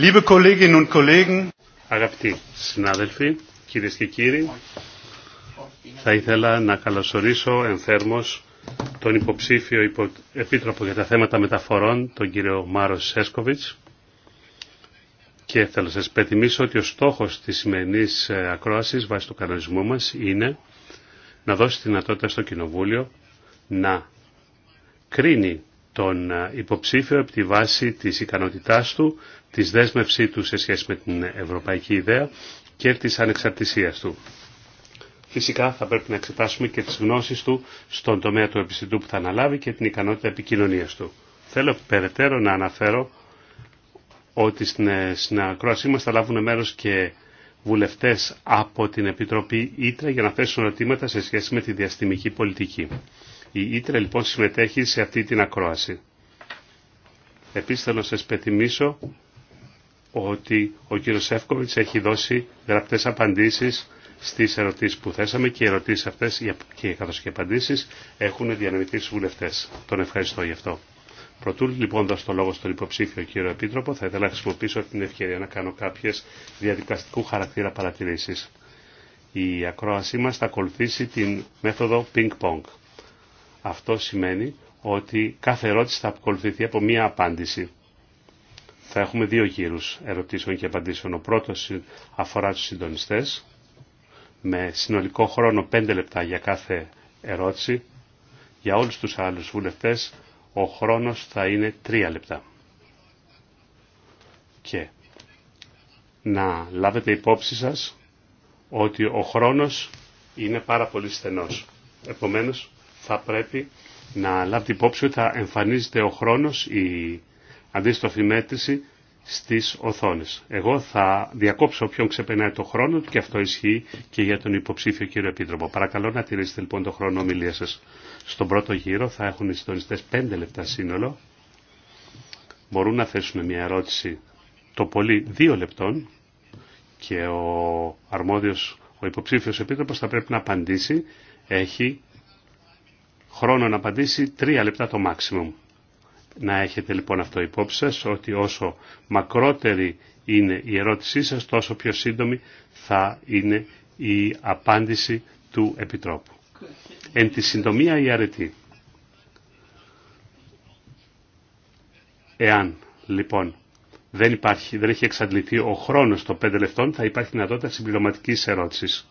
Liebe Kolleginnen und Kollegen, αγαπητοί συνάδελφοι, κυρίες και κύριοι, θα ήθελα να καλωσορίσω ενθέρμως τον υποψήφιο υπο... Επίτροπο για τα θέματα μεταφορών, τον κύριο Μάρο Σέσκοβιτς. Και θέλω να σας ότι ο στόχος της σημερινής ε, ακρόασης βάσει του κανονισμού μας είναι να δώσει τη δυνατότητα στο Κοινοβούλιο να κρίνει τον ε, υποψήφιο από τη βάση της ικανότητάς του, της δέσμευσή του σε σχέση με την ευρωπαϊκή ιδέα και της ανεξαρτησίας του. Φυσικά θα πρέπει να εξετάσουμε και τις γνώσεις του στον τομέα του επιστητού που θα αναλάβει και την ικανότητα επικοινωνίας του. Θέλω περαιτέρω να αναφέρω ότι στην, ε, στην ακρόασή μας θα λάβουν μέρος και βουλευτές από την Επιτροπή Ήτρα για να θέσουν ερωτήματα σε σχέση με τη διαστημική πολιτική. Η Ήτρε λοιπόν συμμετέχει σε αυτή την ακρόαση. Επίσης θέλω να σας πεθυμίσω ότι ο κύριος Εύκοβιτς έχει δώσει γραπτές απαντήσεις στις ερωτήσεις που θέσαμε και οι ερωτήσεις αυτές και καθώς και απαντήσεις έχουν διανεμηθεί στους βουλευτές. Τον ευχαριστώ γι' αυτό. Πρωτού λοιπόν δώσω το λόγο στον υποψήφιο κύριο Επίτροπο, θα ήθελα να χρησιμοποιήσω την ευκαιρία να κάνω κάποιες διαδικαστικού χαρακτήρα παρατηρήσεις. Η ακρόασή μας θα ακολουθήσει την μέθοδο ping-pong. Αυτό σημαίνει ότι κάθε ερώτηση θα ακολουθηθεί από μία απάντηση. Θα έχουμε δύο γύρους ερωτήσεων και απαντήσεων. Ο πρώτος αφορά τους συντονιστές, με συνολικό χρόνο 5 λεπτά για κάθε ερώτηση. Για όλους τους άλλους βουλευτές ο χρόνος θα είναι 3 λεπτά. Και να λάβετε υπόψη σας ότι ο χρόνος είναι πάρα πολύ στενός. Επομένως, θα πρέπει να λάβετε υπόψη ότι θα εμφανίζεται ο χρόνος, η αντίστοφη μέτρηση στις οθόνες. Εγώ θα διακόψω όποιον ξεπερνάει το χρόνο του και αυτό ισχύει και για τον υποψήφιο κύριο Επίτροπο. Παρακαλώ να τηρήσετε λοιπόν το χρόνο ομιλία σας. Στον πρώτο γύρο θα έχουν οι συντονιστές 5 λεπτά σύνολο. Μπορούν να θέσουν μια ερώτηση το πολύ 2 λεπτών και ο αρμόδιος, ο υποψήφιος επίτροπος θα πρέπει να απαντήσει. Έχει χρόνο να απαντήσει τρία λεπτά το maximum. Να έχετε λοιπόν αυτό υπόψη σας, ότι όσο μακρότερη είναι η ερώτησή σας, τόσο πιο σύντομη θα είναι η απάντηση του Επιτρόπου. Εν τη συντομία η αρετή. Εάν λοιπόν δεν, υπάρχει, δεν έχει εξαντληθεί ο χρόνος των πέντε λεπτών, θα υπάρχει δυνατότητα συμπληρωματικής ερώτησης.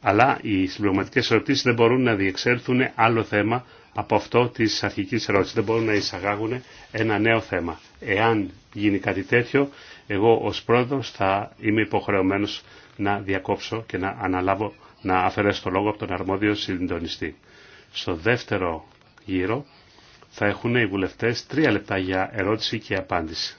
Αλλά οι συμπληρωματικέ ερωτήσει δεν μπορούν να διεξέλθουν άλλο θέμα από αυτό τη αρχική ερώτηση. Δεν μπορούν να εισαγάγουν ένα νέο θέμα. Εάν γίνει κάτι τέτοιο, εγώ ω πρόεδρο θα είμαι υποχρεωμένο να διακόψω και να αναλάβω να αφαιρέσω το λόγο από τον αρμόδιο συντονιστή. Στο δεύτερο γύρο θα έχουν οι βουλευτές τρία λεπτά για ερώτηση και απάντηση.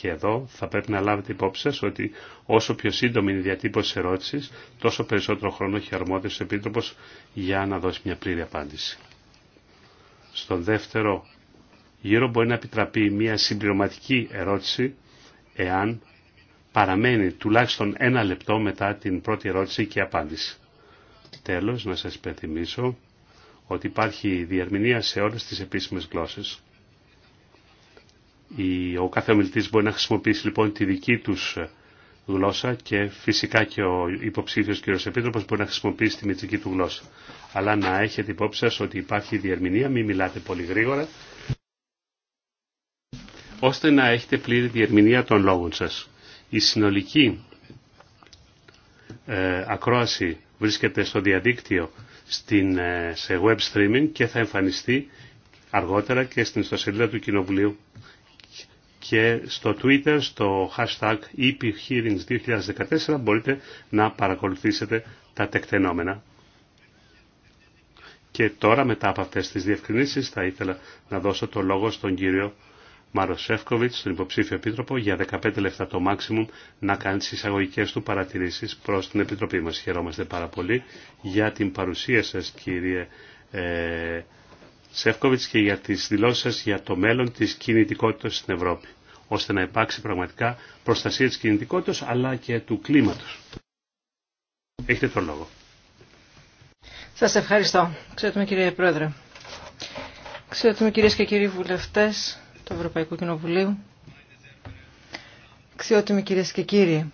Και εδώ θα πρέπει να λάβετε υπόψη σας ότι όσο πιο σύντομη είναι η διατύπωση ερώτησης, τόσο περισσότερο χρόνο έχει αρμόδιος ο Επίτροπος για να δώσει μια πλήρη απάντηση. Στον δεύτερο γύρο μπορεί να επιτραπεί μια συμπληρωματική ερώτηση εάν παραμένει τουλάχιστον ένα λεπτό μετά την πρώτη ερώτηση και απάντηση. Τέλος, να σας υπενθυμίσω ότι υπάρχει διερμηνία σε όλες τις επίσημες γλώσσες. Ο κάθε ομιλητής μπορεί να χρησιμοποιήσει λοιπόν τη δική τους γλώσσα και φυσικά και ο υποψήφιος κύριος Επίτροπος μπορεί να χρησιμοποιήσει τη μητρική του γλώσσα. Αλλά να έχετε υπόψη σας ότι υπάρχει διερμηνία, μην μιλάτε πολύ γρήγορα, ώστε να έχετε πλήρη διερμηνία των λόγων σας. Η συνολική ε, ακρόαση βρίσκεται στο διαδίκτυο στην, ε, σε web streaming και θα εμφανιστεί αργότερα και στην ιστοσελίδα του Κοινοβουλίου και στο Twitter, στο hashtag EPHearings2014 μπορείτε να παρακολουθήσετε τα τεκτενόμενα. Και τώρα μετά από αυτές τις διευκρινήσεις θα ήθελα να δώσω το λόγο στον κύριο Μαροσεύκοβιτς, τον υποψήφιο επίτροπο, για 15 λεπτά το maximum να κάνει τις εισαγωγικές του παρατηρήσεις προς την Επιτροπή μας. Χαιρόμαστε πάρα πολύ για την παρουσία σας κύριε ε, Σεύκοβιτς και για τις δηλώσεις σας για το μέλλον της κινητικότητας στην Ευρώπη, ώστε να υπάρξει πραγματικά προστασία της κινητικότητας αλλά και του κλίματος. Έχετε τον λόγο. Σας ευχαριστώ. Ξέρετε κύριε Πρόεδρε. Ξέρετε κυρίες και κύριοι βουλευτές του Ευρωπαϊκού Κοινοβουλίου. Αξιότιμοι κυρίες και κύριοι,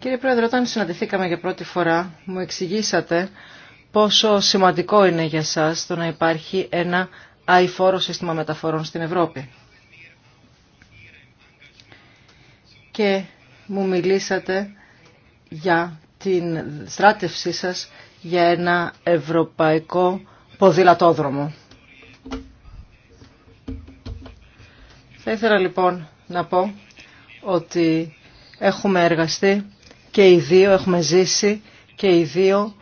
Κύριε Πρόεδρε, όταν συναντηθήκαμε για πρώτη φορά, μου εξηγήσατε πόσο σημαντικό είναι για σας το να υπάρχει ένα αηφόρο σύστημα μεταφορών στην Ευρώπη. Και μου μιλήσατε για την στράτευσή σας για ένα ευρωπαϊκό ποδηλατόδρομο. Θα ήθελα λοιπόν να πω ότι έχουμε εργαστεί και οι δύο έχουμε ζήσει και οι δύο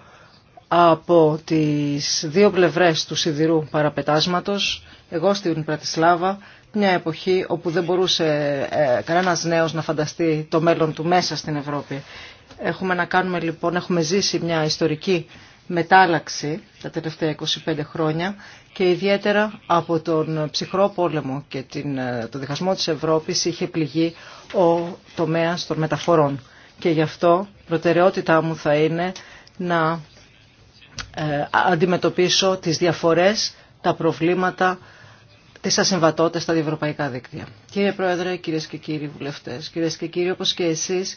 από τις δύο πλευρές του σιδηρού παραπετάσματος, εγώ στην Πρατισλάβα, μια εποχή όπου δεν μπορούσε ε, κανένας νέος να φανταστεί το μέλλον του μέσα στην Ευρώπη. Έχουμε να κάνουμε λοιπόν, έχουμε ζήσει μια ιστορική μετάλλαξη τα τελευταία 25 χρόνια και ιδιαίτερα από τον ψυχρό πόλεμο και την, ε, το διχασμό της Ευρώπης είχε πληγεί ο τομέας των μεταφορών και γι' αυτό προτεραιότητά μου θα είναι να ε, αντιμετωπίσω τις διαφορές, τα προβλήματα, τις ασυμβατότητες στα διευρωπαϊκά δίκτυα. Κύριε Πρόεδρε, κυρίες και κύριοι βουλευτές, κυρίες και κύριοι όπως και εσείς,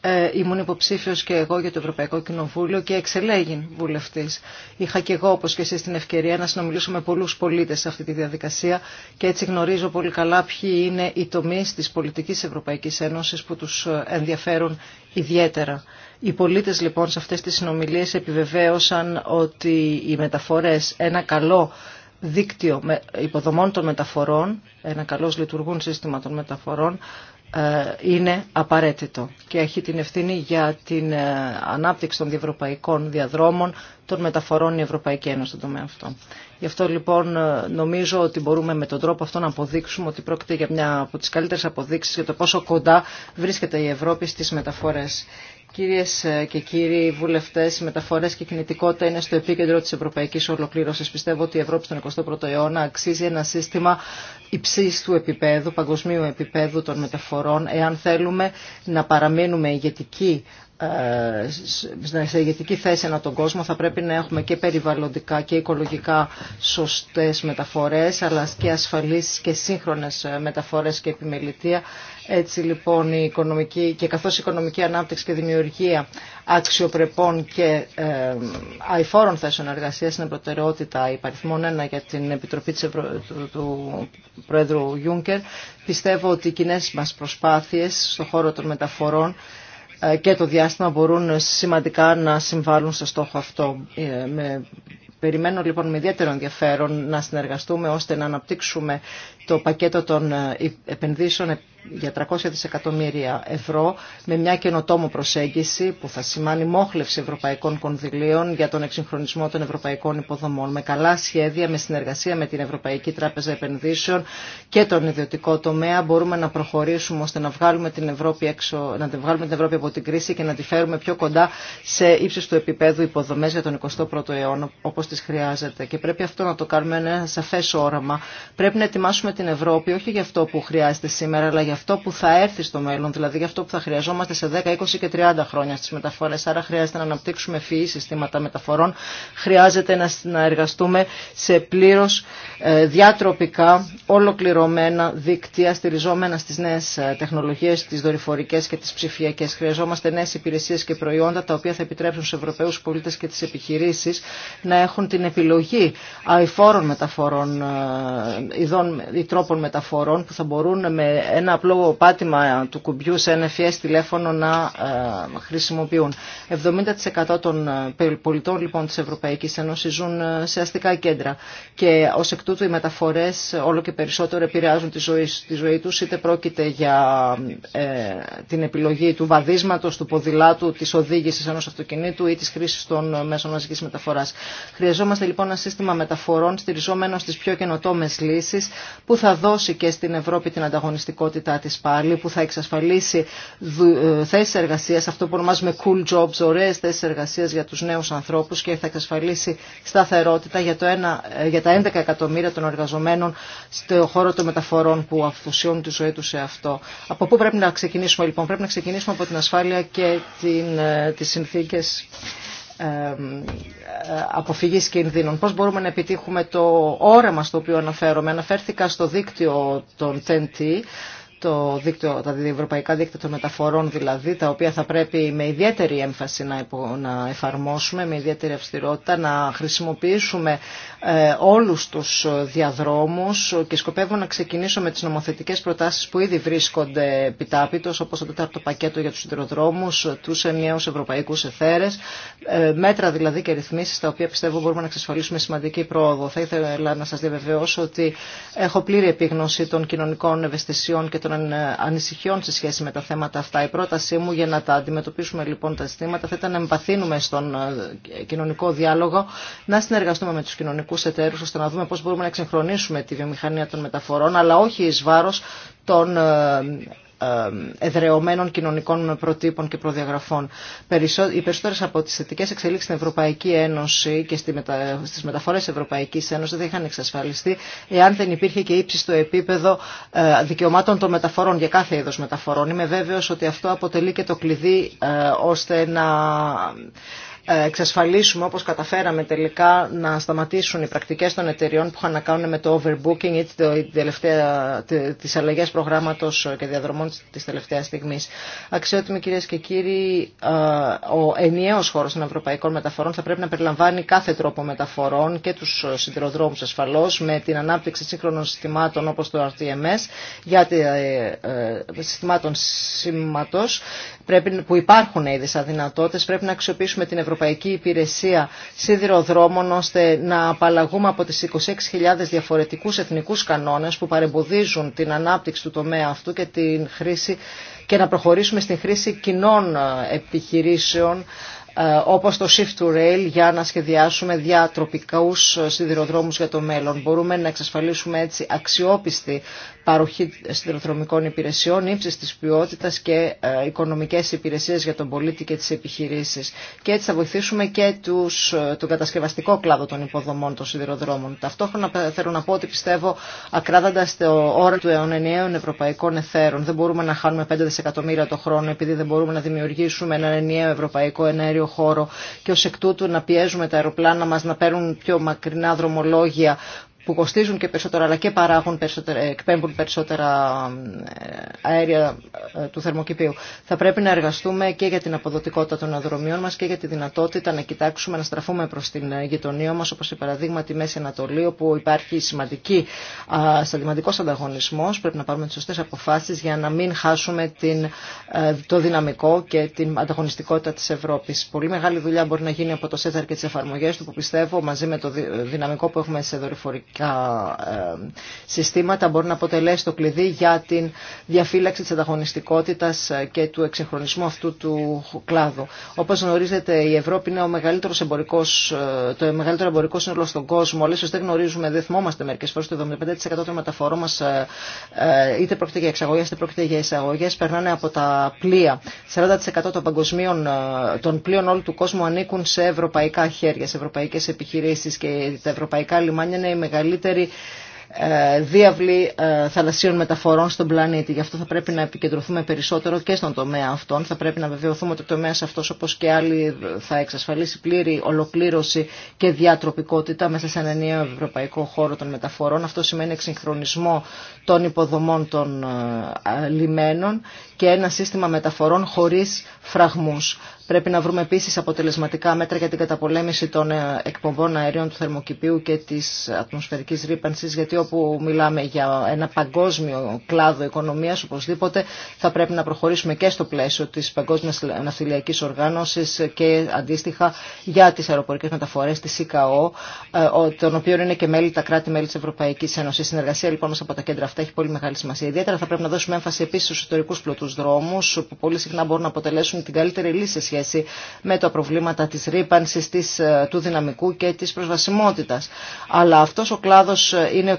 ε, ήμουν υποψήφιο και εγώ για το Ευρωπαϊκό Κοινοβούλιο και εξελέγην βουλευτή. Είχα και εγώ, όπω και εσεί, την ευκαιρία να συνομιλήσω με πολλού πολίτε σε αυτή τη διαδικασία και έτσι γνωρίζω πολύ καλά ποιοι είναι οι τομεί τη πολιτική Ευρωπαϊκή Ένωση που του ε, ενδιαφέρουν ιδιαίτερα. Οι πολίτε λοιπόν σε αυτέ τι συνομιλίε επιβεβαίωσαν ότι οι μεταφορέ ένα καλό δίκτυο υποδομών των μεταφορών, ένα καλώς λειτουργούν σύστημα των μεταφορών, ε, είναι απαραίτητο και έχει την ευθύνη για την ε, ανάπτυξη των διευρωπαϊκών διαδρόμων των μεταφορών η Ευρωπαϊκή Ένωση στον τομέα αυτό. Γι' αυτό λοιπόν ε, νομίζω ότι μπορούμε με τον τρόπο αυτό να αποδείξουμε ότι πρόκειται για μια από τις καλύτερες αποδείξεις για το πόσο κοντά βρίσκεται η Ευρώπη στις μεταφορές. Κυρίες και κύριοι βουλευτές, οι μεταφορές και η κινητικότητα είναι στο επίκεντρο της ευρωπαϊκής ολοκλήρωσης. Πιστεύω ότι η Ευρώπη στον 21ο αιώνα αξίζει ένα σύστημα υψίστου επίπεδου, παγκοσμίου επίπεδου των μεταφορών, εάν θέλουμε να παραμείνουμε ηγετικοί, ε, ε, στην ηγετική θέση ανά τον κόσμο θα πρέπει να έχουμε και περιβαλλοντικά και οικολογικά σωστές μεταφορές αλλά και ασφαλείς και σύγχρονες μεταφορές και επιμελητία Έτσι λοιπόν η οικονομική, και καθώς η οικονομική ανάπτυξη και δημιουργία αξιοπρεπών και ε, αηφόρων θέσεων εργασίας είναι προτεραιότητα υπαριθμών ένα για την Επιτροπή της του... του Πρόεδρου Γιούνκερ, πιστεύω ότι οι κοινέ μας προσπάθειες στον χώρο των μεταφορών ε, και το διάστημα μπορούν σημαντικά να συμβάλλουν στο στόχο αυτό. Ε, περιμένω λοιπόν με ιδιαίτερο ενδιαφέρον να συνεργαστούμε ώστε να αναπτύξουμε το πακέτο των ε, επενδύσεων για 300 δισεκατομμύρια ευρώ με μια καινοτόμο προσέγγιση που θα σημάνει μόχλευση ευρωπαϊκών κονδυλίων για τον εξυγχρονισμό των ευρωπαϊκών υποδομών με καλά σχέδια, με συνεργασία με την Ευρωπαϊκή Τράπεζα Επενδύσεων και τον ιδιωτικό τομέα μπορούμε να προχωρήσουμε ώστε να βγάλουμε την Ευρώπη, έξω, να την βγάλουμε την Ευρώπη από την κρίση και να τη φέρουμε πιο κοντά σε ύψη του επίπεδου υποδομέ για τον 21ο αιώνα όπω τι χρειάζεται και πρέπει αυτό να το κάνουμε ένα σαφέ όραμα. Πρέπει να ετοιμάσουμε την Ευρώπη όχι για αυτό που χρειάζεται σήμερα, αλλά για αυτό που θα έρθει στο μέλλον, δηλαδή για αυτό που θα χρειαζόμαστε σε 10, 20 και 30 χρόνια στι μεταφορέ. Άρα χρειάζεται να αναπτύξουμε φυή συστήματα μεταφορών, χρειάζεται να εργαστούμε σε πλήρω ε, διατροπικά, ολοκληρωμένα δίκτυα, στηριζόμενα στι νέε τεχνολογίε, τι δορυφορικέ και τι ψηφιακέ. Χρειαζόμαστε νέε υπηρεσίε και προϊόντα, τα οποία θα επιτρέψουν στου Ευρωπαίου πολίτε και τι επιχειρήσει να έχουν την επιλογή αηφόρων μεταφορών, ε, τρόπων μεταφορών που θα μπορούν με ένα απλό πάτημα του κουμπιού σε ένα FES τηλέφωνο να ε, χρησιμοποιούν. 70% των ε, πολιτών λοιπόν της Ευρωπαϊκής Ένωσης ζουν ε, σε αστικά κέντρα και ως εκ τούτου οι μεταφορές όλο και περισσότερο επηρεάζουν τη ζωή, τη ζωή τους είτε πρόκειται για την επιλογή του βαδίσματος, του ποδηλάτου, της οδήγησης ενός αυτοκινήτου ή της χρήσης των μέσων μαζικής μεταφοράς. Χρειαζόμαστε λοιπόν ένα σύστημα μεταφορών στηριζόμενο στις πιο καινοτόμε λύσεις που θα δώσει και στην Ευρώπη την ανταγωνιστικότητά της πάλι, που θα εξασφαλίσει ε, θέσεις εργασίας, αυτό που ονομάζουμε cool jobs, ωραίες θέσεις εργασίας για τους νέους ανθρώπους και θα εξασφαλίσει σταθερότητα για, το ένα, ε, για τα 11 εκατομμύρια των εργαζομένων στο χώρο των μεταφορών που αυθουσιώνουν τη ζωή τους σε αυτό. Από πού πρέπει να ξεκινήσουμε λοιπόν, πρέπει να ξεκινήσουμε από την ασφάλεια και την, ε, τις συνθήκες αποφυγής κινδύνων. Πώς μπορούμε να επιτύχουμε το όραμα στο οποίο αναφέρομαι. Αναφέρθηκα στο δίκτυο των TNT το δίκτυο, τα ευρωπαϊκά δίκτυα των μεταφορών δηλαδή, τα οποία θα πρέπει με ιδιαίτερη έμφαση να, να εφαρμόσουμε, με ιδιαίτερη αυστηρότητα, να χρησιμοποιήσουμε ε, όλους τους διαδρόμους και σκοπεύω να ξεκινήσω με τις νομοθετικές προτάσεις που ήδη βρίσκονται επιτάπητος, όπως το τέταρτο πακέτο για τους σιδηροδρόμους, τους ενιαίους ευρωπαϊκούς εθέρες, ε, μέτρα δηλαδή και ρυθμίσεις τα οποία πιστεύω μπορούμε να εξασφαλίσουμε σημαντική πρόοδο. Θα ήθελα να σας διαβεβαιώσω ότι έχω πλήρη επίγνωση των κοινωνικών ευαισθησιών των ε, ανησυχιών σε σχέση με τα θέματα αυτά. Η πρότασή μου για να τα αντιμετωπίσουμε λοιπόν τα ζητήματα θα ήταν να εμπαθύνουμε στον ε, κοινωνικό διάλογο, να συνεργαστούμε με τους κοινωνικούς εταίρους ώστε να δούμε πώς μπορούμε να εξυγχρονίσουμε τη βιομηχανία των μεταφορών, αλλά όχι ει βάρο των ε, εδρεωμένων κοινωνικών προτύπων και προδιαγραφών. Οι περισσότερε από τις θετικέ εξελίξει στην Ευρωπαϊκή Ένωση και στις μεταφορές Ευρωπαϊκής Ένωση δεν είχαν εξασφαλιστεί εάν δεν υπήρχε και ύψιστο επίπεδο ε, δικαιωμάτων των μεταφορών για κάθε είδο μεταφορών. Είμαι βέβαιο ότι αυτό αποτελεί και το κλειδί ε, ώστε να εξασφαλίσουμε όπως καταφέραμε τελικά να σταματήσουν οι πρακτικές των εταιριών που είχαν να κάνουν με το overbooking ή τις αλλαγές προγράμματος και διαδρομών της τελευταίας στιγμής. Αξιότιμοι κυρίες και κύριοι, ο ενιαίος χώρος των ευρωπαϊκών μεταφορών θα πρέπει να περιλαμβάνει κάθε τρόπο μεταφορών και τους σιδηροδρόμους ασφαλώς με την ανάπτυξη σύγχρονων συστημάτων όπως το RTMS για τη, ε, ε, συστημάτων σήματος που υπάρχουν ήδη σαν δυνατότητες. Πρέπει να αξιοποιήσουμε την Ευρωπαϊκή Ευρωπαϊκή Υπηρεσία Σιδηροδρόμων ώστε να απαλλαγούμε από τις 26.000 διαφορετικούς εθνικούς κανόνες που παρεμποδίζουν την ανάπτυξη του τομέα αυτού και, την χρήση, και να προχωρήσουμε στην χρήση κοινών ε, επιχειρήσεων ε, όπως το Shift to Rail για να σχεδιάσουμε διατροπικούς ε, σιδηροδρόμους για το μέλλον. Μπορούμε να εξασφαλίσουμε έτσι αξιόπιστη παροχή σιδηροδρομικών υπηρεσιών, ύψης της ποιότητας και ε, οικονομικές υπηρεσίες για τον πολίτη και τις επιχειρήσεις. Και έτσι θα βοηθήσουμε και τους, τον κατασκευαστικό κλάδο των υποδομών των σιδηροδρόμων. Ταυτόχρονα θέλω να πω ότι πιστεύω ακράδαντα το όρο του ενιαίων ευρωπαϊκών εθέρων. Δεν μπορούμε να χάνουμε 5 δισεκατομμύρια το χρόνο επειδή δεν μπορούμε να δημιουργήσουμε ένα ενιαίο ευρωπαϊκό ενέργειο χώρο και ως εκ τούτου να πιέζουμε τα αεροπλάνα μας να παίρνουν πιο μακρινά δρομολόγια που κοστίζουν και περισσότερα αλλά και παράγουν περισσότερα, εκπέμπουν περισσότερα ε, αέρια ε, του θερμοκηπίου. Θα πρέπει να εργαστούμε και για την αποδοτικότητα των αδρομίων μας και για τη δυνατότητα να κοιτάξουμε, να στραφούμε προς την ε, γειτονία μας όπως η παραδείγμα τη Μέση Ανατολή όπου υπάρχει σημαντική, σημαντικός ανταγωνισμός. Πρέπει να πάρουμε τις σωστές αποφάσεις για να μην χάσουμε την, το δυναμικό και την ανταγωνιστικότητα της Ευρώπης. Πολύ μεγάλη δουλειά μπορεί να γίνει από το ΣΕΤΑΡ και τις του που πιστεύω μαζί με το δυναμικό που έχουμε σε δορυφορική συστήματα μπορεί να αποτελέσει το κλειδί για την διαφύλαξη της ανταγωνιστικότητας ε, και του εξεχρονισμού αυτού του κλάδου. Όπως γνωρίζετε η Ευρώπη είναι ο μεγαλύτερος εμπορικός, ε, το μεγαλύτερο εμπορικό σύνολο στον κόσμο. Όλες δεν γνωρίζουμε, δεν θυμόμαστε μερικές φορές το 75% των μεταφορών μας ε, είτε πρόκειται για εξαγωγές είτε πρόκειται για εισαγωγές περνάνε από τα πλοία. 40% των παγκοσμίων των πλοίων όλου του κόσμου ανήκουν σε ευρωπαϊκά χέρια, σε ευρωπαϊκές επιχειρήσεις και τα ευρωπαϊκά λιμάνια είναι η μεγαλύτερη μεγαλύτερη ε, διάβλη ε, θαλασσίων μεταφορών στον πλανήτη. Γι' αυτό θα πρέπει να επικεντρωθούμε περισσότερο και στον τομέα αυτών. Θα πρέπει να βεβαιωθούμε ότι το τομέα αυτό, όπω και άλλοι, θα εξασφαλίσει πλήρη ολοκλήρωση και διατροπικότητα μέσα σε έναν νέο ευρωπαϊκό χώρο των μεταφορών. Αυτό σημαίνει εξυγχρονισμό των υποδομών των ε, λιμένων και ένα σύστημα μεταφορών χωρί φραγμού. Πρέπει να βρούμε επίση αποτελεσματικά μέτρα για την καταπολέμηση των ε, εκπομπών αερίων του θερμοκηπίου και τη ατμοσφαιρική ρήπανση, γιατί όπου μιλάμε για ένα παγκόσμιο κλάδο οικονομία, οπωσδήποτε θα πρέπει να προχωρήσουμε και στο πλαίσιο τη Παγκόσμια ναυτιλιακής Οργάνωση και αντίστοιχα για τι αεροπορικέ μεταφορέ, τη ΙΚΑΟ, ε, των οποίων είναι και μέλη τα κράτη-μέλη τη Ευρωπαϊκή Ένωση. Η συνεργασία λοιπόν μας από τα κέντρα αυτά έχει πολύ μεγάλη σημασία. Ιδιαίτερα θα πρέπει να δώσουμε έμφαση επίση στου ιστορικού πλωτού δρόμου που πολύ συχνά μπορούν να αποτελέσουν την καλύτερη λύση σχέση με τα προβλήματα της ρήπανσης, της, ε, του δυναμικού και της προσβασιμότητας. Αλλά αυτός ο κλάδος ε, είναι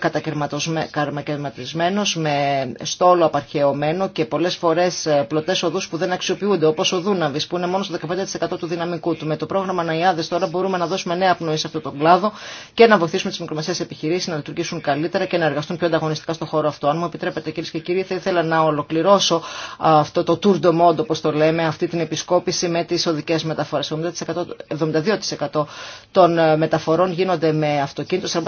κατακαιρματισμένος με στόλο απαρχαιωμένο και πολλές φορές ε, πλωτές οδούς που δεν αξιοποιούνται, όπως ο Δούναβης που είναι μόνο στο 15% του δυναμικού του. Με το πρόγραμμα Ναϊάδες τώρα μπορούμε να δώσουμε νέα πνοή σε αυτόν τον κλάδο και να βοηθήσουμε τις μικρομεσαίες επιχειρήσεις να λειτουργήσουν καλύτερα και να εργαστούν πιο ανταγωνιστικά στον χώρο αυτό. Αν μου επιτρέπετε κυρίε και κύριοι, θα ήθελα να ολοκληρώσω αυτό το tour de monde όπω το λέμε, αυτή την επισκόπηση με τις οδικές μεταφορές. 72% των ε, μεταφορών γίνονται με αυτοκίνητο,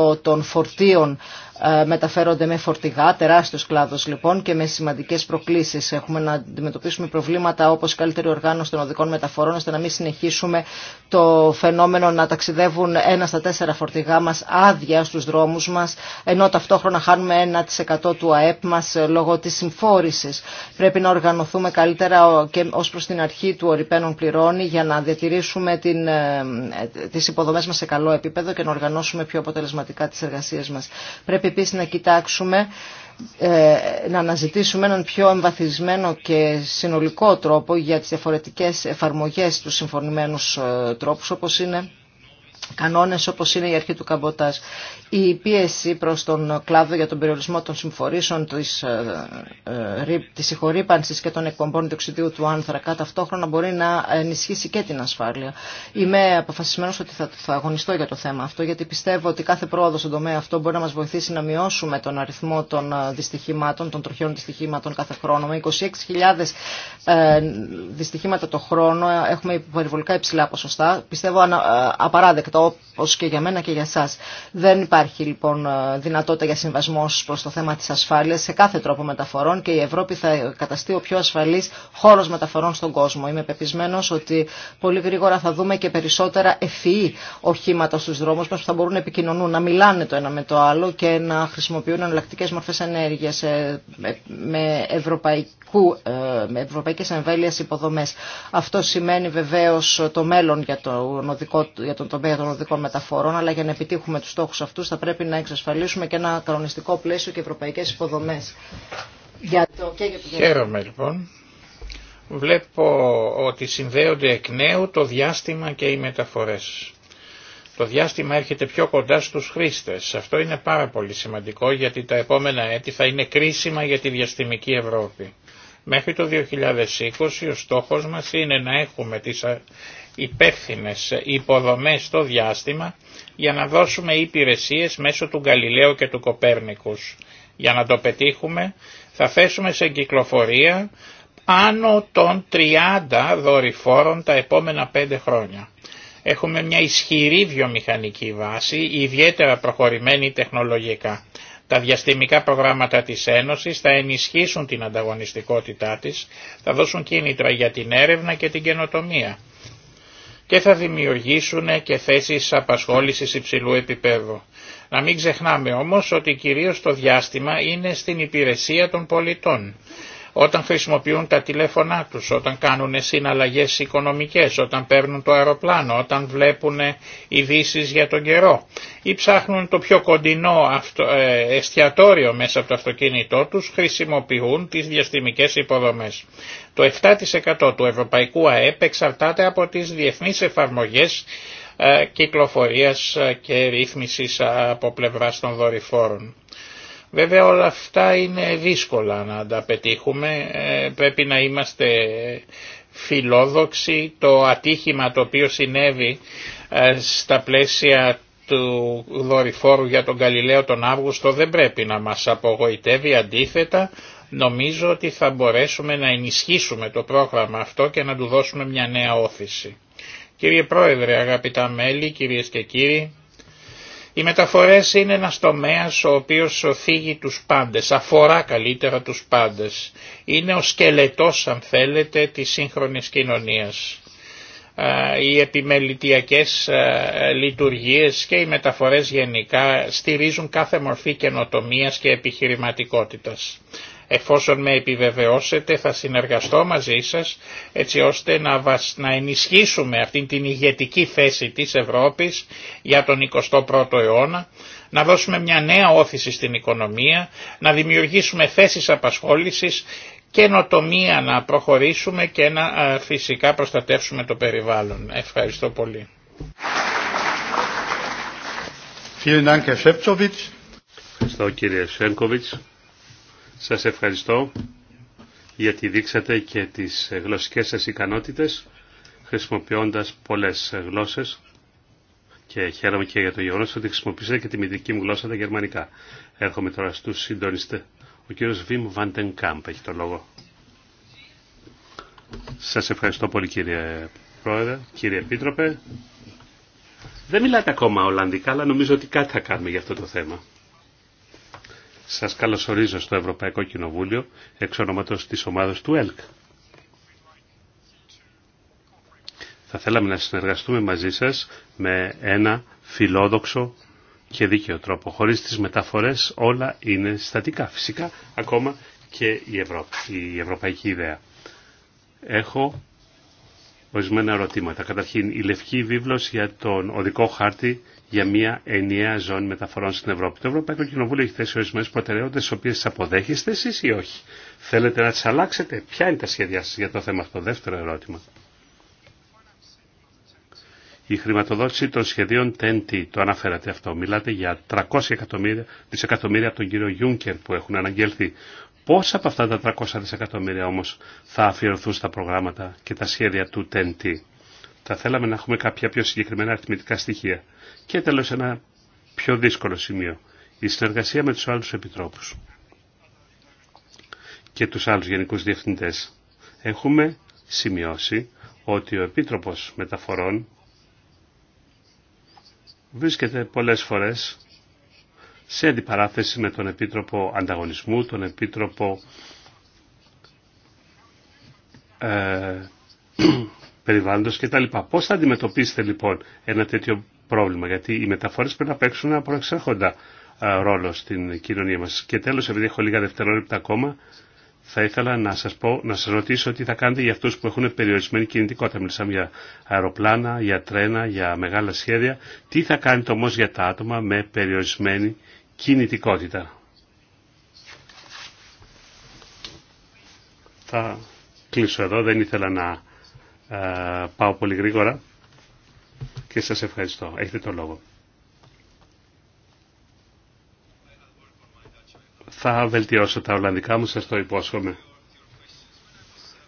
40% των φορτίων ε, μεταφέρονται με φορτηγά, τεράστιος κλάδος λοιπόν και με σημαντικές προκλήσεις. Έχουμε να αντιμετωπίσουμε προβλήματα όπως καλύτερη οργάνωση των οδικών μεταφορών ώστε να μην συνεχίσουμε το φαινόμενο να ταξιδεύουν ένα στα τέσσερα φορτηγά μας άδεια στους δρόμους μας ενώ ταυτόχρονα χάνουμε 1% του ΑΕΠ μας ε, λόγω της συμφόρησης. Πρέπει να οργανωθούμε καλύτερα και ως προς την αρχή του ορυπαίνων πληρώνει για να διατηρήσουμε την, ε, τις υποδομές μας σε καλό επίπεδο και να οργανώσουμε πιο αποτελεσματικά τις εργασίες μας επίσης να κοιτάξουμε ε, να αναζητήσουμε έναν πιο εμβαθισμένο και συνολικό τρόπο για τις διαφορετικές εφαρμογές του συμφωνημένους ε, τρόπους όπως είναι κανόνες όπως είναι η αρχή του Καμποτά. Η πίεση προς τον κλάδο για τον περιορισμό των συμφορήσεων της, ε, ε συγχωρήπανσης και των εκπομπών διοξιδίου του άνθρακα ταυτόχρονα μπορεί να ενισχύσει και την ασφάλεια. Είμαι αποφασισμένος ότι θα, θα αγωνιστώ για το θέμα αυτό γιατί πιστεύω ότι κάθε πρόοδο στον τομέα αυτό μπορεί να μας βοηθήσει να μειώσουμε τον αριθμό των ε, δυστυχημάτων, των τροχιών δυστυχημάτων κάθε χρόνο. Με 26.000 ε, δυστυχήματα το χρόνο έχουμε υπερβολικά υψηλά ποσοστά. Πιστεύω ανα, ε, απαράδεκτο αυτό και για μένα και για σας. Δεν υπάρχει λοιπόν ε, δυνατότητα για συμβασμό προς το θέμα της ασφάλειας σε κάθε τρόπο μεταφορών και η Ευρώπη θα καταστεί ο πιο ασφαλής χώρος μεταφορών στον κόσμο. Είμαι πεπισμένος ότι πολύ γρήγορα θα δούμε και περισσότερα ευφυή οχήματα στους δρόμους μα που θα μπορούν να επικοινωνούν, να μιλάνε το ένα με το άλλο και να χρησιμοποιούν εναλλακτικέ μορφές ενέργειας ε, με, ευρωπαϊκού, ε, με ευρωπαϊκές εμβέλειες υποδομές. Αυτό σημαίνει βεβαίως το μέλλον για τον, οδικό, για τον τομέα των οδικών μεταφορών, αλλά για να επιτύχουμε του στόχου αυτού, θα πρέπει να εξασφαλίσουμε και ένα κανονιστικό πλαίσιο και ευρωπαϊκέ υποδομέ Για το, και για το... Χαίρομαι λοιπόν. Βλέπω ότι συνδέονται εκ νέου το διάστημα και οι μεταφορές. Το διάστημα έρχεται πιο κοντά στους χρήστες. Αυτό είναι πάρα πολύ σημαντικό γιατί τα επόμενα έτη θα είναι κρίσιμα για τη διαστημική Ευρώπη. Μέχρι το 2020 ο στόχος μας είναι να έχουμε τις υπεύθυνε υποδομές στο διάστημα για να δώσουμε υπηρεσίες μέσω του Γαλιλαίου και του Κοπέρνικους. Για να το πετύχουμε θα θέσουμε σε κυκλοφορία πάνω των 30 δορυφόρων τα επόμενα 5 χρόνια. Έχουμε μια ισχυρή βιομηχανική βάση, ιδιαίτερα προχωρημένη τεχνολογικά. Τα διαστημικά προγράμματα της Ένωσης θα ενισχύσουν την ανταγωνιστικότητά της, θα δώσουν κίνητρα για την έρευνα και την καινοτομία και θα δημιουργήσουν και θέσεις απασχόλησης υψηλού επίπεδου. Να μην ξεχνάμε όμως ότι κυρίως το διάστημα είναι στην υπηρεσία των πολιτών όταν χρησιμοποιούν τα τηλέφωνά τους, όταν κάνουν συναλλαγές οικονομικές, όταν παίρνουν το αεροπλάνο, όταν βλέπουν ειδήσει για τον καιρό ή ψάχνουν το πιο κοντινό ε, εστιατόριο μέσα από το αυτοκίνητό τους, χρησιμοποιούν τις διαστημικές υποδομές. Το 7% του ευρωπαϊκού ΑΕΠ εξαρτάται από τις διεθνείς εφαρμογές ε, κυκλοφορίας ε, και ρύθμισης από πλευράς των δορυφόρων. Βέβαια όλα αυτά είναι δύσκολα να τα πετύχουμε, ε, πρέπει να είμαστε φιλόδοξοι. Το ατύχημα το οποίο συνέβη ε, στα πλαίσια του δορυφόρου για τον Καλλιλέο τον Αύγουστο δεν πρέπει να μας απογοητεύει, αντίθετα νομίζω ότι θα μπορέσουμε να ενισχύσουμε το πρόγραμμα αυτό και να του δώσουμε μια νέα όθηση. Κύριε Πρόεδρε, αγαπητά μέλη, κυρίες και κύριοι, οι μεταφορές είναι ένας τομέας ο οποίος φύγει τους πάντες, αφορά καλύτερα τους πάντες. Είναι ο σκελετός αν θέλετε της σύγχρονης κοινωνίας. Οι επιμελητιακές λειτουργίες και οι μεταφορές γενικά στηρίζουν κάθε μορφή καινοτομίας και επιχειρηματικότητας. Εφόσον με επιβεβαιώσετε θα συνεργαστώ μαζί σας έτσι ώστε να, να ενισχύσουμε αυτήν την ηγετική θέση της Ευρώπης για τον 21ο αιώνα, να δώσουμε μια νέα όθηση στην οικονομία, να δημιουργήσουμε θέσεις απασχόλησης, καινοτομία να προχωρήσουμε και να φυσικά προστατεύσουμε το περιβάλλον. Ευχαριστώ πολύ. Ευχαριστώ κύριε σας ευχαριστώ γιατί δείξατε και τις γλωσσικές σας ικανότητες χρησιμοποιώντας πολλές γλώσσες και χαίρομαι και για το γεγονό ότι χρησιμοποιήσατε και τη μητρική μου γλώσσα τα γερμανικά. Έρχομαι τώρα στους συντονιστές. Ο κύριος Βιμ Βαντενκάμπ έχει το λόγο. Σας ευχαριστώ πολύ κύριε Πρόεδρε, κύριε Επίτροπε. Δεν μιλάτε ακόμα Ολλανδικά, αλλά νομίζω ότι κάτι θα κάνουμε για αυτό το θέμα. Σας καλωσορίζω στο Ευρωπαϊκό Κοινοβούλιο εξ ονόματος της ομάδας του ΕΛΚ. Θα θέλαμε να συνεργαστούμε μαζί σας με ένα φιλόδοξο και δίκαιο τρόπο. Χωρίς τις μεταφορές όλα είναι στατικά. Φυσικά ακόμα και η, η ευρωπαϊκή ιδέα. Έχω ορισμένα ερωτήματα. Καταρχήν, η λευκή βίβλος για τον οδικό χάρτη για μια ενιαία ζώνη μεταφορών στην Ευρώπη. Το Ευρωπαϊκό Κοινοβούλιο έχει θέσει ορισμένε προτεραιότητε, τι οποίε τι αποδέχεστε εσεί ή όχι. Θέλετε να τι αλλάξετε, ποια είναι τα σχέδιά σα για το θέμα αυτό. Δεύτερο ερώτημα. Η χρηματοδότηση των σχεδίων TEN-T. το αναφέρατε αυτό. Μιλάτε για 300 δισεκατομμύρια από τον κύριο Γιούνκερ που έχουν αναγγέλθει Πόσα από αυτά τα 300 δισεκατομμύρια όμως θα αφιερωθούν στα προγράμματα και τα σχέδια του ΤΕΝΤΗ. Θα θέλαμε να έχουμε κάποια πιο συγκεκριμένα αριθμητικά στοιχεία. Και τέλος ένα πιο δύσκολο σημείο. Η συνεργασία με τους άλλους επιτρόπους και τους άλλους γενικούς διευθυντές. Έχουμε σημειώσει ότι ο Επίτροπος Μεταφορών βρίσκεται πολλές φορές σε αντιπαράθεση με τον Επίτροπο Ανταγωνισμού, τον Επίτροπο ε, Περιβάλλοντος κτλ. Πώς θα αντιμετωπίσετε λοιπόν ένα τέτοιο πρόβλημα, γιατί οι μεταφορές πρέπει να παίξουν ένα προεξέρχοντα ε, ρόλο στην κοινωνία μας. Και τέλος, επειδή έχω λίγα δευτερόλεπτα ακόμα, θα ήθελα να σας, πω, να σας ρωτήσω τι θα κάνετε για αυτούς που έχουν περιορισμένη κινητικότητα. Μιλήσαμε για αεροπλάνα, για τρένα, για μεγάλα σχέδια. Τι θα κάνετε όμως για τα άτομα με περιορισμένη κινητικότητα. Θα κλείσω εδώ, δεν ήθελα να ε, πάω πολύ γρήγορα και σας ευχαριστώ. Έχετε το λόγο. Θα βελτιώσω τα Ολλανδικά μου, σας το υπόσχομαι.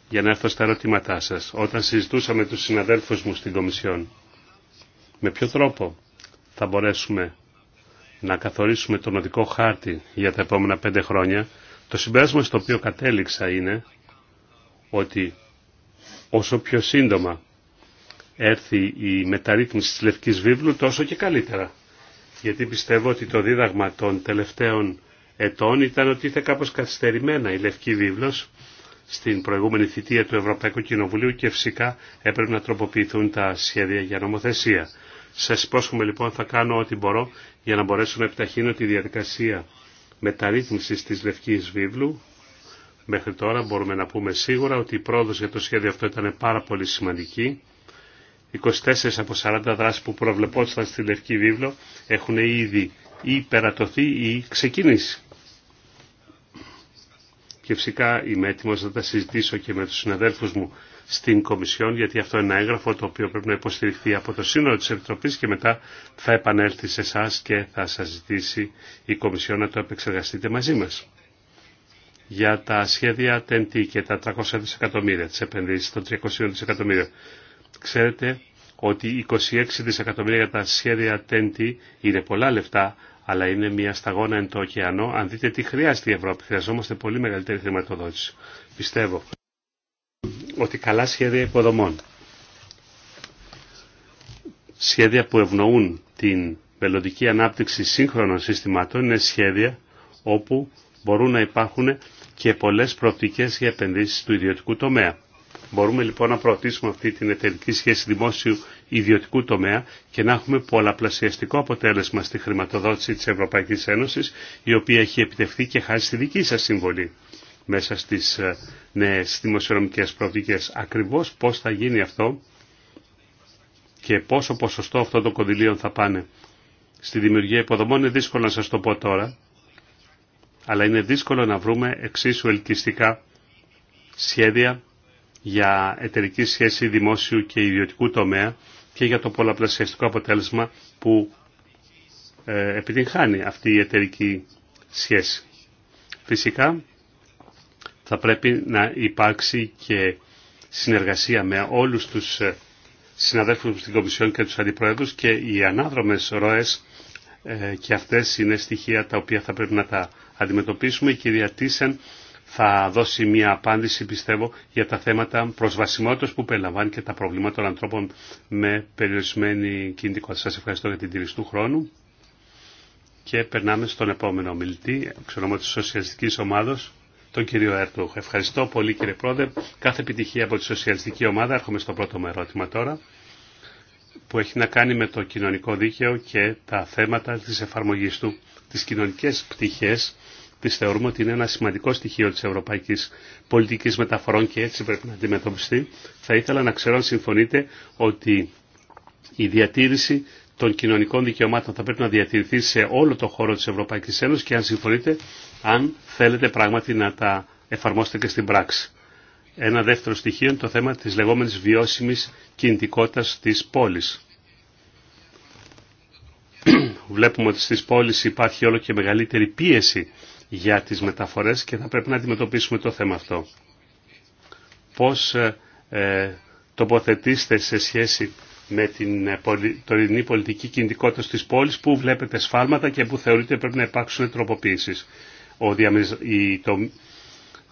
Για να έρθω στα ερωτήματά σας. Όταν συζητούσαμε με τους συναδέλφους μου στην Κομισιόν, με ποιο τρόπο θα μπορέσουμε να καθορίσουμε τον οδικό χάρτη για τα επόμενα πέντε χρόνια, το συμπέρασμα στο οποίο κατέληξα είναι ότι όσο πιο σύντομα έρθει η μεταρρύθμιση της Λευκής Βίβλου, τόσο και καλύτερα. Γιατί πιστεύω ότι το δίδαγμα των τελευταίων ετών ήταν ότι ήταν κάπως καθυστερημένα η Λευκή Βίβλος στην προηγούμενη θητεία του Ευρωπαϊκού Κοινοβουλίου και φυσικά έπρεπε να τροποποιηθούν τα σχέδια για νομοθεσία. Σας υπόσχομαι λοιπόν θα κάνω ό,τι μπορώ για να μπορέσω να επιταχύνω τη διαδικασία μεταρρύθμισης της Λευκής Βίβλου. Μέχρι τώρα μπορούμε να πούμε σίγουρα ότι η πρόοδος για το σχέδιο αυτό ήταν πάρα πολύ σημαντική. 24 από 40 δράσεις που προβλεπόταν στη Λευκή Βίβλο έχουν ήδη ή περατωθεί ή ξεκινήσει. Και φυσικά είμαι έτοιμος να τα συζητήσω και με τους συναδέλφους μου στην Κομισιόν, γιατί αυτό είναι ένα έγγραφο το οποίο πρέπει να υποστηριχθεί από το σύνολο της Επιτροπής και μετά θα επανέλθει σε εσά και θα σας ζητήσει η Κομισιόν να το επεξεργαστείτε μαζί μας. Για τα σχέδια TNT και τα 300 δισεκατομμύρια, τις επενδύσεις των 300 δισεκατομμύρια. Ξέρετε ότι 26 δισεκατομμύρια για τα σχέδια TNT είναι πολλά λεφτά, αλλά είναι μια σταγόνα εν το ωκεανό. Αν δείτε τι χρειάζεται η Ευρώπη, χρειαζόμαστε πολύ μεγαλύτερη χρηματοδότηση. Πιστεύω ότι καλά σχέδια υποδομών, σχέδια που ευνοούν την μελλοντική ανάπτυξη σύγχρονων συστημάτων είναι σχέδια όπου μπορούν να υπάρχουν και πολλές προοπτικές για επενδύσεις του ιδιωτικού τομέα. Μπορούμε λοιπόν να προωτήσουμε αυτή την εταιρική σχέση δημόσιου ιδιωτικού τομέα και να έχουμε πολλαπλασιαστικό αποτέλεσμα στη χρηματοδότηση της Ευρωπαϊκής Ένωσης, η οποία έχει επιτευχθεί και χάρη στη δική σας συμβολή μέσα στις ε, νέες δημοσιονομικές προοπτικές. Ακριβώς πώς θα γίνει αυτό και πόσο ποσοστό αυτό των κονδυλίων θα πάνε στη δημιουργία υποδομών είναι δύσκολο να σας το πω τώρα, αλλά είναι δύσκολο να βρούμε εξίσου ελκυστικά σχέδια για εταιρική σχέση δημόσιου και ιδιωτικού τομέα και για το πολλαπλασιαστικό αποτέλεσμα που ε, επιτυγχάνει αυτή η εταιρική σχέση. Φυσικά θα πρέπει να υπάρξει και συνεργασία με όλους τους ε, συναδέλφους στην Κομισιόν και τους αντιπρόεδρους και οι ανάδρομες ροές ε, και αυτές είναι στοιχεία τα οποία θα πρέπει να τα αντιμετωπίσουμε. Η κυρία Τίσεν θα δώσει μια απάντηση πιστεύω για τα θέματα προσβασιμότητας που περιλαμβάνει και τα προβλήματα των ανθρώπων με περιορισμένη κινητικότητα. Σας ευχαριστώ για την τήρηση του χρόνου και περνάμε στον επόμενο ομιλητή, ονόματο της Σοσιαλιστικής Ομάδο τον κύριο Έρτουχ. Ευχαριστώ πολύ κύριε Πρόεδρε. Κάθε επιτυχία από τη Σοσιαλιστική Ομάδα. Έρχομαι στο πρώτο μου ερώτημα τώρα που έχει να κάνει με το κοινωνικό δίκαιο και τα θέματα της εφαρμογής του. Τις κοινωνικές πτυχές τις θεωρούμε ότι είναι ένα σημαντικό στοιχείο της ευρωπαϊκής πολιτικής μεταφορών και έτσι πρέπει να αντιμετωπιστεί. Θα ήθελα να ξέρω αν συμφωνείτε ότι η διατήρηση των κοινωνικών δικαιωμάτων θα πρέπει να διατηρηθεί σε όλο το χώρο της Ευρωπαϊκής Ένωση και αν συμφωνείτε αν θέλετε πράγματι να τα εφαρμόσετε και στην πράξη. Ένα δεύτερο στοιχείο είναι το θέμα της λεγόμενης βιώσιμης κινητικότητας της πόλης. Βλέπουμε ότι στις πόλεις υπάρχει όλο και μεγαλύτερη πίεση για τις μεταφορές και θα πρέπει να αντιμετωπίσουμε το θέμα αυτό. Πώς ε, ε τοποθετήστε σε σχέση με την ε, τωρινή πολιτική κινητικότητα της πόλης που βλέπετε σφάλματα και που θεωρείτε πρέπει να υπάρξουν τροποποίησεις ο διαμεσ... η, το...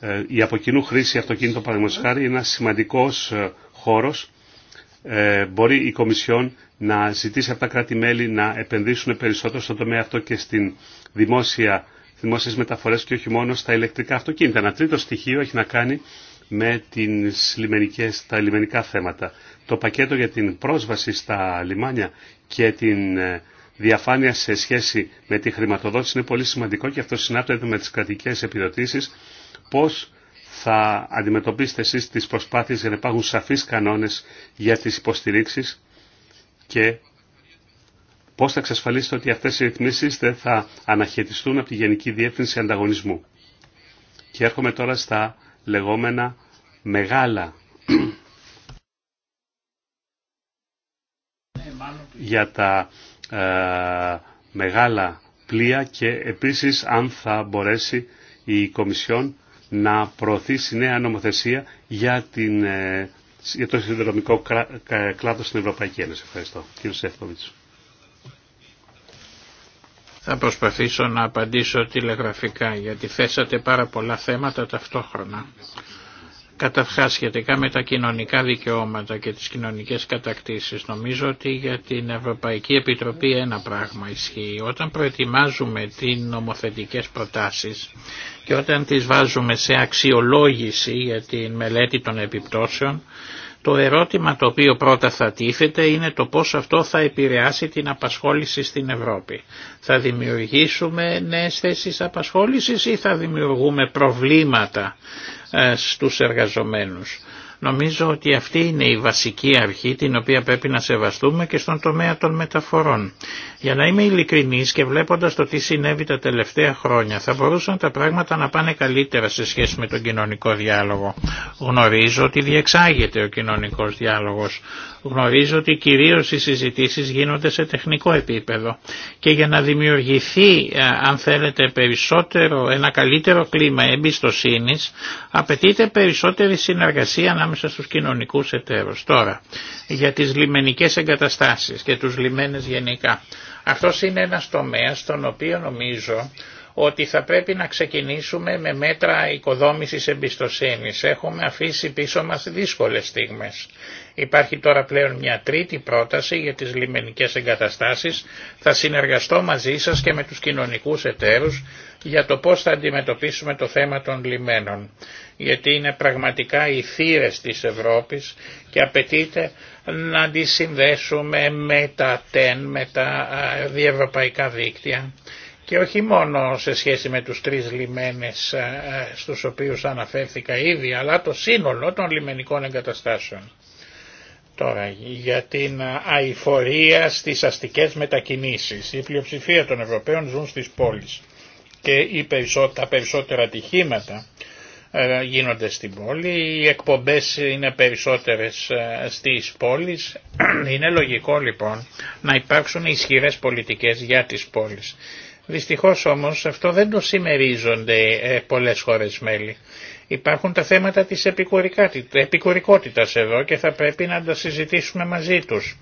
Ε, η από κοινού χρήση αυτοκίνητο παραδείγματος χάρη είναι ένας σημαντικός ε, χώρος. Ε, μπορεί η Κομισιόν να ζητήσει από τα κράτη-μέλη να επενδύσουν περισσότερο στον τομέα αυτό και στην δημόσια, δημόσιες μεταφορές και όχι μόνο στα ηλεκτρικά αυτοκίνητα. Ένα τρίτο στοιχείο έχει να κάνει με τις λιμενικές, τα λιμενικά θέματα. Το πακέτο για την πρόσβαση στα λιμάνια και την ε, διαφάνεια σε σχέση με τη χρηματοδότηση είναι πολύ σημαντικό και αυτό συνάπτεται με τις κρατικές επιδοτήσεις. Πώς θα αντιμετωπίσετε εσείς τις προσπάθειες για να υπάρχουν σαφείς κανόνες για τις υποστηρίξεις και πώς θα εξασφαλίσετε ότι αυτές οι ρυθμίσεις δεν θα αναχαιτιστούν από τη Γενική Διεύθυνση Ανταγωνισμού. Και έρχομαι τώρα στα λεγόμενα μεγάλα ε, για τα ε, μεγάλα πλοία και επίσης αν θα μπορέσει η Κομισιόν να προωθήσει νέα νομοθεσία για, την, ε, για το συνδρομικό κλάδο στην Ευρωπαϊκή Ένωση. Ευχαριστώ. Κύριε Θα προσπαθήσω να απαντήσω τηλεγραφικά γιατί θέσατε πάρα πολλά θέματα ταυτόχρονα. Καταρχάς σχετικά με τα κοινωνικά δικαιώματα και τις κοινωνικές κατακτήσεις νομίζω ότι για την Ευρωπαϊκή Επιτροπή ένα πράγμα ισχύει. Όταν προετοιμάζουμε τις νομοθετικές προτάσεις και όταν τις βάζουμε σε αξιολόγηση για την μελέτη των επιπτώσεων το ερώτημα το οποίο πρώτα θα τίθεται είναι το πώς αυτό θα επηρεάσει την απασχόληση στην Ευρώπη. Θα δημιουργήσουμε νέες θέσεις απασχόλησης ή θα δημιουργούμε προβλήματα ε, στους εργαζομένους. Νομίζω ότι αυτή είναι η βασική αρχή την οποία πρέπει να σεβαστούμε και στον τομέα των μεταφορών. Για να είμαι ειλικρινής και βλέποντας το τι συνέβη τα τελευταία χρόνια θα μπορούσαν τα πράγματα να πάνε καλύτερα σε σχέση με τον κοινωνικό διάλογο. Γνωρίζω ότι διεξάγεται ο κοινωνικός διάλογος. Γνωρίζω ότι κυρίως οι συζητήσεις γίνονται σε τεχνικό επίπεδο και για να δημιουργηθεί ε, αν θέλετε περισσότερο, ένα καλύτερο κλίμα εμπιστοσύνης απαιτείται περισσότερη συνεργασία ανάμεσα στους κοινωνικούς εταίρους. Τώρα, για τις λιμενικές εγκαταστάσεις και τους λιμένες γενικά. Αυτός είναι ένας τομέας στον οποίο νομίζω ότι θα πρέπει να ξεκινήσουμε με μέτρα οικοδόμησης εμπιστοσύνης. Έχουμε αφήσει πίσω μας δύσκολες στιγμές. Υπάρχει τώρα πλέον μια τρίτη πρόταση για τις λιμενικές εγκαταστάσεις. Θα συνεργαστώ μαζί σας και με τους κοινωνικούς εταίρους για το πώς θα αντιμετωπίσουμε το θέμα των λιμένων. Γιατί είναι πραγματικά οι θύρες της Ευρώπης και απαιτείται να τις συνδέσουμε με τα Τέν, με τα διευρωπαϊκά δίκτυα και όχι μόνο σε σχέση με τους τρεις λιμένες ε, ε, στους οποίους αναφέρθηκα ήδη, αλλά το σύνολο των λιμενικών εγκαταστάσεων. Τώρα, για την αηφορία στις αστικές μετακινήσεις. Η πλειοψηφία των Ευρωπαίων ζουν στις πόλεις και τα περισσότερα ατυχήματα ε, γίνονται στην πόλη, οι εκπομπές είναι περισσότερες στις πόλεις. Είναι λογικό λοιπόν να υπάρξουν ισχυρές πολιτικές για τις πόλεις. Δυστυχώς όμως αυτό δεν το συμμερίζονται ε, πολλές χώρες μέλη. Υπάρχουν τα θέματα της επικουρικότητας εδώ και θα πρέπει να τα συζητήσουμε μαζί τους.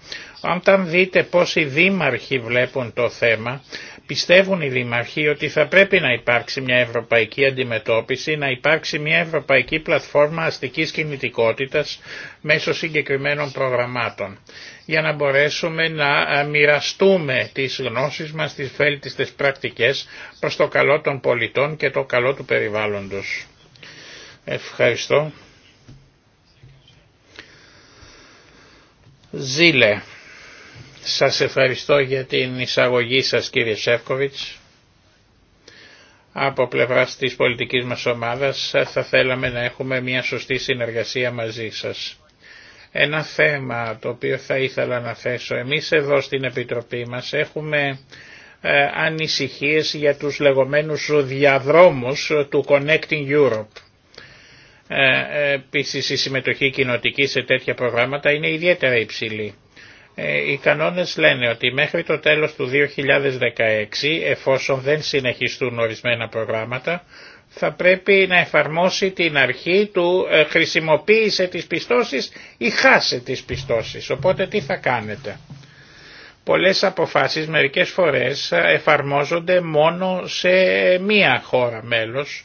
Αν δείτε πώς οι δήμαρχοι βλέπουν το θέμα, πιστεύουν οι δήμαρχοι ότι θα πρέπει να υπάρξει μια ευρωπαϊκή αντιμετώπιση, να υπάρξει μια ευρωπαϊκή πλατφόρμα αστικής κινητικότητας μέσω συγκεκριμένων προγραμμάτων για να μπορέσουμε να ε, μοιραστούμε τις γνώσεις μας, τις βέλτιστες πρακτικές προς το καλό των πολιτών και το καλό του περιβάλλοντος. Ευχαριστώ. Ζήλε. Σας ευχαριστώ για την εισαγωγή σας κύριε Σεύκοβιτς. Από πλευράς της πολιτικής μας ομάδας θα θέλαμε να έχουμε μια σωστή συνεργασία μαζί σας. Ένα θέμα το οποίο θα ήθελα να θέσω. Εμείς εδώ στην Επιτροπή μας έχουμε ε, ανησυχίες για τους λεγόμενους διαδρόμους του Connecting Europe. Ε, ε επίσης η συμμετοχή κοινοτική σε τέτοια προγράμματα είναι ιδιαίτερα υψηλή. Ε, οι κανόνες λένε ότι μέχρι το τέλος του 2016, εφόσον δεν συνεχιστούν ορισμένα προγράμματα, θα πρέπει να εφαρμόσει την αρχή του ε, χρησιμοποίησε τις πιστώσεις ή χάσε τις πιστώσεις. Οπότε τι θα κάνετε. Πολλές αποφάσεις μερικές φορές ε, εφαρμόζονται μόνο σε μία χώρα μέλος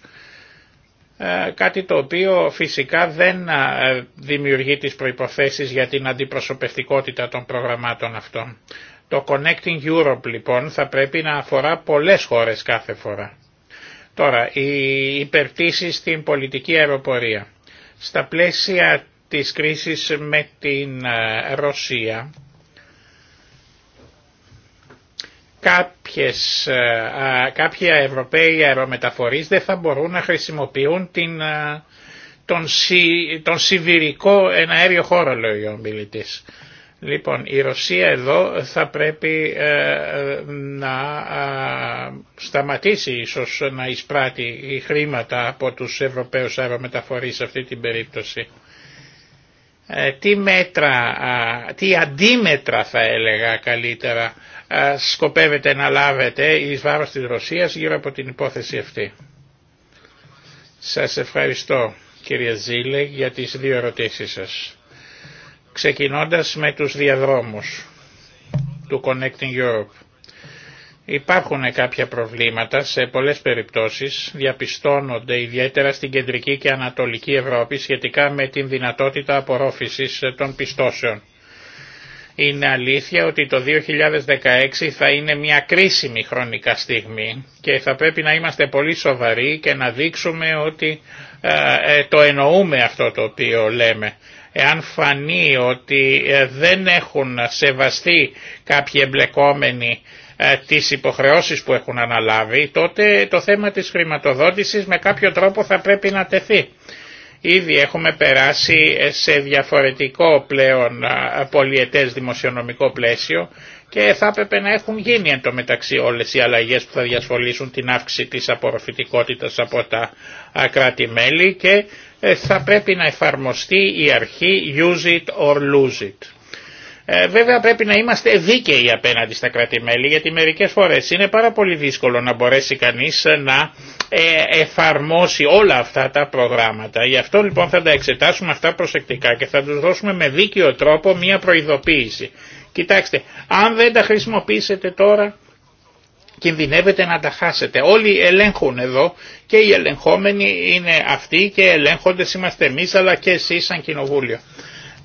ε, κάτι το οποίο φυσικά δεν ε, δημιουργεί τις προϋποθέσεις για την αντιπροσωπευτικότητα των προγραμμάτων αυτών. Το Connecting Europe λοιπόν θα πρέπει να αφορά πολλές χώρες κάθε φορά. Τώρα, οι υπερτήσεις στην πολιτική αεροπορία. Στα πλαίσια της κρίσης με την ε, Ρωσία κάποιες, ε, κάποιοι Ευρωπαίοι αερομεταφορείς δεν θα μπορούν να χρησιμοποιούν την, ε, τον, σι, τον σιβηρικό εναέριο χώρο, λέει ο ομιλητής. Λοιπόν, η Ρωσία εδώ θα πρέπει ε, να σταματήσει ίσως να εισπράττει χρήματα από τους Ευρωπαίους αερομεταφορείς σε αυτή την περίπτωση. τι μέτρα, τι αντίμετρα θα έλεγα καλύτερα ε, σκοπεύετε να λάβετε εις βάρος της Ρωσίας γύρω από την υπόθεση αυτή. Σας ευχαριστώ κύριε Ζήλε για τις δύο ερωτήσεις σας. Ξεκινώντας με τους διαδρόμους του Connecting Europe. Υπάρχουν κάποια προβλήματα, σε πολλές περιπτώσεις διαπιστώνονται ιδιαίτερα στην κεντρική και ανατολική Ευρώπη σχετικά με την δυνατότητα απορρόφησης των πιστώσεων. Είναι αλήθεια ότι το 2016 θα είναι μια κρίσιμη χρονικά στιγμή και θα πρέπει να είμαστε πολύ σοβαροί και να δείξουμε ότι ε, ε, το εννοούμε αυτό το οποίο λέμε. Εάν φανεί ότι ε, δεν έχουν σεβαστεί κάποιοι εμπλεκόμενοι ε, τις υποχρεώσεις που έχουν αναλάβει, τότε το θέμα της χρηματοδότησης με κάποιο τρόπο θα πρέπει να τεθεί. Ήδη έχουμε περάσει ε, σε διαφορετικό πλέον πολιετές δημοσιονομικό πλαίσιο και θα έπρεπε να έχουν γίνει εν τω μεταξύ όλες οι αλλαγές που θα διασφαλίσουν την αύξηση της απορροφητικότητας από τα κράτη-μέλη και ε, θα πρέπει να εφαρμοστεί η αρχή use it or lose it. Ε, βέβαια πρέπει να είμαστε δίκαιοι απέναντι στα κρατημέλη γιατί μερικές φορές είναι πάρα πολύ δύσκολο να μπορέσει κανείς να ε, εφαρμόσει όλα αυτά τα προγράμματα. Γι' αυτό λοιπόν θα τα εξετάσουμε αυτά προσεκτικά και θα τους δώσουμε με δίκαιο τρόπο μια προειδοποίηση. Κοιτάξτε, αν δεν τα χρησιμοποιήσετε τώρα κινδυνεύετε να τα χάσετε. Όλοι ελέγχουν εδώ και οι ελεγχόμενοι είναι αυτοί και ελέγχοντες είμαστε εμείς αλλά και εσείς σαν κοινοβούλιο.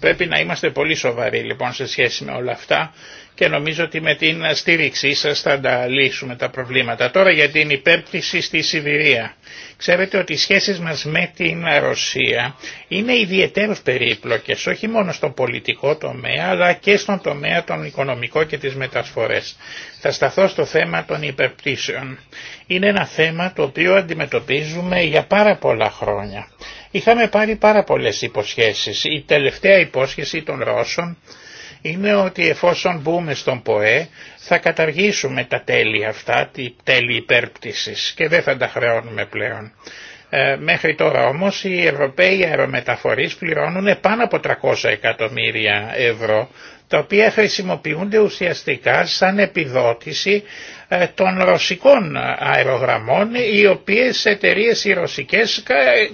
Πρέπει να είμαστε πολύ σοβαροί λοιπόν σε σχέση με όλα αυτά και νομίζω ότι με την στήριξή σας θα τα λύσουμε τα προβλήματα. Τώρα για την υπέρπτυση στη Σιβηρία. Ξέρετε ότι οι σχέσεις μας με την Ρωσία είναι ιδιαίτερω περίπλοκες, όχι μόνο στον πολιτικό τομέα, αλλά και στον τομέα των οικονομικών και τις μεταφορές. Θα σταθώ στο θέμα των υπερπτήσεων. Είναι ένα θέμα το οποίο αντιμετωπίζουμε για πάρα πολλά χρόνια. Είχαμε πάρει πάρα πολλές υποσχέσεις. Η τελευταία υπόσχεση των Ρώσων είναι ότι εφόσον μπούμε στον ΠΟΕ θα καταργήσουμε τα τέλη αυτά, τη τέλη υπέρπτυσης και δεν θα τα χρεώνουμε πλέον. Ε, μέχρι τώρα όμως οι Ευρωπαίοι αερομεταφορείς πληρώνουν πάνω από 300 εκατομμύρια ευρώ τα οποία χρησιμοποιούνται ουσιαστικά σαν επιδότηση ε, των ρωσικών αερογραμμών οι οποίες εταιρείε οι ρωσικές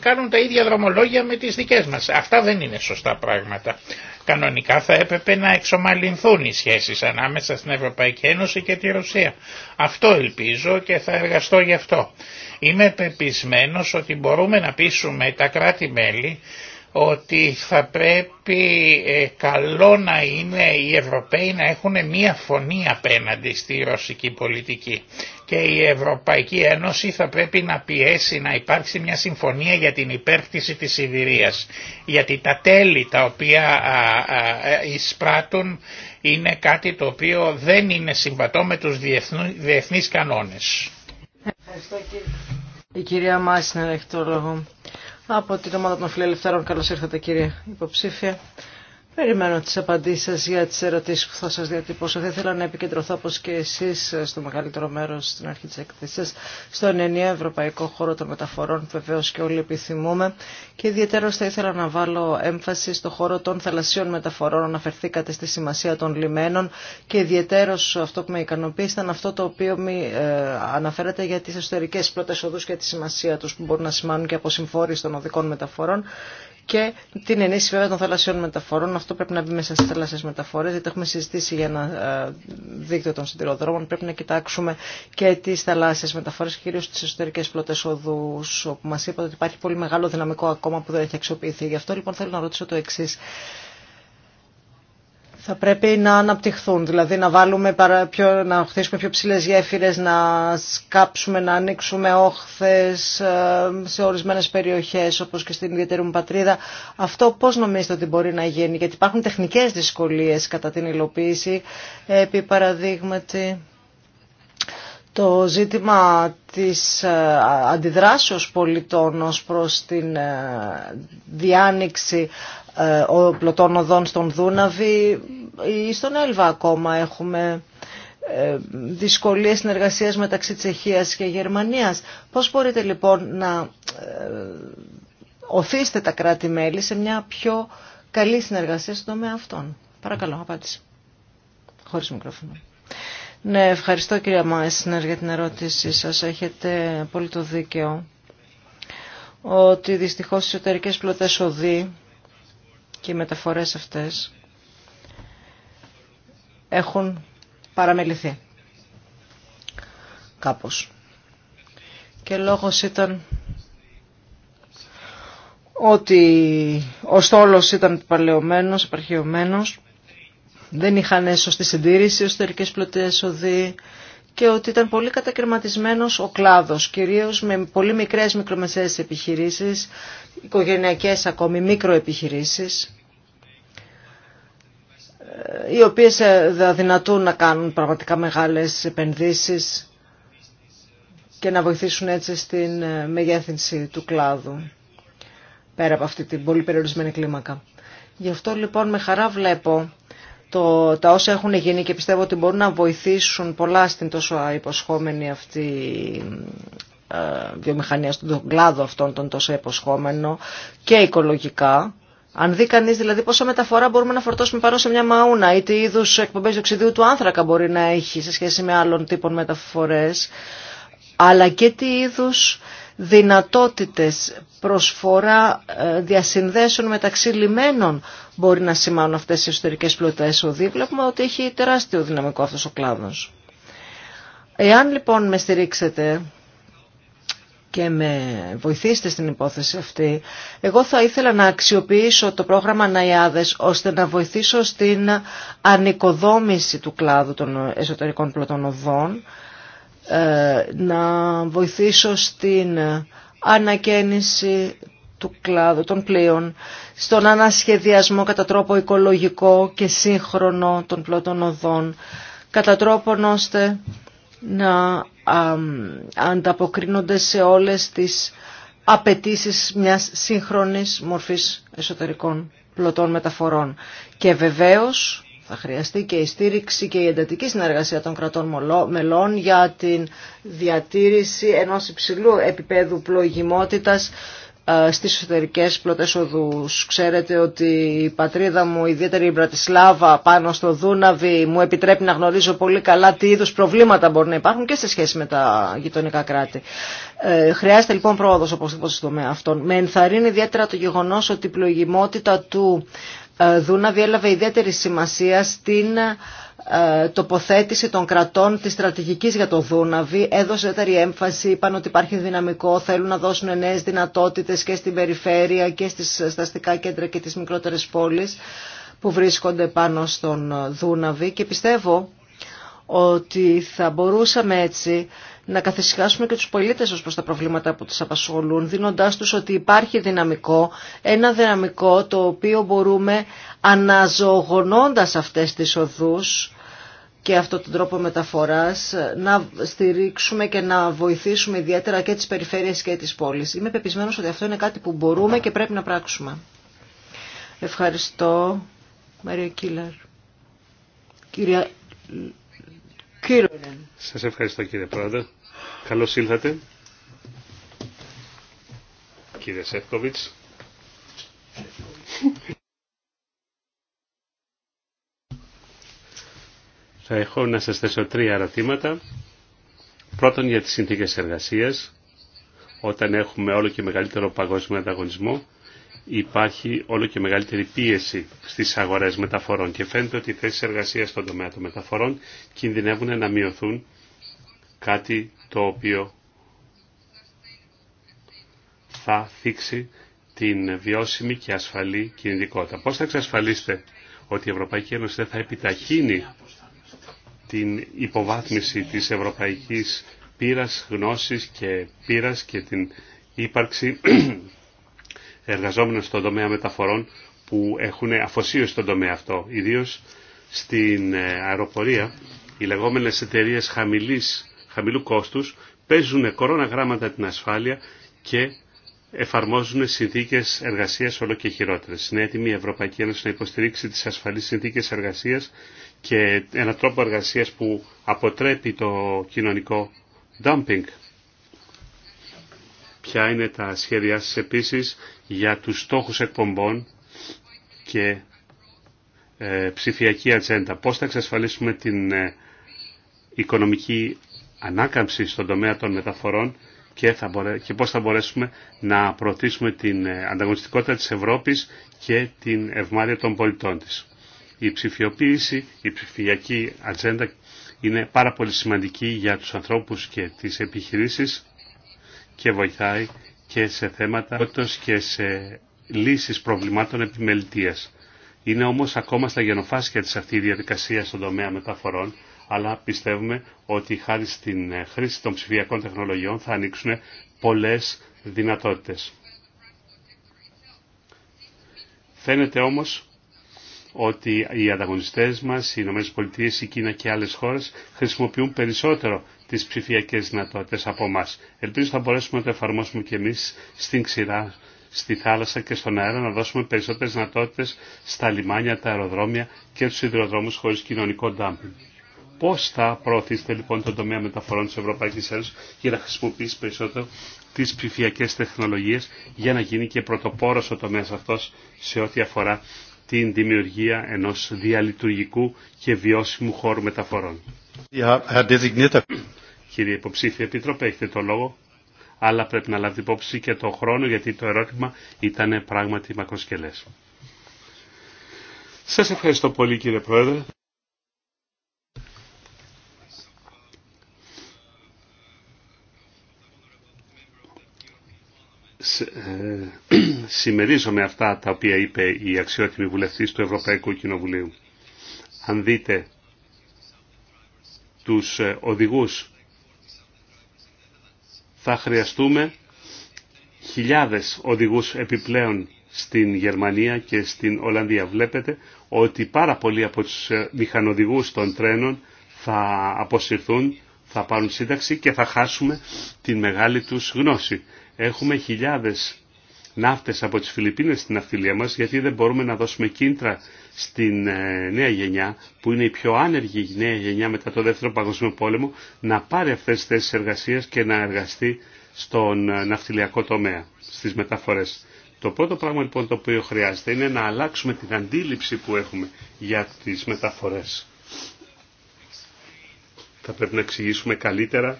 κάνουν τα ίδια δρομολόγια με τις δικές μας. Αυτά δεν είναι σωστά πράγματα. Κανονικά θα έπρεπε να εξομαλυνθούν οι σχέσεις ανάμεσα στην Ευρωπαϊκή Ένωση και τη Ρωσία. Αυτό ελπίζω και θα εργαστώ γι' αυτό. Είμαι πεπισμένος ότι μπορούμε να πείσουμε τα κράτη-μέλη ότι θα πρέπει ε, καλό να είναι οι Ευρωπαίοι να έχουν μία φωνή απέναντι στη ρωσική πολιτική και η Ευρωπαϊκή Ένωση θα πρέπει να πιέσει να υπάρξει μια συμφωνία για την υπέρκτηση της Σιβηρίας γιατί τα τέλη τα οποία εισπράττουν είναι κάτι το οποίο δεν είναι συμβατό με τους διεθνείς κανόνες. Η κυρία από την ομάδα των φιλελευθέρων καλώ ήρθατε κύριε υποψήφια. Περιμένω τις απαντήσεις σας για τις ερωτήσεις που θα σας διατυπώσω. Θα ήθελα να επικεντρωθώ όπως και εσείς στο μεγαλύτερο μέρος στην αρχή της εκθέσης στον ενιαίο ευρωπαϊκό χώρο των μεταφορών που βεβαίω και όλοι επιθυμούμε και ιδιαίτερα θα ήθελα να βάλω έμφαση στο χώρο των θαλασσίων μεταφορών αναφερθήκατε στη σημασία των λιμένων και ιδιαίτερα αυτό που με ικανοποίησε ήταν αυτό το οποίο ε, αναφέρατε για τις εσωτερικές πρώτες οδούς και τη σημασία τους που μπορούν να σημάνουν και αποσυμφόρηση των οδικών μεταφορών και την ενίσχυση βέβαια των θαλασσιών μεταφορών. Αυτό πρέπει να μπει μέσα στι θαλασσιέ μεταφορέ, γιατί έχουμε συζητήσει για ένα ε, δίκτυο των σιδηροδρόμων. Πρέπει να κοιτάξουμε και τι θαλάσσιε μεταφορέ, κυρίω τι εσωτερικέ πλωτέ οδού, όπου μα είπατε ότι υπάρχει πολύ μεγάλο δυναμικό ακόμα που δεν έχει αξιοποιηθεί. Γι' αυτό λοιπόν θέλω να ρωτήσω το εξή θα πρέπει να αναπτυχθούν, δηλαδή να, βάλουμε πιο, να χτίσουμε πιο ψηλές γέφυρες, να σκάψουμε, να ανοίξουμε όχθες ε, σε ορισμένες περιοχές όπως και στην ιδιαίτερη μου πατρίδα. Αυτό πώς νομίζετε ότι μπορεί να γίνει, γιατί υπάρχουν τεχνικές δυσκολίες κατά την υλοποίηση, επί παραδείγματι... Το ζήτημα της ε, αντιδράσεως πολιτών ως προς την ε, διάνοιξη ε, πλωτών οδών στον Δούναβη ή στον Έλβα ακόμα έχουμε ε, δυσκολίες συνεργασίας μεταξύ Τσεχίας και Γερμανίας. Πώς μπορείτε λοιπόν να ε, οθήσετε τα κράτη-μέλη σε μια πιο καλή συνεργασία στον τομέα αυτών. Παρακαλώ, απάντηση. Χωρίς μικρόφωνο. Ναι, ευχαριστώ κυρία Μάισνερ για την ερώτησή σας. Έχετε πολύ το δίκαιο ότι δυστυχώς οι εσωτερικές πλωτές οδοί και οι μεταφορές αυτές έχουν παραμεληθεί κάπως. Και λόγος ήταν ότι ο στόλος ήταν παλαιωμένος, επαρχαιωμένος, δεν είχαν σωστή συντήρηση, εσωτερικές πλωτές οδοί και ότι ήταν πολύ κατακαιρματισμένος ο κλάδος, κυρίως με πολύ μικρές μικρομεσαίες επιχειρήσεις οικογενειακές ακόμη μικροεπιχειρήσεις ε, οι οποίες ε, δυνατούν να κάνουν πραγματικά μεγάλες επενδύσεις και να βοηθήσουν έτσι στην ε, μεγέθυνση του κλάδου πέρα από αυτή την πολύ περιορισμένη κλίμακα. Γι' αυτό λοιπόν με χαρά βλέπω το, τα όσα έχουν γίνει και πιστεύω ότι μπορούν να βοηθήσουν πολλά στην τόσο υποσχόμενη αυτή ε, βιομηχανία στον κλάδο αυτόν τον τόσο υποσχόμενο και οικολογικά. Αν δει κανεί δηλαδή πόσα μεταφορά μπορούμε να φορτώσουμε πάνω σε μια μαούνα ή τι είδου εκπομπέ διοξιδίου του άνθρακα μπορεί να έχει σε σχέση με άλλων τύπων μεταφορέ, αλλά και τι είδου δυνατότητε προσφορά ε, διασυνδέσεων μεταξύ λιμένων μπορεί να σημάνουν αυτέ οι εσωτερικέ πλωτέ οδοί. Βλέπουμε ότι έχει τεράστιο δυναμικό αυτό ο κλάδο. Εάν λοιπόν με στηρίξετε και με βοηθήσετε στην υπόθεση αυτή, εγώ θα ήθελα να αξιοποιήσω το πρόγραμμα Ναϊάδες ώστε να βοηθήσω στην ανοικοδόμηση του κλάδου των εσωτερικών πλωτών οδών, ε, να βοηθήσω στην ανακαίνιση του κλάδου των πλοίων, στον ανασχεδιασμό κατά τρόπο οικολογικό και σύγχρονο των πλωτών οδών, κατά τρόπον ώστε να ανταποκρίνονται σε όλες τις απαιτήσεις μιας σύγχρονης μορφής εσωτερικών πλωτών μεταφορών. Και βεβαίως θα χρειαστεί και η στήριξη και η εντατική συνεργασία των κρατών μελών για την διατήρηση ενός υψηλού επίπεδου πλοηγημότητας ε, στις εσωτερικές πλωτές οδούς. Ξέρετε ότι η πατρίδα μου, ιδιαίτερη η Μπρατισλάβα, πάνω στο Δούναβι, μου επιτρέπει να γνωρίζω πολύ καλά τι είδους προβλήματα μπορεί να υπάρχουν και σε σχέση με τα γειτονικά κράτη. Ε, χρειάζεται λοιπόν πρόοδος οπωσδήποτε στο τομέα αυτόν. Με ενθαρρύνει ιδιαίτερα το γεγονός ότι η πλοηγιμότητα του ε, Δούναβι έλαβε ιδιαίτερη σημασία στην ε, τοποθέτηση των κρατών της στρατηγικής για το Δούναβη έδωσε ιδιαίτερη έμφαση, είπαν ότι υπάρχει δυναμικό, θέλουν να δώσουν νέες δυνατότητες και στην περιφέρεια και στις σταστικά κέντρα και τις μικρότερες πόλεις που βρίσκονται πάνω στον Δούναβη και πιστεύω ότι θα μπορούσαμε έτσι να καθησυχάσουμε και τους πολίτες ως προς τα προβλήματα που τους απασχολούν, δίνοντάς τους ότι υπάρχει δυναμικό, ένα δυναμικό το οποίο μπορούμε αναζωογονώντας αυτές τις οδούς και αυτόν τον τρόπο μεταφοράς να στηρίξουμε και να βοηθήσουμε ιδιαίτερα και τις περιφέρειες και τις πόλεις. Είμαι πεπισμένος ότι αυτό είναι κάτι που μπορούμε και πρέπει να πράξουμε. Ευχαριστώ. Μαρία Κίλαρ. Κυρία Σας ευχαριστώ κύριε Πρόεδρε. Καλώς ήλθατε. Κύριε Σεύκοβιτς. θα έχω να σας θέσω τρία ερωτήματα. Πρώτον για τις συνθήκες εργασίας. Όταν έχουμε όλο και μεγαλύτερο παγκόσμιο ανταγωνισμό, υπάρχει όλο και μεγαλύτερη πίεση στις αγορές μεταφορών και φαίνεται ότι οι θέσεις εργασίας στον τομέα των μεταφορών κινδυνεύουν να μειωθούν κάτι το οποίο θα θίξει την βιώσιμη και ασφαλή κινητικότητα. Πώς θα εξασφαλίσετε ότι η Ευρωπαϊκή Ένωση δεν θα επιταχύνει την υποβάθμιση της ευρωπαϊκής πείρας, γνώσης και πείρας και την ύπαρξη εργαζόμενων στον τομέα μεταφορών που έχουν αφοσίωση στον τομέα αυτό. Ιδίως στην ε, αεροπορία οι λεγόμενες εταιρείε χαμηλού κόστους παίζουν κορώνα γράμματα την ασφάλεια και εφαρμόζουν συνθήκε εργασία όλο και χειρότερε. Είναι έτοιμη η Ευρωπαϊκή Ένωση να υποστηρίξει τι ασφαλεί συνθήκε εργασία και ένα τρόπο εργασίας που αποτρέπει το κοινωνικό dumping. Ποια είναι τα σχέδιά σας επίσης για τους στόχους εκπομπών και ε, ψηφιακή ατζέντα. Πώς θα εξασφαλίσουμε την ε, οικονομική ανάκαμψη στον τομέα των μεταφορών και, θα και πώς θα μπορέσουμε να προωθήσουμε την ε, ανταγωνιστικότητα της Ευρώπης και την ευμάρεια των πολιτών της. Η ψηφιοποίηση, η ψηφιακή ατζέντα είναι πάρα πολύ σημαντική για τους ανθρώπους και τις επιχειρήσεις και βοηθάει και σε θέματα και σε λύσεις προβλημάτων επιμελητίας. Είναι όμως ακόμα στα γενοφάσια της αυτή η διαδικασία στον τομέα μεταφορών, αλλά πιστεύουμε ότι χάρη στην ε, χρήση των ψηφιακών τεχνολογιών θα ανοίξουν πολλές δυνατότητες. Φαίνεται όμως ότι οι ανταγωνιστές μας, οι ΗΠΑ, η Κίνα και άλλες χώρες χρησιμοποιούν περισσότερο τις ψηφιακές δυνατότητες από εμά. Ελπίζω θα μπορέσουμε να το εφαρμόσουμε και εμείς στην ξηρά, στη θάλασσα και στον αέρα, να δώσουμε περισσότερες δυνατότητες στα λιμάνια, τα αεροδρόμια και τους σιδηροδρόμους χωρίς κοινωνικό ντάμπινγκ. Πώς θα προωθήσετε λοιπόν τον τομέα μεταφορών της Ευρωπαϊκής Ένωσης για να χρησιμοποιήσει περισσότερο τις ψηφιακές τεχνολογίες για να γίνει και πρώτοπόρο ο τομέας αυτός σε ό,τι αφορά την δημιουργία ενός διαλειτουργικού και βιώσιμου χώρου μεταφορών. Κύριε υποψήφιε επίτροπε, έχετε το λόγο, αλλά πρέπει να λάβετε υπόψη και το χρόνο, γιατί το ερώτημα ήταν πράγματι μακροσκελές. Σας ευχαριστώ πολύ κύριε Πρόεδρε. Ε, συμμερίζομαι αυτά τα οποία είπε η αξιότιμη βουλευτής του Ευρωπαϊκού Κοινοβουλίου. Αν δείτε τους ε, οδηγούς θα χρειαστούμε χιλιάδες οδηγούς επιπλέον στην Γερμανία και στην Ολλανδία. Βλέπετε ότι πάρα πολλοί από τους ε, μηχανοδηγούς των τρένων θα αποσυρθούν, θα πάρουν σύνταξη και θα χάσουμε την μεγάλη τους γνώση. Έχουμε χιλιάδες ναύτες από τις Φιλιππίνες στην ναυτιλία μας γιατί δεν μπορούμε να δώσουμε κίντρα στην ε, νέα γενιά που είναι η πιο άνεργη νέα γενιά μετά το δεύτερο παγκόσμιο πόλεμο να πάρει αυτές τις θέσεις εργασίας και να εργαστεί στον ε, ναυτιλιακό τομέα, στις μεταφορές. Το πρώτο πράγμα λοιπόν το οποίο χρειάζεται είναι να αλλάξουμε την αντίληψη που έχουμε για τις μεταφορές. Θα πρέπει να εξηγήσουμε καλύτερα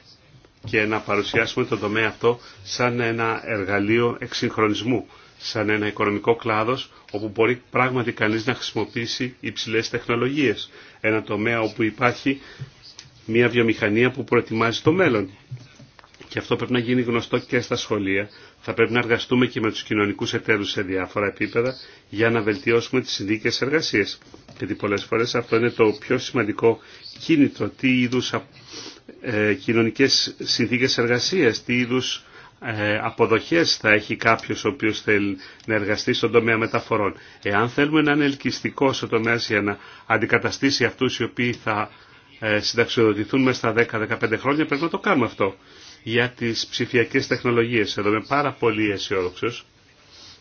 και να παρουσιάσουμε το τομέα αυτό σαν ένα εργαλείο εξυγχρονισμού, σαν ένα οικονομικό κλάδος όπου μπορεί πράγματι κανείς να χρησιμοποιήσει υψηλές τεχνολογίες. Ένα τομέα όπου υπάρχει μια βιομηχανία που προετοιμάζει το μέλλον. Και αυτό πρέπει να γίνει γνωστό και στα σχολεία. Θα πρέπει να εργαστούμε και με τους κοινωνικούς εταίρους σε διάφορα επίπεδα για να βελτιώσουμε τις συνδίκες εργασίας. Γιατί πολλές φορές αυτό είναι το πιο σημαντικό κίνητρο. Τι είδους ε, κοινωνικές συνθήκες εργασίας, τι είδους ε, αποδοχές θα έχει κάποιος ο οποίος θέλει να εργαστεί στον τομέα μεταφορών. Εάν θέλουμε να είναι ελκυστικό ο τομέα για να αντικαταστήσει αυτούς οι οποίοι θα ε, συνταξιοδοτηθούν μέσα στα 10-15 χρόνια, πρέπει να το κάνουμε αυτό. Για τις ψηφιακές τεχνολογίες, εδώ είμαι πάρα πολύ αισιόδοξο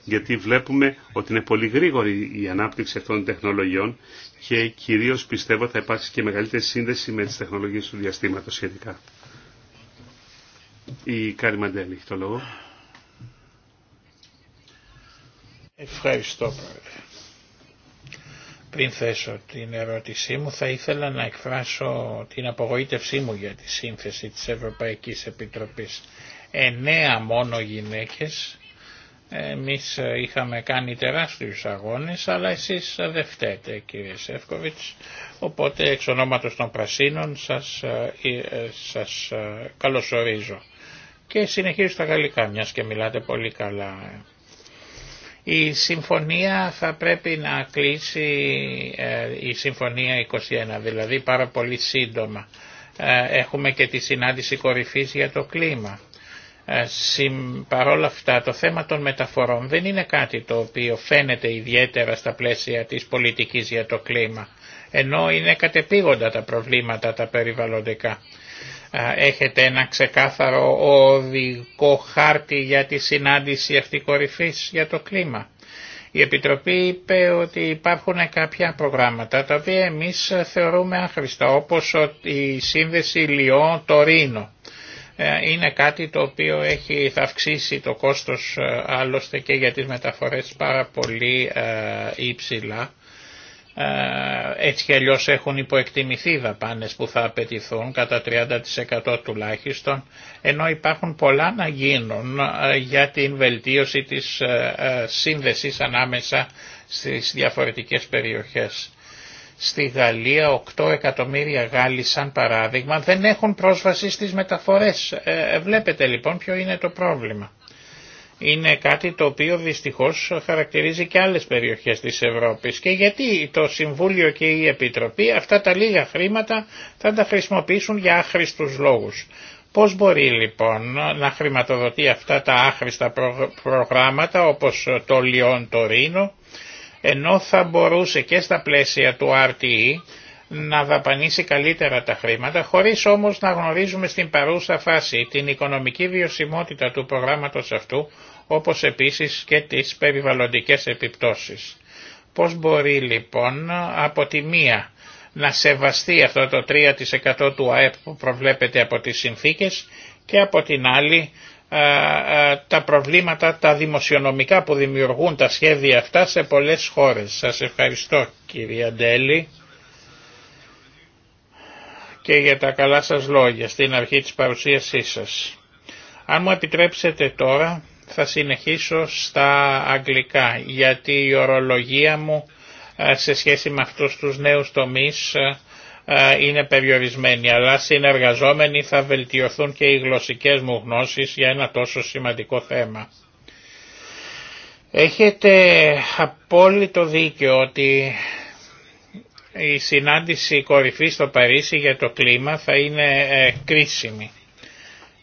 γιατί βλέπουμε ότι είναι πολύ γρήγορη η ανάπτυξη αυτών των τεχνολογιών και κυρίως πιστεύω θα υπάρξει και μεγαλύτερη σύνδεση με τις τεχνολογίες του διαστήματος σχετικά. Η Κάρη Μαντέλη έχει το λόγο. Ευχαριστώ πολύ. Πριν θέσω την ερώτησή μου θα ήθελα να εκφράσω την απογοήτευσή μου για τη σύνθεση της Ευρωπαϊκής Επιτροπής. Εννέα μόνο γυναίκες εμείς ε, είχαμε κάνει τεράστιους αγώνες, αλλά εσείς ε, δεν φταίτε κύριε Σεύκοβιτς, οπότε εξ ονόματος των Πρασίνων σας, ε, σας καλωσορίζω. Και συνεχίζω στα γαλλικά, μιας και μιλάτε πολύ καλά. Η συμφωνία θα πρέπει να κλείσει, η συμφωνία 21, δηλαδή πάρα πολύ σύντομα. Έχουμε και τη συνάντηση κορυφής για το κλίμα ε, παρόλα αυτά το θέμα των μεταφορών δεν είναι κάτι το οποίο φαίνεται ιδιαίτερα στα πλαίσια της πολιτικής για το κλίμα, ενώ είναι κατεπίγοντα τα προβλήματα τα περιβαλλοντικά. Ε, έχετε ένα ξεκάθαρο οδικό χάρτη για τη συνάντηση αυτή κορυφής για το κλίμα. Η Επιτροπή είπε ότι υπάρχουν κάποια προγράμματα τα οποία εμείς θεωρούμε άχρηστα όπως η συνδεση το Λιόν-Τωρίνο ε, είναι κάτι το οποίο έχει, θα αυξήσει το κόστος ε, άλλωστε και για τις μεταφορές πάρα πολύ ε, υψηλά. Έτσι κι αλλιώς έχουν υποεκτιμηθεί οι δαπάνες που θα απαιτηθούν κατά 30% τουλάχιστον, ενώ υπάρχουν πολλά να γίνουν για την βελτίωση της σύνδεσης ανάμεσα στις διαφορετικές περιοχές. Στη Γαλλία 8 εκατομμύρια Γάλλοι σαν παράδειγμα δεν έχουν πρόσβαση στις μεταφορές. Ε, ε, βλέπετε λοιπόν ποιο είναι το πρόβλημα. Είναι κάτι το οποίο δυστυχώς χαρακτηρίζει και άλλες περιοχές της Ευρώπης. Και γιατί το Συμβούλιο και η Επιτροπή αυτά τα λίγα χρήματα θα τα χρησιμοποιήσουν για άχρηστους λόγους. Πώς μπορεί λοιπόν να χρηματοδοτεί αυτά τα άχρηστα προγράμματα όπως το Λιόν ρίνο, ενώ θα μπορούσε και στα πλαίσια του RTE να δαπανίσει καλύτερα τα χρήματα, χωρίς όμως να γνωρίζουμε στην παρούσα φάση την οικονομική βιωσιμότητα του προγράμματος αυτού, όπως επίσης και τις περιβαλλοντικές επιπτώσεις. Πώς μπορεί λοιπόν από τη μία να σεβαστεί αυτό το 3% του ΑΕΠ που προβλέπεται από τις συνθήκες και από την άλλη ε, ε, τα προβλήματα, τα δημοσιονομικά που δημιουργούν τα σχέδια αυτά σε πολλές χώρες. Σας ευχαριστώ κυρία Ντέλη και για τα καλά σας λόγια στην αρχή της παρουσίασής σας. Αν μου επιτρέψετε τώρα θα συνεχίσω στα αγγλικά γιατί η ορολογία μου ε, σε σχέση με αυτούς τους νέους τομείς ε, είναι περιορισμένοι, αλλά συνεργαζόμενοι θα βελτιωθούν και οι γλωσσικές μου γνώσεις για ένα τόσο σημαντικό θέμα. Έχετε απόλυτο δίκιο ότι η συνάντηση κορυφή στο Παρίσι για το κλίμα θα είναι ε, κρίσιμη.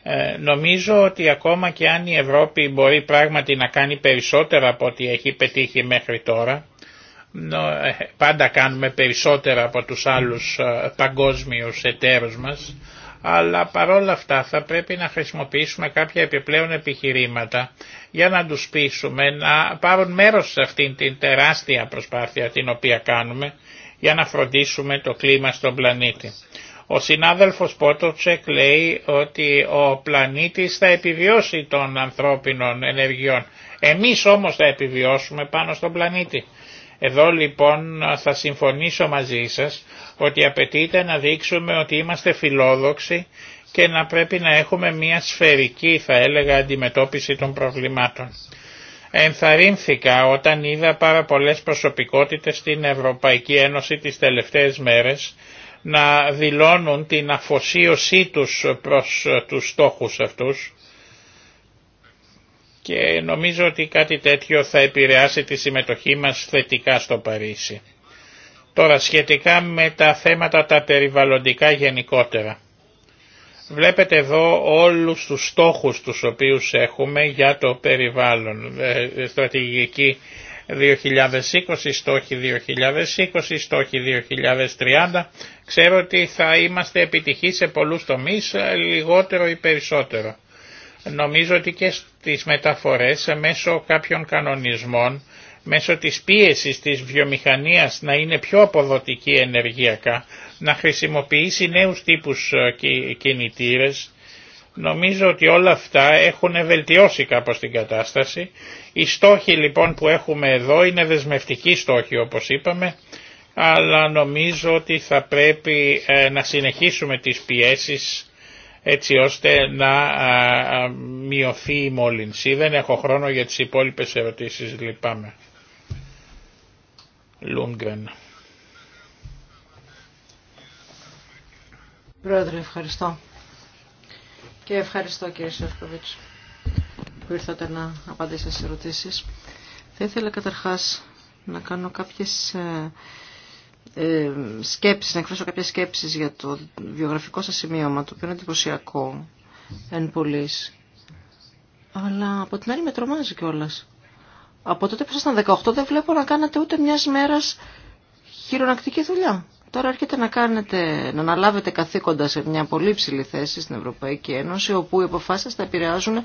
Ε, νομίζω ότι ακόμα και αν η Ευρώπη μπορεί πράγματι να κάνει περισσότερα από ό,τι έχει πετύχει μέχρι τώρα, ε, πάντα κάνουμε περισσότερα από τους άλλους ε, παγκόσμιους εταίρους μας, αλλά παρόλα αυτά θα πρέπει να χρησιμοποιήσουμε κάποια επιπλέον επιχειρήματα για να τους πείσουμε να πάρουν μέρος σε αυτήν την τεράστια προσπάθεια την οποία κάνουμε για να φροντίσουμε το κλίμα στον πλανήτη. Ο συνάδελφος Πότοτσεκ λέει ότι ο πλανήτης θα επιβιώσει των ανθρώπινων ενεργειών. Εμείς όμως θα επιβιώσουμε πάνω στον πλανήτη. Εδώ λοιπόν θα συμφωνήσω μαζί σας ότι απαιτείται να δείξουμε ότι είμαστε φιλόδοξοι και να πρέπει να έχουμε μια σφαιρική θα έλεγα αντιμετώπιση των προβλημάτων. Ενθαρρύνθηκα όταν είδα πάρα πολλές προσωπικότητες στην Ευρωπαϊκή Ένωση τις τελευταίες μέρες να δηλώνουν την αφοσίωσή τους προς τους στόχους αυτούς και νομίζω ότι κάτι τέτοιο θα επηρεάσει τη συμμετοχή μας θετικά στο Παρίσι. Τώρα σχετικά με τα θέματα τα περιβαλλοντικά γενικότερα. Βλέπετε εδώ όλους τους στόχους τους οποίους έχουμε για το περιβάλλον. Ε, ε, στρατηγική 2020, στόχοι 2020, στόχοι 2030. Ξέρω ότι θα είμαστε επιτυχείς σε πολλούς τομείς, ε, λιγότερο ή περισσότερο. Νομίζω ότι και στις μεταφορές μέσω κάποιων κανονισμών, μέσω της πίεσης της βιομηχανίας να είναι πιο αποδοτική ενεργειακά, να χρησιμοποιήσει νέους τύπους ε, κινητήρες, Νομίζω ότι όλα αυτά έχουν βελτιώσει κάπως την κατάσταση. Οι στόχοι λοιπόν που έχουμε εδώ είναι δεσμευτικοί στόχοι όπως είπαμε, αλλά νομίζω ότι θα πρέπει ε, να συνεχίσουμε τις πιέσεις έτσι ώστε να μειωθεί η μόλυνση. Δεν έχω χρόνο για τις υπόλοιπες ερωτήσεις, λυπάμαι. Λούγκρεν. Πρόεδρε, ευχαριστώ. Και ευχαριστώ κύριε Σεφκοβίτς που ήρθατε να απαντήσετε στις ερωτήσεις. Θα ήθελα καταρχάς να κάνω κάποιες ε, ε, σκέψεις, να εκφράσω κάποιες σκέψεις για το βιογραφικό σας σημείωμα, το οποίο είναι εντυπωσιακό, εν πολλής Αλλά από την άλλη με τρομάζει κιόλα. Από τότε που ήσασταν 18 δεν βλέπω να κάνατε ούτε μια μέρα χειρονακτική δουλειά. Τώρα έρχεται να, κάνετε, να αναλάβετε καθήκοντα σε μια πολύ ψηλή θέση στην Ευρωπαϊκή Ένωση, όπου οι αποφάσει θα επηρεάζουν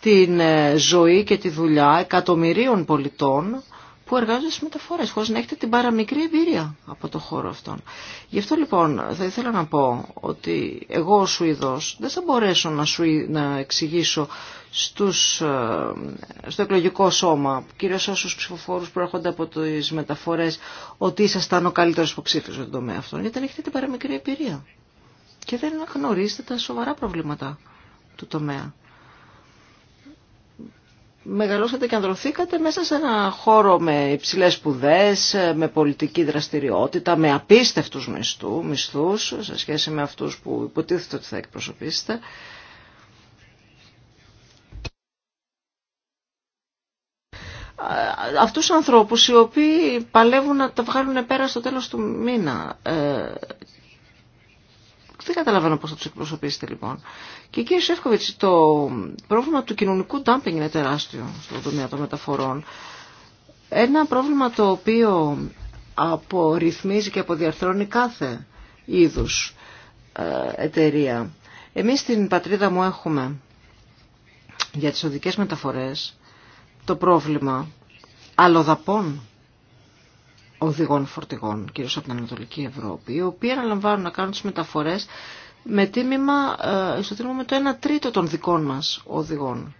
την ε, ζωή και τη δουλειά εκατομμυρίων πολιτών, που εργάζονται στις μεταφορές, χωρίς να έχετε την παραμικρή εμπειρία από το χώρο αυτόν. Γι' αυτό λοιπόν θα ήθελα να πω ότι εγώ ο Σουηδός δεν θα μπορέσω να, σου, να εξηγήσω στους, ε, στο εκλογικό σώμα, κυρίως όσους ψηφοφόρους προέρχονται από τις μεταφορές, ότι ήσασταν ο καλύτερος ψήφισε τον τομέα αυτόν, γιατί δεν έχετε την παραμικρή εμπειρία. Και δεν γνωρίζετε τα σοβαρά προβλήματα του τομέα μεγαλώσατε και ανδρωθήκατε μέσα σε ένα χώρο με υψηλές σπουδέ, με πολιτική δραστηριότητα, με απίστευτους μισθού, μισθούς σε σχέση με αυτούς που υποτίθεται ότι θα εκπροσωπήσετε. Αυτούς τους ανθρώπους οι οποίοι παλεύουν να τα βγάλουν πέρα στο τέλος του μήνα ε, δεν καταλαβαίνω πώς θα τους εκπροσωπήσετε λοιπόν. Και κύριε Σεύκοβιτς, το πρόβλημα του κοινωνικού ντάμπινγκ είναι τεράστιο στον τομέα των μεταφορών. Ένα πρόβλημα το οποίο απορριθμίζει και αποδιαρθρώνει κάθε είδους ε, εταιρεία. Εμείς στην πατρίδα μου έχουμε για τις οδικές μεταφορές το πρόβλημα αλλοδαπών οδηγών φορτηγών, κυρίως από την Ανατολική Ευρώπη, οι οποίοι αναλαμβάνουν να κάνουν τις μεταφορές με τίμημα ε, τίμημα με το 1 τρίτο των δικών μας οδηγών.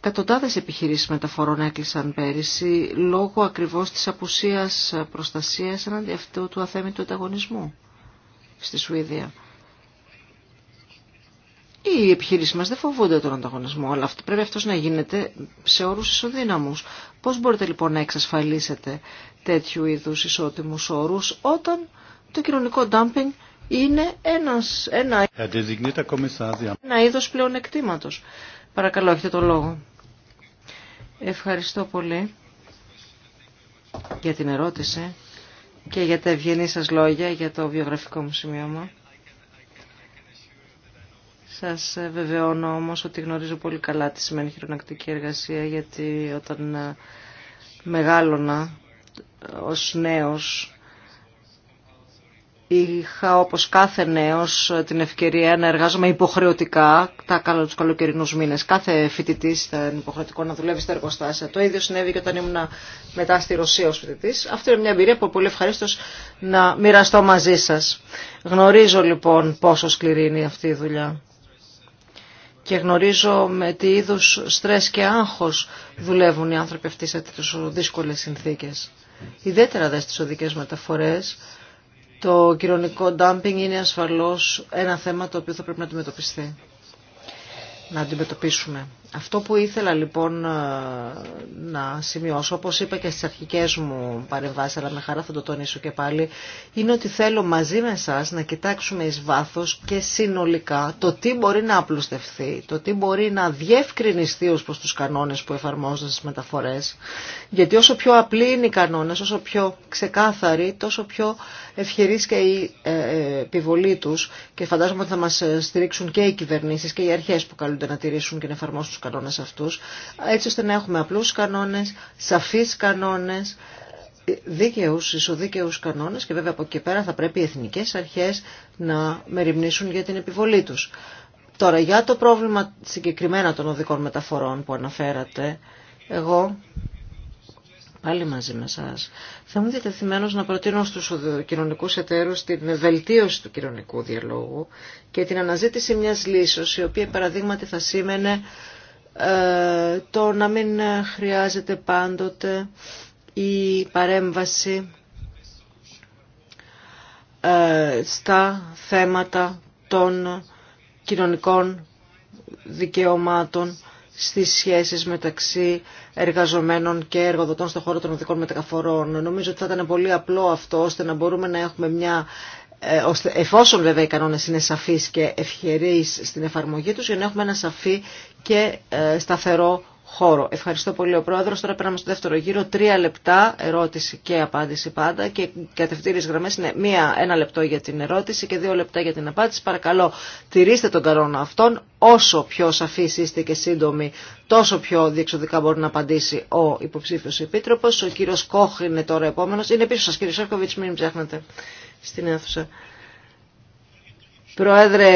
Κατοντάδες επιχειρήσεις μεταφορών έκλεισαν πέρυσι λόγω ακριβώς της απουσίας προστασίας εναντί αυτού του αθέμητου ανταγωνισμού στη Σουηδία. Οι επιχειρήσει μα δεν φοβούνται τον ανταγωνισμό, αλλά πρέπει αυτό να γίνεται σε όρου ισοδύναμου. Πώ μπορείτε λοιπόν να εξασφαλίσετε τέτοιου είδου ισότιμου όρου όταν το κοινωνικό ντάμπινγκ είναι ένας, ένα, ένα είδο πλεονεκτήματο. Παρακαλώ, έχετε το λόγο. Ευχαριστώ πολύ για την ερώτηση και για τα ευγενή σας λόγια για το βιογραφικό μου σημείωμα. Σας βεβαιώνω όμως ότι γνωρίζω πολύ καλά τι σημαίνει χειρονακτική εργασία γιατί όταν ε, μεγάλωνα ε, ως νέος είχα όπως κάθε νέος ε, την ευκαιρία να εργάζομαι υποχρεωτικά τα καλά τους καλοκαιρινούς μήνες. Κάθε φοιτητή ήταν υποχρεωτικό να δουλεύει στα εργοστάσια. Το ίδιο συνέβη και όταν ήμουν μετά στη Ρωσία ως φοιτητή. Αυτή είναι μια εμπειρία που πολύ ευχαρίστω να μοιραστώ μαζί σας. Γνωρίζω λοιπόν πόσο σκληρή είναι αυτή η δουλειά και γνωρίζω με τι είδους στρες και άγχος δουλεύουν οι άνθρωποι αυτοί σε τόσο δύσκολες συνθήκες. Ιδιαίτερα δε στις οδικές μεταφορές το κοινωνικό ντάμπινγκ είναι ασφαλώς ένα θέμα το οποίο θα πρέπει να αντιμετωπιστεί. Να αντιμετωπίσουμε. Αυτό που ήθελα λοιπόν ε, να σημειώσω, όπως είπα και στις αρχικές μου παρεμβάσεις, αλλά με χαρά θα το τονίσω και πάλι, είναι ότι θέλω μαζί με σας να κοιτάξουμε εις βάθος και συνολικά το τι μπορεί να απλουστευθεί, το τι μπορεί να διευκρινιστεί ως προς τους κανόνες που εφαρμόζονται στις μεταφορές. Γιατί όσο πιο απλοί είναι οι κανόνες, όσο πιο ξεκάθαροι, τόσο πιο ευχερής και η ε, ε, επιβολή τους και φαντάζομαι ότι θα μας στηρίξουν και οι κυβερνήσεις και οι αρχές που καλούνται να τηρήσουν και να εφαρμόσουν κανόνες αυτούς, έτσι ώστε να έχουμε απλούς κανόνες, σαφείς κανόνες, δίκαιους, ισοδίκαιους κανόνες και βέβαια από εκεί και πέρα θα πρέπει οι εθνικές αρχές να μεριμνήσουν για την επιβολή τους. Τώρα για το πρόβλημα συγκεκριμένα των οδικών μεταφορών που αναφέρατε, εγώ πάλι μαζί με εσά. Θα είμαι διατεθειμένο να προτείνω στου κοινωνικού εταίρου την βελτίωση του κοινωνικού διαλόγου και την αναζήτηση μια λύση, η οποία παραδείγματι θα σήμαινε ε, το να μην χρειάζεται πάντοτε η παρέμβαση ε, στα θέματα των κοινωνικών δικαιωμάτων στις σχέσεις μεταξύ εργαζομένων και εργοδοτών στον χώρο των οδικών μεταφορών. Νομίζω ότι θα ήταν πολύ απλό αυτό ώστε να μπορούμε να έχουμε μια ε, εφόσον βέβαια οι κανόνες είναι σαφείς και ευχερείς στην εφαρμογή τους για να έχουμε ένα σαφή και ε, σταθερό χώρο. Ευχαριστώ πολύ ο Πρόεδρος. Τώρα περνάμε στο δεύτερο γύρο. Τρία λεπτά ερώτηση και απάντηση πάντα και οι γραμμές είναι μία, ένα λεπτό για την ερώτηση και δύο λεπτά για την απάντηση. Παρακαλώ τηρήστε τον καρόνα αυτόν. Όσο πιο σαφείς είστε και σύντομοι τόσο πιο διεξοδικά μπορεί να απαντήσει ο υποψήφιος επίτροπος. Ο κύριος Κόχ είναι τώρα επόμενος. Είναι πίσω σας κύριε Σέρκοβιτς, μην ψάχνετε στην αίθουσα. Πρόεδρε,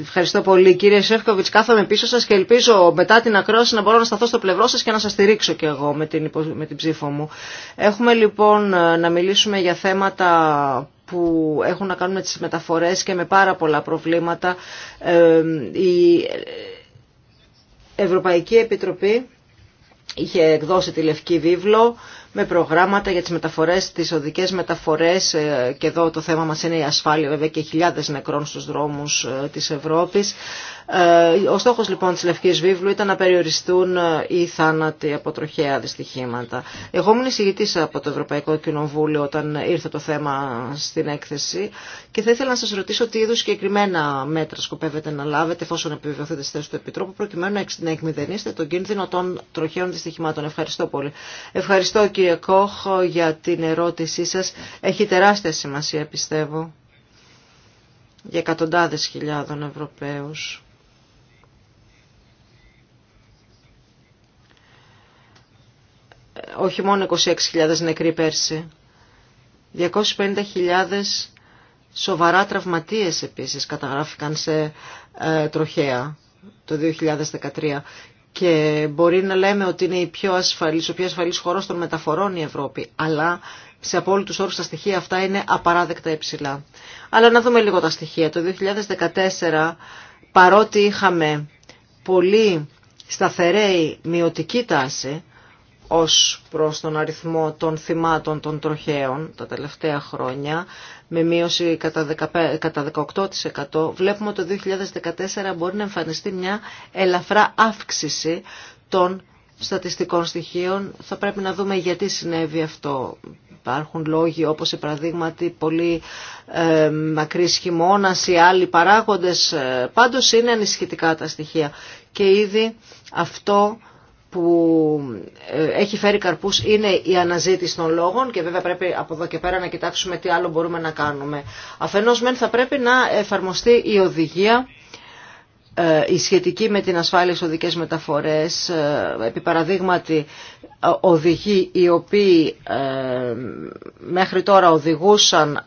ευχαριστώ πολύ. Κύριε Σεύκοβιτ, κάθομαι πίσω σα και ελπίζω μετά την ακρόαση να μπορώ να σταθώ στο πλευρό σα και να σα στηρίξω κι εγώ με την, με ψήφο μου. Έχουμε λοιπόν ε, να μιλήσουμε για θέματα που έχουν να κάνουν με τις μεταφορές και με πάρα πολλά προβλήματα. Ε, η Ευρωπαϊκή Επιτροπή είχε εκδώσει τη Λευκή Βίβλο με προγράμματα για τις μεταφορές, τις οδικές μεταφορές ε, και εδώ το θέμα μας είναι η ασφάλεια βέβαια και χιλιάδες νεκρών στους δρόμους ε, της Ευρώπης. Ε, ο στόχος λοιπόν της Λευκής Βίβλου ήταν να περιοριστούν ε, οι θάνατοι από τροχαία δυστυχήματα. Εγώ ήμουν εισηγητής από το Ευρωπαϊκό Κοινοβούλιο όταν ήρθε το θέμα στην έκθεση και θα ήθελα να σας ρωτήσω τι είδους συγκεκριμένα μέτρα σκοπεύετε να λάβετε εφόσον επιβεβαιωθείτε στη θέση του Επιτρόπου προκειμένου να εκμηδενίσετε τον κίνδυνο των τροχαίων δυστυχημάτων. Ευχαριστώ πολύ. Ευχαριστώ κύριε Κόχ για την ερώτησή σας. Έχει τεράστια σημασία πιστεύω για εκατοντάδες χιλιάδων Ευρωπαίους όχι μόνο 26.000 νεκροί πέρσι, 250.000 σοβαρά τραυματίες επίσης καταγράφηκαν σε ε, τροχέα το 2013 και μπορεί να λέμε ότι είναι η πιο ασφαλής, ο πιο ασφαλής χώρος των μεταφορών η Ευρώπη, αλλά σε απόλυτους όρους τα στοιχεία αυτά είναι απαράδεκτα υψηλά. Αλλά να δούμε λίγο τα στοιχεία. Το 2014 παρότι είχαμε πολύ σταθερή μειωτική τάση, ως προς τον αριθμό των θυμάτων των τροχαίων τα τελευταία χρόνια με μείωση κατά 18% βλέπουμε ότι το 2014 μπορεί να εμφανιστεί μια ελαφρά αύξηση των στατιστικών στοιχείων. Θα πρέπει να δούμε γιατί συνέβη αυτό. Υπάρχουν λόγοι όπως η παραδείγματι πολύ ε, μακρύς ή άλλοι παράγοντες. Ε, πάντως είναι ανησυχητικά τα στοιχεία. Και ήδη αυτό που ε, έχει φέρει καρπούς είναι η αναζήτηση των λόγων και βέβαια πρέπει από εδώ και πέρα να κοιτάξουμε τι άλλο μπορούμε να κάνουμε. Αφενός μεν θα πρέπει να εφαρμοστεί η οδηγία ε, η σχετική με την ασφάλεια στις οδικές μεταφορές, ε, επί παραδείγματι οδηγοί οι οποίοι μέχρι τώρα οδηγούσαν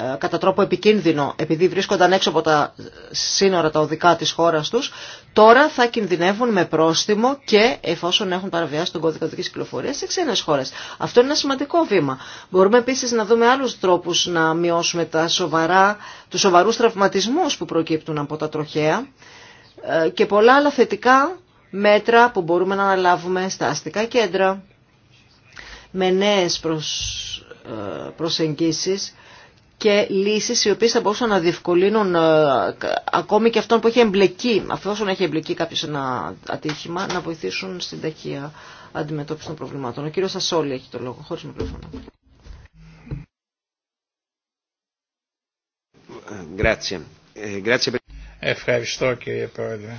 ε, κατά τρόπο επικίνδυνο επειδή βρίσκονταν έξω από τα σύνορα τα οδικά της χώρας τους, τώρα θα κινδυνεύουν με πρόστιμο και εφόσον έχουν παραβιάσει τον κώδικα οδικής κυκλοφορίας σε ξένες χώρες. Αυτό είναι ένα σημαντικό βήμα. Μπορούμε επίσης να δούμε άλλους τρόπους να μειώσουμε τα σοβαρά, τους σοβαρούς τραυματισμούς που προκύπτουν από τα τροχέα ε, και πολλά άλλα θετικά μέτρα που μπορούμε να αναλάβουμε στα αστικά κέντρα με νέες ε, προσεγγίσεις και λύσεις οι οποίες θα μπορούσαν να διευκολύνουν ε, ακόμη και αυτόν που έχει εμπλεκεί, αυτόν έχει εμπλεκεί κάποιο ένα ατύχημα, να βοηθήσουν στην ταχεία αντιμετώπιση των προβλημάτων. Ο κύριος Σασόλη έχει το λόγο, χωρίς μικρόφωνο. Ε, Ευχαριστώ κύριε Πρόεδρε.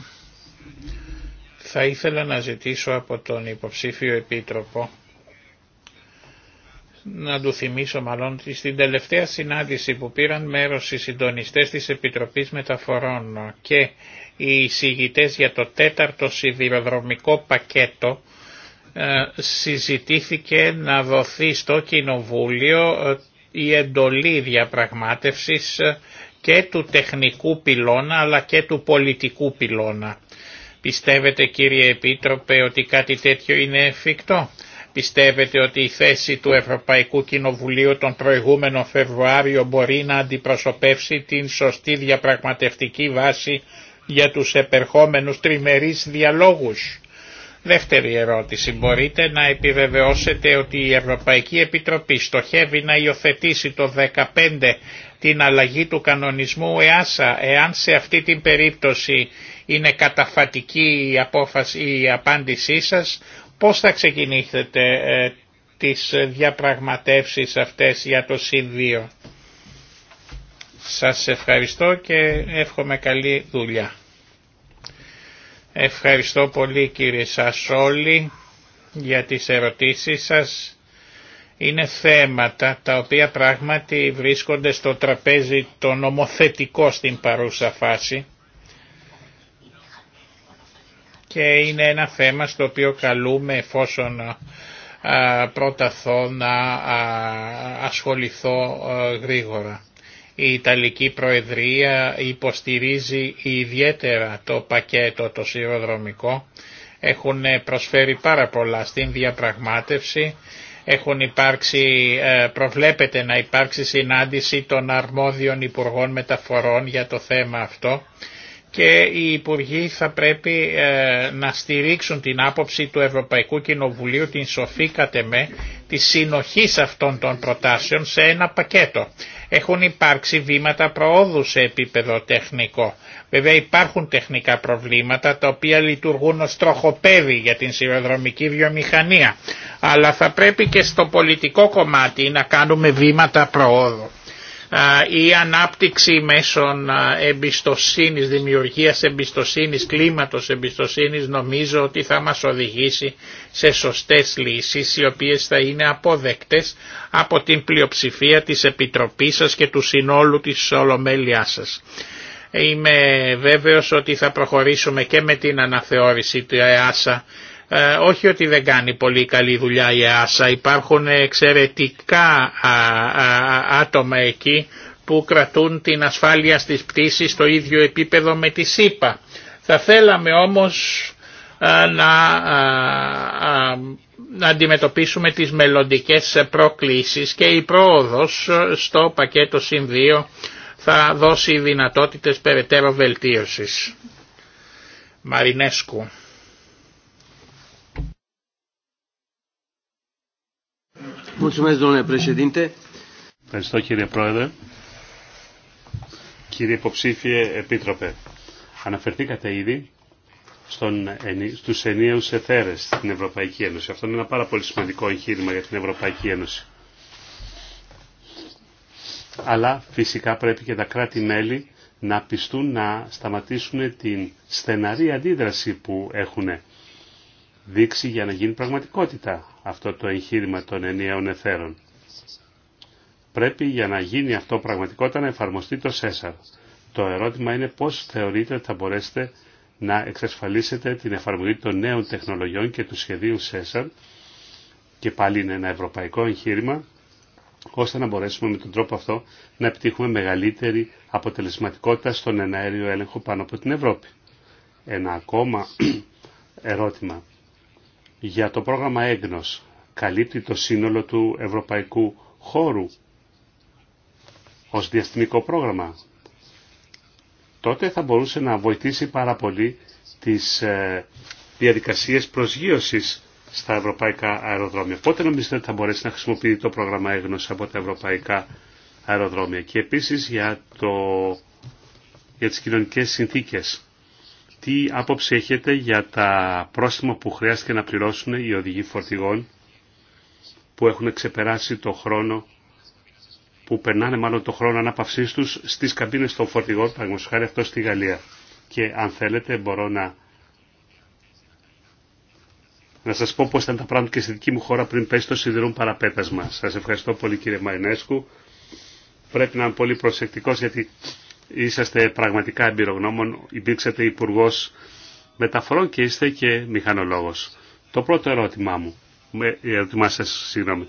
Θα ήθελα να ζητήσω από τον υποψήφιο επίτροπο να του θυμίσω μάλλον ότι στην τελευταία συνάντηση που πήραν μέρος οι συντονιστές της Επιτροπής Μεταφορών και οι εισηγητές για το τέταρτο σιδηροδρομικό πακέτο ε, συζητήθηκε να δοθεί στο Κοινοβούλιο ε, η εντολή διαπραγμάτευσης ε, και του τεχνικού πυλώνα αλλά και του πολιτικού πυλώνα. Πιστεύετε κύριε Επίτροπε ότι κάτι τέτοιο είναι εφικτό. Πιστεύετε ότι η θέση του Ευρωπαϊκού Κοινοβουλίου τον προηγούμενο Φεβρουάριο μπορεί να αντιπροσωπεύσει την σωστή διαπραγματευτική βάση για τους επερχόμενους τριμερείς διαλόγους. Δεύτερη ερώτηση. Μπορείτε να επιβεβαιώσετε ότι η Ευρωπαϊκή Επιτροπή στοχεύει να υιοθετήσει το 15 την αλλαγή του κανονισμού ΕΑΣΑ, εάν σε αυτή την περίπτωση είναι καταφατική η, απόφαση, η απάντησή σας, Πώς θα ξεκινήσετε ε, τις διαπραγματεύσεις αυτές για το ΣΥΝ 2. Σας ευχαριστώ και εύχομαι καλή δουλειά. Ευχαριστώ πολύ κύριε σας όλοι για τις ερωτήσεις σας. Είναι θέματα τα οποία πράγματι βρίσκονται στο τραπέζι το νομοθετικό στην παρούσα φάση και είναι ένα θέμα στο οποίο καλούμε εφόσον πρόταθω να ασχοληθώ γρήγορα. Η Ιταλική Προεδρία υποστηρίζει ιδιαίτερα το πακέτο το σιροδρομικό. Έχουν προσφέρει πάρα πολλά στην διαπραγμάτευση. Έχουν υπάρξει, ε, προβλέπεται να υπάρξει συνάντηση των αρμόδιων Υπουργών Μεταφορών για το θέμα αυτό και οι Υπουργοί θα πρέπει ε, να στηρίξουν την άποψη του Ευρωπαϊκού Κοινοβουλίου, την σοφή κατεμέ, τη συνοχή αυτών των προτάσεων σε ένα πακέτο. Έχουν υπάρξει βήματα προόδου σε επίπεδο τεχνικό. Βέβαια υπάρχουν τεχνικά προβλήματα τα οποία λειτουργούν ως τροχοπέδι για την σιδηροδρομική βιομηχανία. Αλλά θα πρέπει και στο πολιτικό κομμάτι να κάνουμε βήματα προόδου η ανάπτυξη μέσων εμπιστοσύνης, δημιουργίας εμπιστοσύνης, κλίματος εμπιστοσύνης νομίζω ότι θα μας οδηγήσει σε σωστές λύσεις οι οποίες θα είναι αποδεκτές από την πλειοψηφία της Επιτροπής σας και του συνόλου της Ολομέλειάς σας. Είμαι βέβαιος ότι θα προχωρήσουμε και με την αναθεώρηση του ΕΑΣΑ ε, όχι ότι δεν κάνει πολύ καλή δουλειά η άσα. υπάρχουν εξαιρετικά άτομα εκεί που κρατούν την ασφάλεια στις πτήσεις στο ίδιο επίπεδο με τη ΣΥΠΑ. Θα θέλαμε όμως να, να αντιμετωπίσουμε τις μελλοντικές προκλήσεις και η πρόοδος στο πακέτο ΣΥΝ2 θα δώσει δυνατότητες περαιτέρω βελτίωσης. Μαρινέσκου. Ευχαριστώ κύριε Πρόεδρε. Κύριε Υποψήφιε Επίτροπε, αναφερθήκατε ήδη στον, στους εθέρε εθέρες στην Ευρωπαϊκή Ένωση. Αυτό είναι ένα πάρα πολύ σημαντικό εγχείρημα για την Ευρωπαϊκή Ένωση. Αλλά φυσικά πρέπει και τα κράτη-μέλη να πιστούν να σταματήσουν την στεναρή αντίδραση που έχουν δείξει για να γίνει πραγματικότητα αυτό το εγχείρημα των ενιαίων εθέρων. Πρέπει για να γίνει αυτό πραγματικότητα να εφαρμοστεί το ΣΕΣΑΡ. Το ερώτημα είναι πώς θεωρείτε ότι θα μπορέσετε να εξασφαλίσετε την εφαρμογή των νέων τεχνολογιών και του σχεδίου ΣΕΣΑΡ και πάλι είναι ένα ευρωπαϊκό εγχείρημα ώστε να μπορέσουμε με τον τρόπο αυτό να επιτύχουμε μεγαλύτερη αποτελεσματικότητα στον εναέριο έλεγχο πάνω από την Ευρώπη. Ένα ακόμα ερώτημα για το πρόγραμμα Έγνος καλύπτει το σύνολο του ευρωπαϊκού χώρου ως διαστημικό πρόγραμμα. Τότε θα μπορούσε να βοηθήσει πάρα πολύ τις ε, διαδικασίες προσγείωσης στα ευρωπαϊκά αεροδρόμια. Πότε νομίζετε ότι θα μπορέσει να χρησιμοποιεί το πρόγραμμα έγνωση από τα ευρωπαϊκά αεροδρόμια και επίσης για, το, για τις κοινωνικές συνθήκες τι άποψη έχετε για τα πρόστιμα που χρειάστηκε να πληρώσουν οι οδηγοί φορτηγών που έχουν ξεπεράσει το χρόνο που περνάνε μάλλον το χρόνο ανάπαυσή του στι καμπίνε των φορτηγών, παραδείγματο χάρη αυτό στη Γαλλία. Και αν θέλετε, μπορώ να, να σα πω πώ ήταν τα πράγματα και στη δική μου χώρα πριν πέσει το σιδηρούν παραπέτασμα. Σα ευχαριστώ πολύ, κύριε Μαϊνέσκου. Πρέπει να είμαι πολύ προσεκτικό γιατί είσαστε πραγματικά εμπειρογνώμων, υπήρξατε υπουργό μεταφορών και είστε και μηχανολόγος. Το πρώτο ερώτημά μου, η ερώτημά σας, συγγνώμη.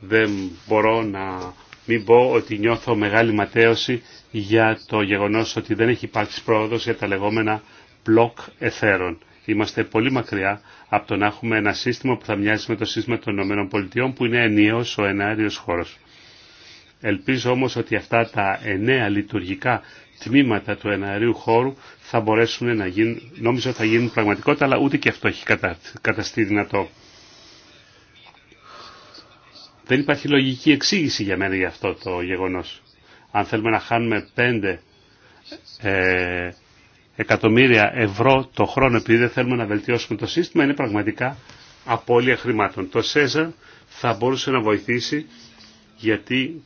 Δεν μπορώ να μην πω ότι νιώθω μεγάλη ματέωση για το γεγονός ότι δεν έχει υπάρξει πρόοδος για τα λεγόμενα block εθέρων. Είμαστε πολύ μακριά από το να έχουμε ένα σύστημα που θα μοιάζει με το σύστημα των ΗΠΑ που είναι ενίος ο ενάριο χώρος. Ελπίζω όμως ότι αυτά τα εννέα λειτουργικά τμήματα του εναερίου χώρου θα μπορέσουν να γίνουν, νόμιζω θα γίνουν πραγματικότητα, αλλά ούτε και αυτό έχει καταστεί δυνατό. Δεν υπάρχει λογική εξήγηση για μένα για αυτό το γεγονός. Αν θέλουμε να χάνουμε 5 ε, εκατομμύρια ευρώ το χρόνο επειδή δεν θέλουμε να βελτιώσουμε το σύστημα, είναι πραγματικά απώλεια χρημάτων. Το ΣΕΖΑ θα μπορούσε να βοηθήσει γιατί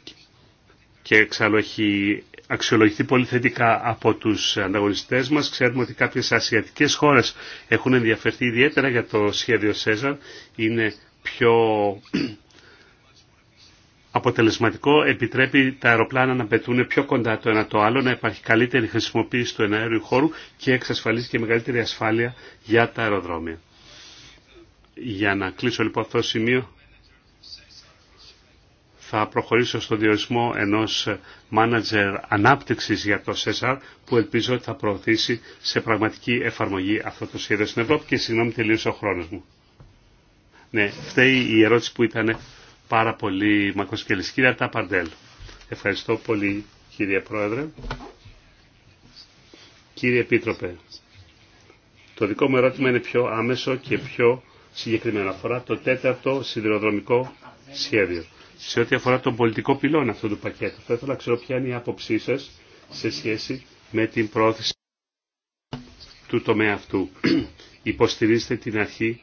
και εξάλλου έχει αξιολογηθεί πολύ θετικά από τους ανταγωνιστές μας. Ξέρουμε ότι κάποιες ασιατικές χώρες έχουν ενδιαφερθεί ιδιαίτερα για το σχέδιο Σέζαν. Είναι πιο αποτελεσματικό, επιτρέπει τα αεροπλάνα να πετούν πιο κοντά το ένα το άλλο, να υπάρχει καλύτερη χρησιμοποίηση του εναέριου χώρου και εξασφαλίζει και μεγαλύτερη ασφάλεια για τα αεροδρόμια. Για να κλείσω λοιπόν αυτό το σημείο, θα προχωρήσω στο διορισμό ενός μάνατζερ ανάπτυξης για το ΣΕΣΑΡ που ελπίζω ότι θα προωθήσει σε πραγματική εφαρμογή αυτό το σχέδιο στην Ευρώπη και συγγνώμη τελείωσε ο χρόνος μου. Ναι, φταίει η ερώτηση που ήταν πάρα πολύ μακροσκελής. Κύριε Ταπαρντέλ, ευχαριστώ πολύ κύριε Πρόεδρε. Κύριε Επίτροπε, το δικό μου ερώτημα είναι πιο άμεσο και πιο συγκεκριμένο. Αφορά το τέταρτο σιδηροδρομικό σχέδιο σε ό,τι αφορά τον πολιτικό πυλόν αυτού του πακέτου. Θα ήθελα να ξέρω ποια είναι η άποψή σα σε σχέση με την πρόθεση του τομέα αυτού. Υποστηρίζετε την αρχή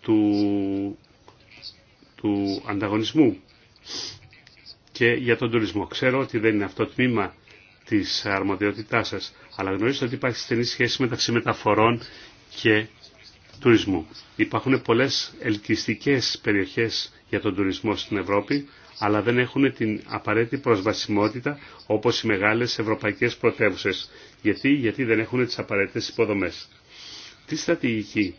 του, του ανταγωνισμού και για τον τουρισμό. Ξέρω ότι δεν είναι αυτό το τμήμα της αρμοδιότητάς σας, αλλά γνωρίζετε ότι υπάρχει στενή σχέση μεταξύ μεταφορών και τουρισμού. Υπάρχουν πολλές ελκυστικές περιοχές για τον τουρισμό στην Ευρώπη, αλλά δεν έχουν την απαραίτητη προσβασιμότητα όπως οι μεγάλες ευρωπαϊκές πρωτεύουσες. Γιατί, Γιατί δεν έχουν τις απαραίτητες υποδομές. Τι στρατηγική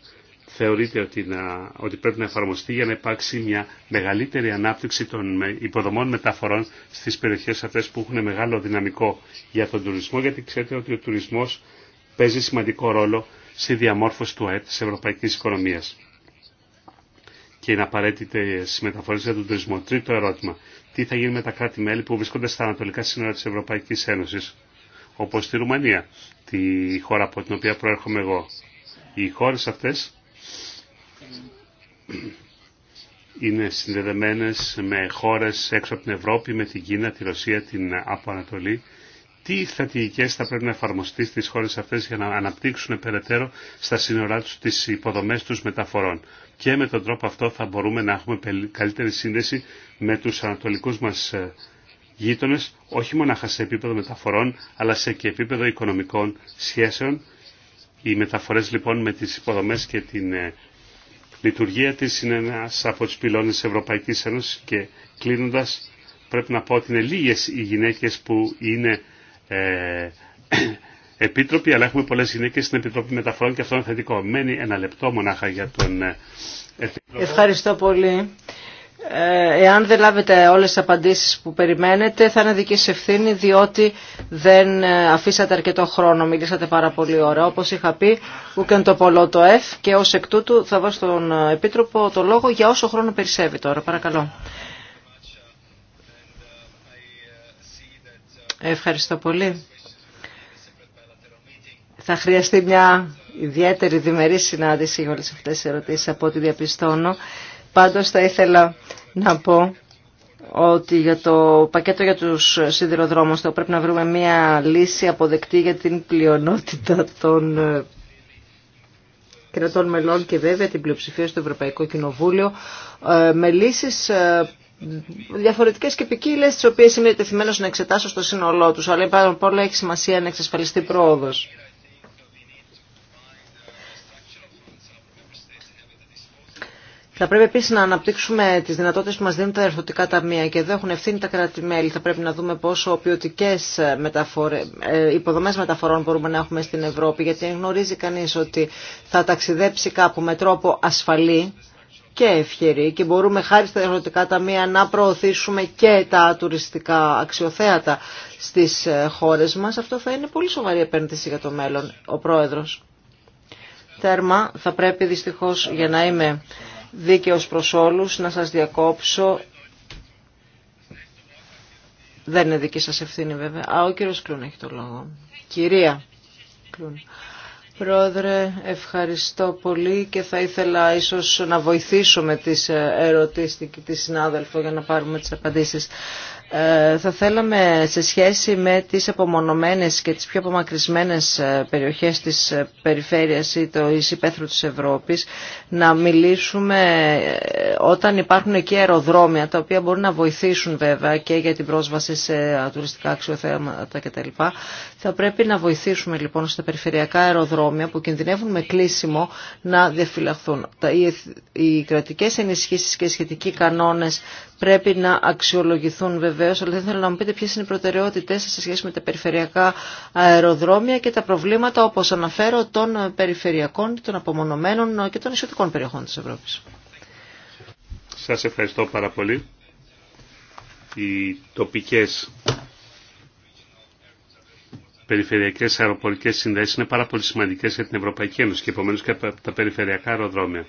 θεωρείτε ότι, να, ότι πρέπει να εφαρμοστεί για να υπάρξει μια μεγαλύτερη ανάπτυξη των υποδομών μεταφορών στις περιοχές αυτές που έχουν μεγάλο δυναμικό για τον τουρισμό, γιατί ξέρετε ότι ο τουρισμός παίζει σημαντικό ρόλο στη διαμόρφωση του ΑΕΤ της ευρωπαϊκής οικονομίας. Και είναι απαραίτητε μεταφορέ για τον τουρισμό. Τρίτο ερώτημα. Τι θα γίνει με τα κράτη-μέλη που βρίσκονται στα ανατολικά σύνορα τη Ευρωπαϊκή Ένωση, όπω τη Ρουμανία, τη χώρα από την οποία προέρχομαι εγώ. Οι χώρε αυτέ είναι συνδεδεμένες με χώρες έξω από την Ευρώπη, με την Κίνα, τη Ρωσία, την Αποανατολή, τι στρατηγικέ θα πρέπει να εφαρμοστεί στι χώρε αυτέ για να αναπτύξουν περαιτέρω στα σύνορά του τι υποδομέ του μεταφορών. Και με τον τρόπο αυτό θα μπορούμε να έχουμε καλύτερη σύνδεση με του ανατολικού μα ε, γείτονε, όχι μόνο σε επίπεδο μεταφορών, αλλά σε και επίπεδο οικονομικών σχέσεων. Οι μεταφορέ λοιπόν με τι υποδομέ και την ε, λειτουργία τη είναι ένα από του πυλώνε Ευρωπαϊκή Ένωση και κλείνοντα. Πρέπει να πω ότι είναι λίγες οι γυναίκες που είναι ε, επίτροποι, αλλά έχουμε πολλές γυναίκες στην Επιτροπή Μεταφορών και αυτό είναι θετικό. Μένει ένα λεπτό μονάχα για τον Επίτροπο. Ευχαριστώ πολύ. Ε, εάν δεν λάβετε όλες τις απαντήσεις που περιμένετε θα είναι δική σας ευθύνη διότι δεν ε, αφήσατε αρκετό χρόνο, μιλήσατε πάρα πολύ ωραία. Όπως είχα πει, ούκεν το πολλό το F και ως εκ τούτου θα δώσω στον ε, Επίτροπο το λόγο για όσο χρόνο περισσεύει τώρα. Παρακαλώ. Ευχαριστώ πολύ. Θα χρειαστεί μια ιδιαίτερη διμερή συνάντηση για όλες αυτές τις ερωτήσεις από ό,τι διαπιστώνω. Πάντως θα ήθελα να πω ότι για το πακέτο για τους σιδηροδρόμους θα πρέπει να βρούμε μια λύση αποδεκτή για την πλειονότητα των ε, κρατών μελών και βέβαια την πλειοψηφία στο Ευρωπαϊκό Κοινοβούλιο ε, με λύσεις ε, διαφορετικές και ποικίλε τις οποίες είμαι τεθειμένος να εξετάσω στο σύνολό τους, αλλά πάνω απ' όλα έχει σημασία να εξασφαλιστεί πρόοδος. Θα πρέπει επίση να αναπτύξουμε τι δυνατότητε που μα δίνουν τα ερθωτικά ταμεία και εδώ έχουν ευθύνη τα κράτη-μέλη. Θα πρέπει να δούμε πόσο ποιοτικέ ε, υποδομέ μεταφορών μπορούμε να έχουμε στην Ευρώπη, γιατί γνωρίζει κανεί ότι θα ταξιδέψει κάπου με τρόπο ασφαλή και ευχερή και μπορούμε χάρη στα ερωτικά ταμεία να προωθήσουμε και τα τουριστικά αξιοθέατα στις ε, χώρες μας. Αυτό θα είναι πολύ σοβαρή επένδυση για το μέλλον, ο Πρόεδρος. Τέρμα, θα πρέπει δυστυχώς για να είμαι δίκαιος προς όλους να σας διακόψω. Δεν είναι δική σας ευθύνη βέβαια. Α, ο κύριος Κλούν έχει το λόγο. Κυρία Κλούν. Πρόεδρε, ευχαριστώ πολύ και θα ήθελα ίσως να βοηθήσω με τις ερωτήσεις της συνάδελφο για να πάρουμε τις απαντήσεις. Ε, θα θέλαμε σε σχέση με τις απομονωμένες και τις πιο απομακρυσμένες ε, περιοχές της ε, περιφέρειας ή το υπαίθρου της Ευρώπης να μιλήσουμε όταν υπάρχουν εκεί αεροδρόμια τα οποία μπορούν να βοηθήσουν βέβαια και για την πρόσβαση σε τουριστικά αξιοθέματα κτλ. Θα πρέπει να βοηθήσουμε λοιπόν στα περιφερειακά αεροδρόμια που κινδυνεύουν με κλείσιμο να διαφυλαχθούν. Οι κρατικές ενισχύσεις και οι σχετικοί κανόνες πρέπει να αξιολογηθούν βεβαίως, αλλά δεν θέλω να μου πείτε ποιες είναι οι προτεραιότητες σε σχέση με τα περιφερειακά αεροδρόμια και τα προβλήματα, όπως αναφέρω, των περιφερειακών, των απομονωμένων και των ισοτικών περιοχών της Ευρώπης. Σας ευχαριστώ πάρα πολύ. Οι τοπικές περιφερειακές αεροπορικές συνδέσεις είναι πάρα πολύ σημαντικές για την Ευρωπαϊκή Ένωση και επομένως και τα περιφερειακά αεροδρόμια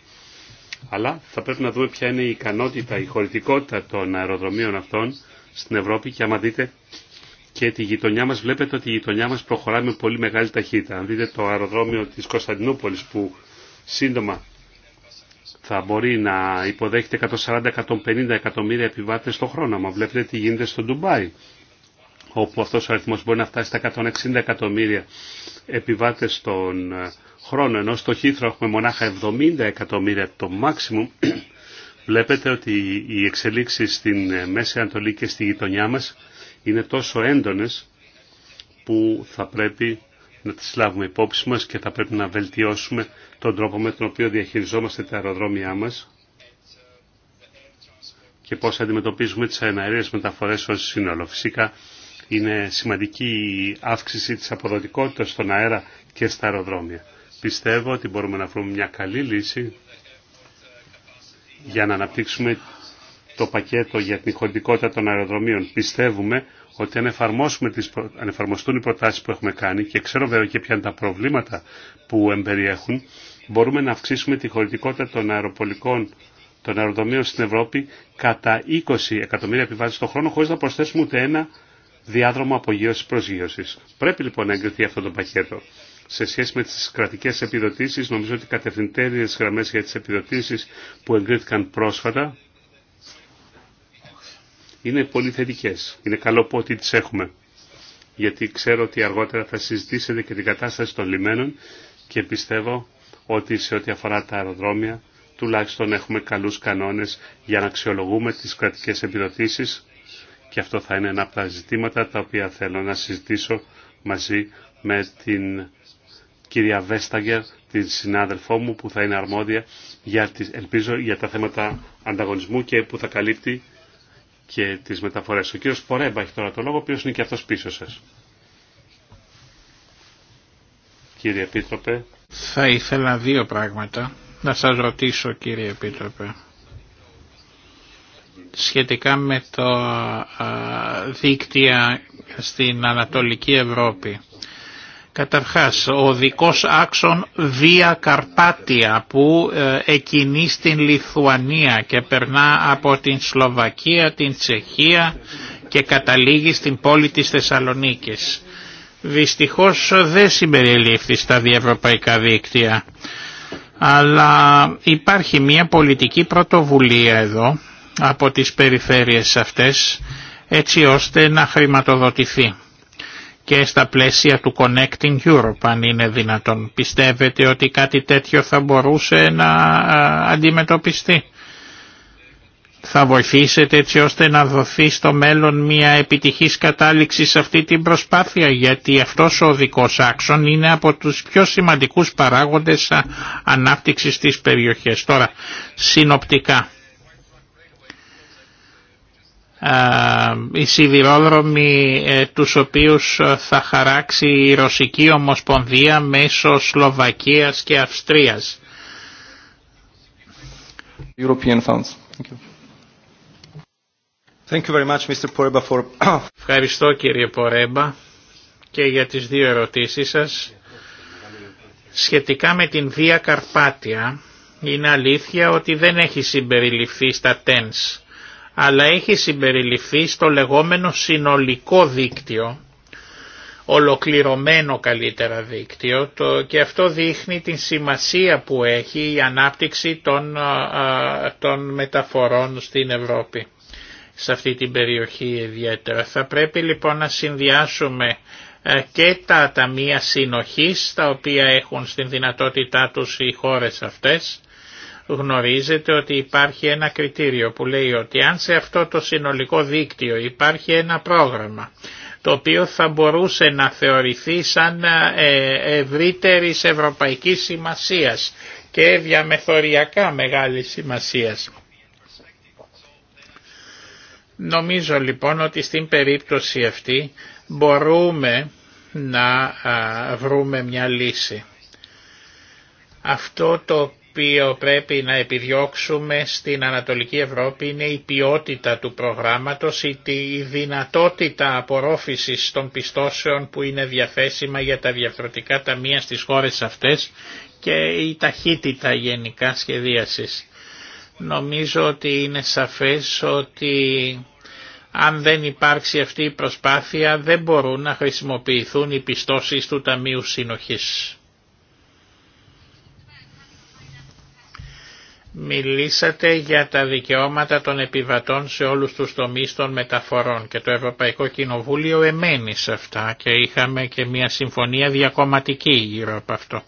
αλλά θα πρέπει να δούμε ποια είναι η ικανότητα, η χωρητικότητα των αεροδρομίων αυτών στην Ευρώπη και άμα δείτε και τη γειτονιά μας, βλέπετε ότι η γειτονιά μας προχωρά με πολύ μεγάλη ταχύτητα. Αν δείτε το αεροδρόμιο της Κωνσταντινούπολης που σύντομα θα μπορεί να υποδέχεται 140-150 εκατομμύρια επιβάτες το χρόνο. Μα βλέπετε τι γίνεται στο Ντουμπάι, όπου αυτός ο αριθμός μπορεί να φτάσει στα 160 εκατομμύρια επιβάτες τον ε, χρόνο, ενώ στο Χήθρο έχουμε μονάχα 70 εκατομμύρια το maximum, βλέπετε ότι οι εξελίξεις στην ε, Μέση Ανατολή και στη γειτονιά μας είναι τόσο έντονες που θα πρέπει να τις λάβουμε υπόψη μας και θα πρέπει να βελτιώσουμε τον τρόπο με τον οποίο διαχειριζόμαστε τα αεροδρόμια μας και πώς αντιμετωπίζουμε τις αεναερίες μεταφορές ως σύνολο. Φυσικά είναι σημαντική η αύξηση της αποδοτικότητας στον αέρα και στα αεροδρόμια πιστεύω ότι μπορούμε να βρούμε μια καλή λύση για να αναπτύξουμε το πακέτο για την χωρητικότητα των αεροδρομίων. Πιστεύουμε ότι αν, εφαρμόσουμε τις, αν εφαρμοστούν οι προτάσεις που έχουμε κάνει και ξέρω βέβαια και ποια είναι τα προβλήματα που εμπεριέχουν, μπορούμε να αυξήσουμε τη χωρητικότητα των αεροπολικών των αεροδρομίων στην Ευρώπη κατά 20 εκατομμύρια επιβάσεις το χρόνο χωρίς να προσθέσουμε ούτε ένα διάδρομο απογείωσης προσγείωσης. Πρέπει λοιπόν να εγκριθεί αυτό το πακέτο σε σχέση με τις κρατικές επιδοτήσεις, νομίζω ότι οι κατευθυντέριες γραμμές για τις επιδοτήσεις που εγκρίθηκαν πρόσφατα είναι πολύ θετικές. Είναι καλό που ότι τις έχουμε. Γιατί ξέρω ότι αργότερα θα συζητήσετε και την κατάσταση των λιμένων και πιστεύω ότι σε ό,τι αφορά τα αεροδρόμια τουλάχιστον έχουμε καλούς κανόνες για να αξιολογούμε τις κρατικές επιδοτήσεις και αυτό θα είναι ένα από τα ζητήματα τα οποία θέλω να συζητήσω μαζί με την κυρία Βέσταγκερ, τη συνάδελφό μου που θα είναι αρμόδια για τις, ελπίζω για τα θέματα ανταγωνισμού και που θα καλύπτει και τις μεταφορές. Ο κύριος Πορέμπα έχει τώρα το λόγο, ο είναι και αυτός πίσω σας. Κύριε Επίτροπε. Θα ήθελα δύο πράγματα να σας ρωτήσω κύριε Επίτροπε. Σχετικά με το δίκτυα στην Ανατολική Ευρώπη. Καταρχάς, ο δικός άξον Βία Καρπάτια που ε, εκινεί στην Λιθουανία και περνά από την Σλοβακία, την Τσεχία και καταλήγει στην πόλη της Θεσσαλονίκης. Δυστυχώς δεν συμπεριλήφθη στα διευρωπαϊκά δίκτυα. Αλλά υπάρχει μια πολιτική πρωτοβουλία εδώ από τις περιφέρειες αυτές έτσι ώστε να χρηματοδοτηθεί και στα πλαίσια του Connecting Europe αν είναι δυνατόν. Πιστεύετε ότι κάτι τέτοιο θα μπορούσε να αντιμετωπιστεί. Θα βοηθήσετε έτσι ώστε να δοθεί στο μέλλον μια επιτυχής κατάληξη σε αυτή την προσπάθεια γιατί αυτός ο οδικός άξον είναι από τους πιο σημαντικούς παράγοντες ανάπτυξης της περιοχής. Τώρα, συνοπτικά οι σιδηρόδρομοι ε, τους οποίους ε, θα χαράξει η Ρωσική Ομοσπονδία μέσω Σλοβακίας και Αυστρίας. European funds. Thank you. Thank you very much, Mr. for... Ευχαριστώ κύριε Πορέμπα και για τις δύο ερωτήσεις σας. Σχετικά με την Βία Καρπάτια, είναι αλήθεια ότι δεν έχει συμπεριληφθεί στα TENS αλλά έχει συμπεριληφθεί στο λεγόμενο συνολικό δίκτυο, ολοκληρωμένο καλύτερα δίκτυο το, και αυτό δείχνει την σημασία που έχει η ανάπτυξη των, των μεταφορών στην Ευρώπη σε αυτή την περιοχή ιδιαίτερα. Θα πρέπει λοιπόν να συνδυάσουμε ε, και τα ταμεία συνοχής τα οποία έχουν στην δυνατότητά τους οι χώρες αυτές γνωρίζετε ότι υπάρχει ένα κριτήριο που λέει ότι αν σε αυτό το συνολικό δίκτυο υπάρχει ένα πρόγραμμα το οποίο θα μπορούσε να θεωρηθεί σαν ε, ε, ευρύτερης ευρωπαϊκής σημασίας και διαμεθοριακά μεγάλης σημασίας. Νομίζω λοιπόν ότι στην περίπτωση αυτή μπορούμε να βρούμε μια λύση. Αυτό το οποίο πρέπει να επιδιώξουμε στην Ανατολική Ευρώπη είναι η ποιότητα του προγράμματος ή η δυνατότητα απορρόφησης των πιστώσεων που είναι διαθέσιμα για τα διαφορετικά ταμεία στις χώρες αυτές και η ταχύτητα γενικά σχεδίασης. Νομίζω ότι είναι σαφές ότι αν δεν υπάρξει αυτή η προσπάθεια δεν μπορούν να χρησιμοποιηθούν οι πιστώσεις του Ταμείου Συνοχής. Μιλήσατε για τα δικαιώματα των επιβατών σε όλους τους τομείς των μεταφορών και το Ευρωπαϊκό Κοινοβούλιο εμένει σε αυτά και είχαμε και μια συμφωνία διακομματική γύρω από αυτό.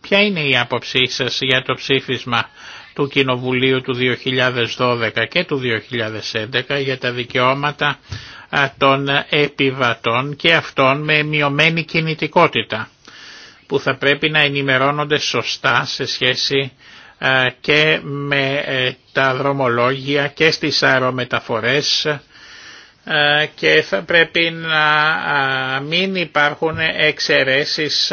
Ποια είναι η άποψή σας για το ψήφισμα του Κοινοβουλίου του 2012 και του 2011 για τα δικαιώματα των επιβατών και αυτών με μειωμένη κινητικότητα που θα πρέπει να ενημερώνονται σωστά σε σχέση και με ε, τα δρομολόγια και στις αερομεταφορές και θα πρέπει να μην υπάρχουν εξαιρέσεις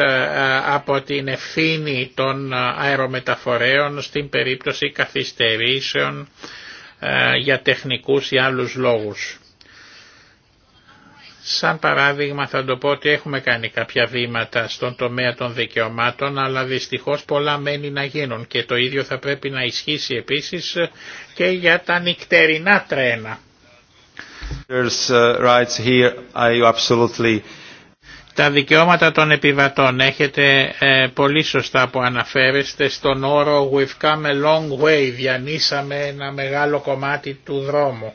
από την ευθύνη των αερομεταφορέων στην περίπτωση καθυστερήσεων για τεχνικούς ή άλλους λόγους. Σαν παράδειγμα θα το πω ότι έχουμε κάνει κάποια βήματα στον τομέα των δικαιωμάτων αλλά δυστυχώς πολλά μένει να γίνουν και το ίδιο θα πρέπει να ισχύσει επίσης και για τα νυχτερινά τρένα. Uh, τα δικαιώματα των επιβατών έχετε ε, πολύ σωστά που αναφέρεστε στον όρο «We've come a long way», διανύσαμε ένα μεγάλο κομμάτι του δρόμου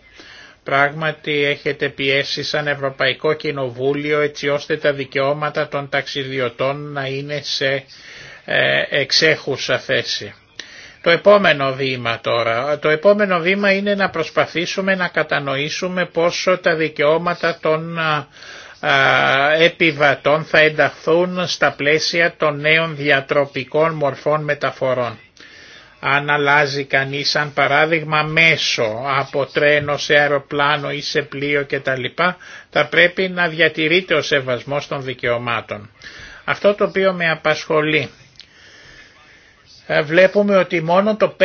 Πράγματι έχετε πιέσει σαν Ευρωπαϊκό Κοινοβούλιο έτσι ώστε τα δικαιώματα των ταξιδιωτών να είναι σε ε, εξέχουσα θέση. Το επόμενο βήμα τώρα. Το επόμενο βήμα είναι να προσπαθήσουμε να κατανοήσουμε πόσο τα δικαιώματα των ε, ε, επιβατών θα ενταχθούν στα πλαίσια των νέων διατροπικών μορφών μεταφορών. Αν αλλάζει κανείς σαν παράδειγμα μέσο από τρένο σε αεροπλάνο ή σε πλοίο κτλ. θα πρέπει να διατηρείται ο σεβασμός των δικαιωμάτων. Αυτό το οποίο με απασχολεί ε, βλέπουμε ότι μόνο το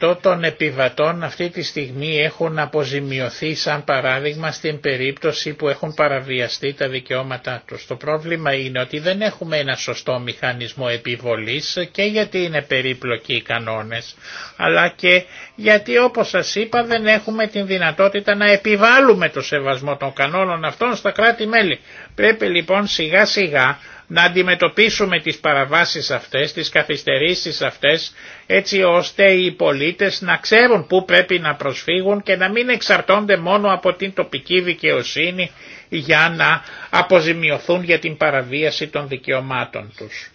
5% των επιβατών αυτή τη στιγμή έχουν αποζημιωθεί σαν παράδειγμα στην περίπτωση που έχουν παραβιαστεί τα δικαιώματά τους. Το πρόβλημα είναι ότι δεν έχουμε ένα σωστό μηχανισμό επιβολής και γιατί είναι περίπλοκοι οι κανόνες, αλλά και γιατί όπως σας είπα δεν έχουμε την δυνατότητα να επιβάλλουμε το σεβασμό των κανόνων αυτών στα κράτη-μέλη. Πρέπει λοιπόν σιγά σιγά να αντιμετωπίσουμε τις παραβάσεις αυτές, τις καθυστερήσεις αυτές, έτσι ώστε οι πολίτες να ξέρουν πού πρέπει να προσφύγουν και να μην εξαρτώνται μόνο από την τοπική δικαιοσύνη για να αποζημιωθούν για την παραβίαση των δικαιωμάτων τους.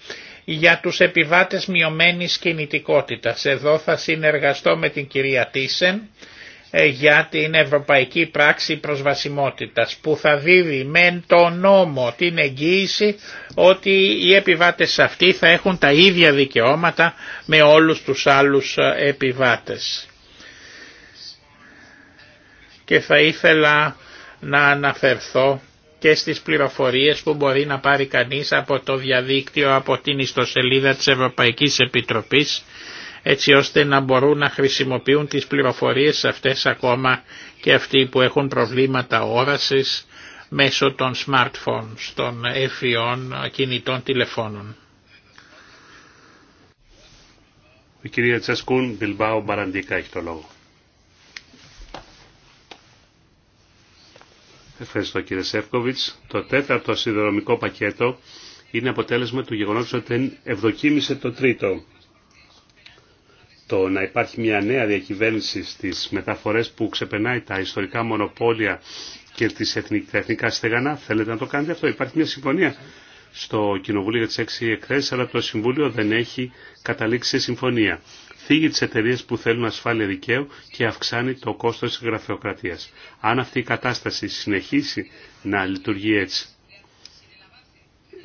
Για τους επιβάτες μειωμένης κινητικότητας, εδώ θα συνεργαστώ με την κυρία Τίσεν, ε, για την Ευρωπαϊκή Πράξη Προσβασιμότητας που θα δίδει με το νόμο την εγγύηση ότι οι επιβάτες αυτοί θα έχουν τα ίδια δικαιώματα με όλους τους άλλους ε, επιβάτες. Και θα ήθελα να αναφερθώ και στις πληροφορίες που μπορεί να πάρει κανείς από το διαδίκτυο, από την ιστοσελίδα της Ευρωπαϊκής Επιτροπής έτσι ώστε να μπορούν να χρησιμοποιούν τις πληροφορίες αυτές ακόμα και αυτοί που έχουν προβλήματα όρασης μέσω των smartphones, των εφιών κινητών τηλεφώνων. κυρία Τσασκούν Μπιλμπάου Μπαραντίκα έχει το λόγο. Ευχαριστώ κύριε Σεύκοβιτς. Το τέταρτο συνδρομικό πακέτο είναι αποτέλεσμα του γεγονότος ότι ευδοκίμησε το τρίτο το να υπάρχει μια νέα διακυβέρνηση στις μεταφορές που ξεπερνάει τα ιστορικά μονοπόλια και τις τα εθνικά στεγανά. Θέλετε να το κάνετε αυτό. Υπάρχει μια συμφωνία στο Κοινοβούλιο για τις έξι εκθέσεις, αλλά το Συμβούλιο δεν έχει καταλήξει σε συμφωνία. Θίγει τις εταιρείε που θέλουν ασφάλεια δικαίου και αυξάνει το κόστος της γραφειοκρατίας. Αν αυτή η κατάσταση συνεχίσει να λειτουργεί έτσι,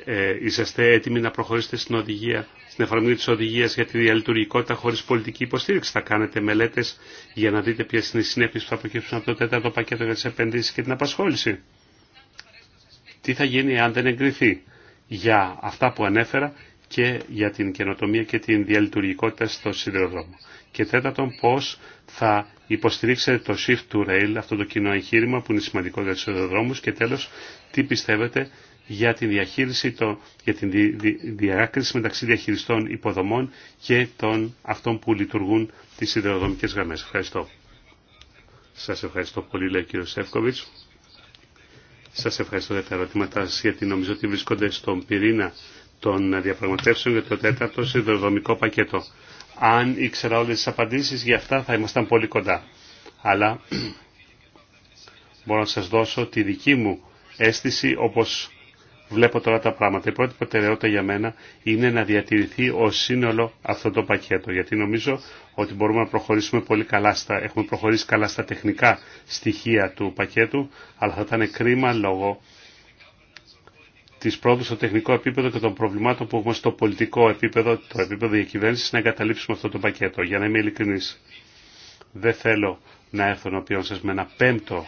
ε, είσαστε έτοιμοι να προχωρήσετε στην οδηγία στην εφαρμογή τη οδηγία για τη διαλειτουργικότητα χωρί πολιτική υποστήριξη. Θα κάνετε μελέτε για να δείτε ποιε είναι οι συνέπειε που θα προκύψουν από το τέταρτο πακέτο για τις επενδύσει και την απασχόληση. Τι θα γίνει αν δεν εγκριθεί για αυτά που ανέφερα και για την καινοτομία και την διαλειτουργικότητα στο σιδηροδρόμο. Και τέταρτον, πώ θα υποστηρίξετε το shift to rail, αυτό το κοινό εγχείρημα που είναι σημαντικό για του σιδηροδρόμου. Και τέλο, τι πιστεύετε για την διαχείριση, το, για την διάκριση μεταξύ διαχειριστών υποδομών και των αυτών που λειτουργούν τις ιδεοδομικές γραμμές. Ευχαριστώ. Σας ευχαριστώ πολύ, λέει ο κύριος Σεύκοβιτς. Σας ευχαριστώ για τα ερωτήματά σας, γιατί νομίζω ότι βρίσκονται στον πυρήνα των διαπραγματεύσεων για το τέταρτο ιδεοδομικό πακέτο. Αν ήξερα όλες τις απαντήσεις για αυτά θα ήμασταν πολύ κοντά. Αλλά μπορώ να σας δώσω τη δική μου αίσθηση όπως βλέπω τώρα τα πράγματα. Η πρώτη προτεραιότητα για μένα είναι να διατηρηθεί ω σύνολο αυτό το πακέτο. Γιατί νομίζω ότι μπορούμε να προχωρήσουμε πολύ καλά στα, έχουμε προχωρήσει καλά στα τεχνικά στοιχεία του πακέτου, αλλά θα ήταν κρίμα λόγω τη πρόοδου στο τεχνικό επίπεδο και των προβλημάτων που έχουμε στο πολιτικό επίπεδο, το επίπεδο διακυβέρνηση, να εγκαταλείψουμε αυτό το πακέτο. Για να είμαι ειλικρινή, δεν θέλω να έρθω να σα με ένα πέμπτο